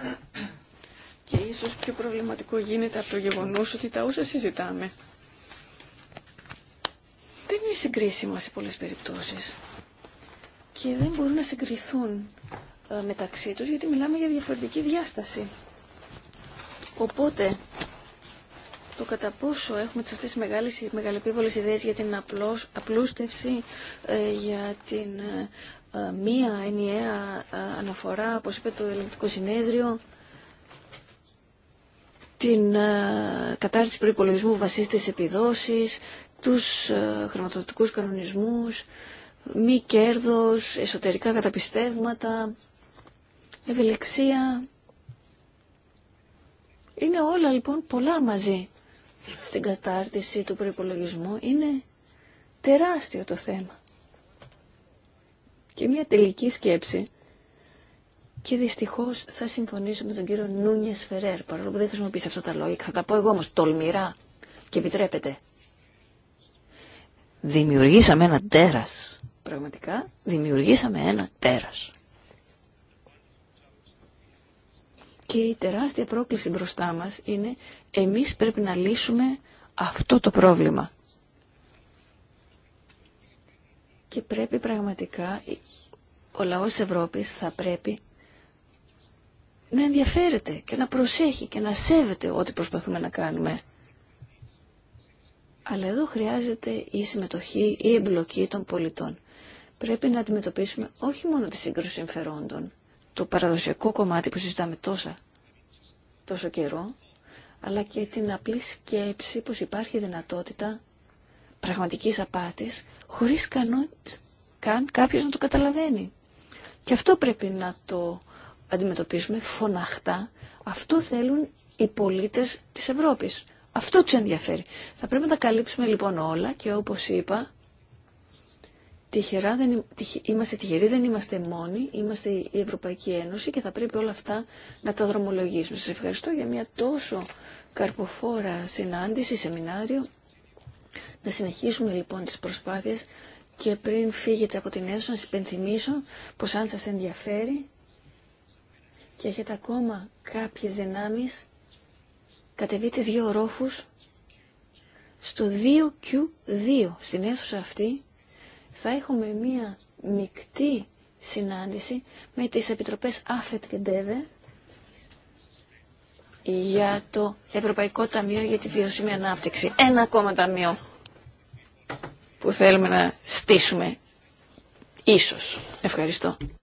Και ίσως πιο προβληματικό γίνεται από το γεγονός ότι τα όσα συζητάμε δεν είναι συγκρίσιμα σε πολλές περιπτώσεις. Και δεν μπορούν να συγκριθούν ε, μεταξύ τους γιατί μιλάμε για διαφορετική διάσταση. Οπότε το κατά πόσο έχουμε τις αυτές τις μεγάλες, μεγαλεπίβολες ιδέες για την απλώς, απλούστευση, ε, για την ε, ε, μία ενιαία αναφορά, όπως είπε το Ελληνικό Συνέδριο, την κατάρτιση προϋπολογισμού βασίστες σε επιδόσεις, τους χρηματοδοτικούς κανονισμούς, μη κέρδος, εσωτερικά καταπιστεύματα, ευελιξία. Είναι όλα λοιπόν πολλά μαζί στην κατάρτιση του προϋπολογισμού είναι τεράστιο το θέμα. Και μια τελική σκέψη. Και δυστυχώς θα συμφωνήσω με τον κύριο Νούνιες Φερέρ, παρόλο που δεν χρησιμοποιήσει αυτά τα λόγια. θα τα πω εγώ όμως τολμηρά και επιτρέπετε. Δημιουργήσαμε ένα τέρας. Πραγματικά δημιουργήσαμε ένα τέρας. Και η τεράστια πρόκληση μπροστά μας είναι εμείς πρέπει να λύσουμε αυτό το πρόβλημα. Και πρέπει πραγματικά ο λαός της Ευρώπης θα πρέπει να ενδιαφέρεται και να προσέχει και να σέβεται ό,τι προσπαθούμε να κάνουμε. Αλλά εδώ χρειάζεται η συμμετοχή, η εμπλοκή των πολιτών. Πρέπει να αντιμετωπίσουμε όχι μόνο τη σύγκρουση συμφερόντων, το παραδοσιακό κομμάτι που συζητάμε τόσα, τόσο καιρό, αλλά και την απλή σκέψη πως υπάρχει δυνατότητα πραγματικής απάτης χωρίς κανό, καν κάποιος να το καταλαβαίνει. Και αυτό πρέπει να το αντιμετωπίσουμε φωναχτά. Αυτό θέλουν οι πολίτες της Ευρώπης. Αυτό τους ενδιαφέρει. Θα πρέπει να τα καλύψουμε λοιπόν όλα και όπως είπα Τυχερά δεν, είμαστε τυχεροί, δεν είμαστε μόνοι, είμαστε η Ευρωπαϊκή Ένωση και θα πρέπει όλα αυτά να τα δρομολογήσουμε. Σας ευχαριστώ για μια τόσο καρποφόρα συνάντηση, σεμινάριο. Να συνεχίσουμε λοιπόν τις προσπάθειες και πριν φύγετε από την αίθουσα να σας υπενθυμίσω πως αν σας ενδιαφέρει και έχετε ακόμα κάποιες δυνάμεις, κατεβείτε δύο ρόφους στο 2Q2 στην αίθουσα αυτή θα έχουμε μία μεικτή συνάντηση με τις Επιτροπές ΑΦΕΤ και ΝΤΕΒΕ για το Ευρωπαϊκό Ταμείο για τη Βιωσιμή Ανάπτυξη. Ένα ακόμα ταμείο που θέλουμε να στήσουμε. Ίσως. Ευχαριστώ.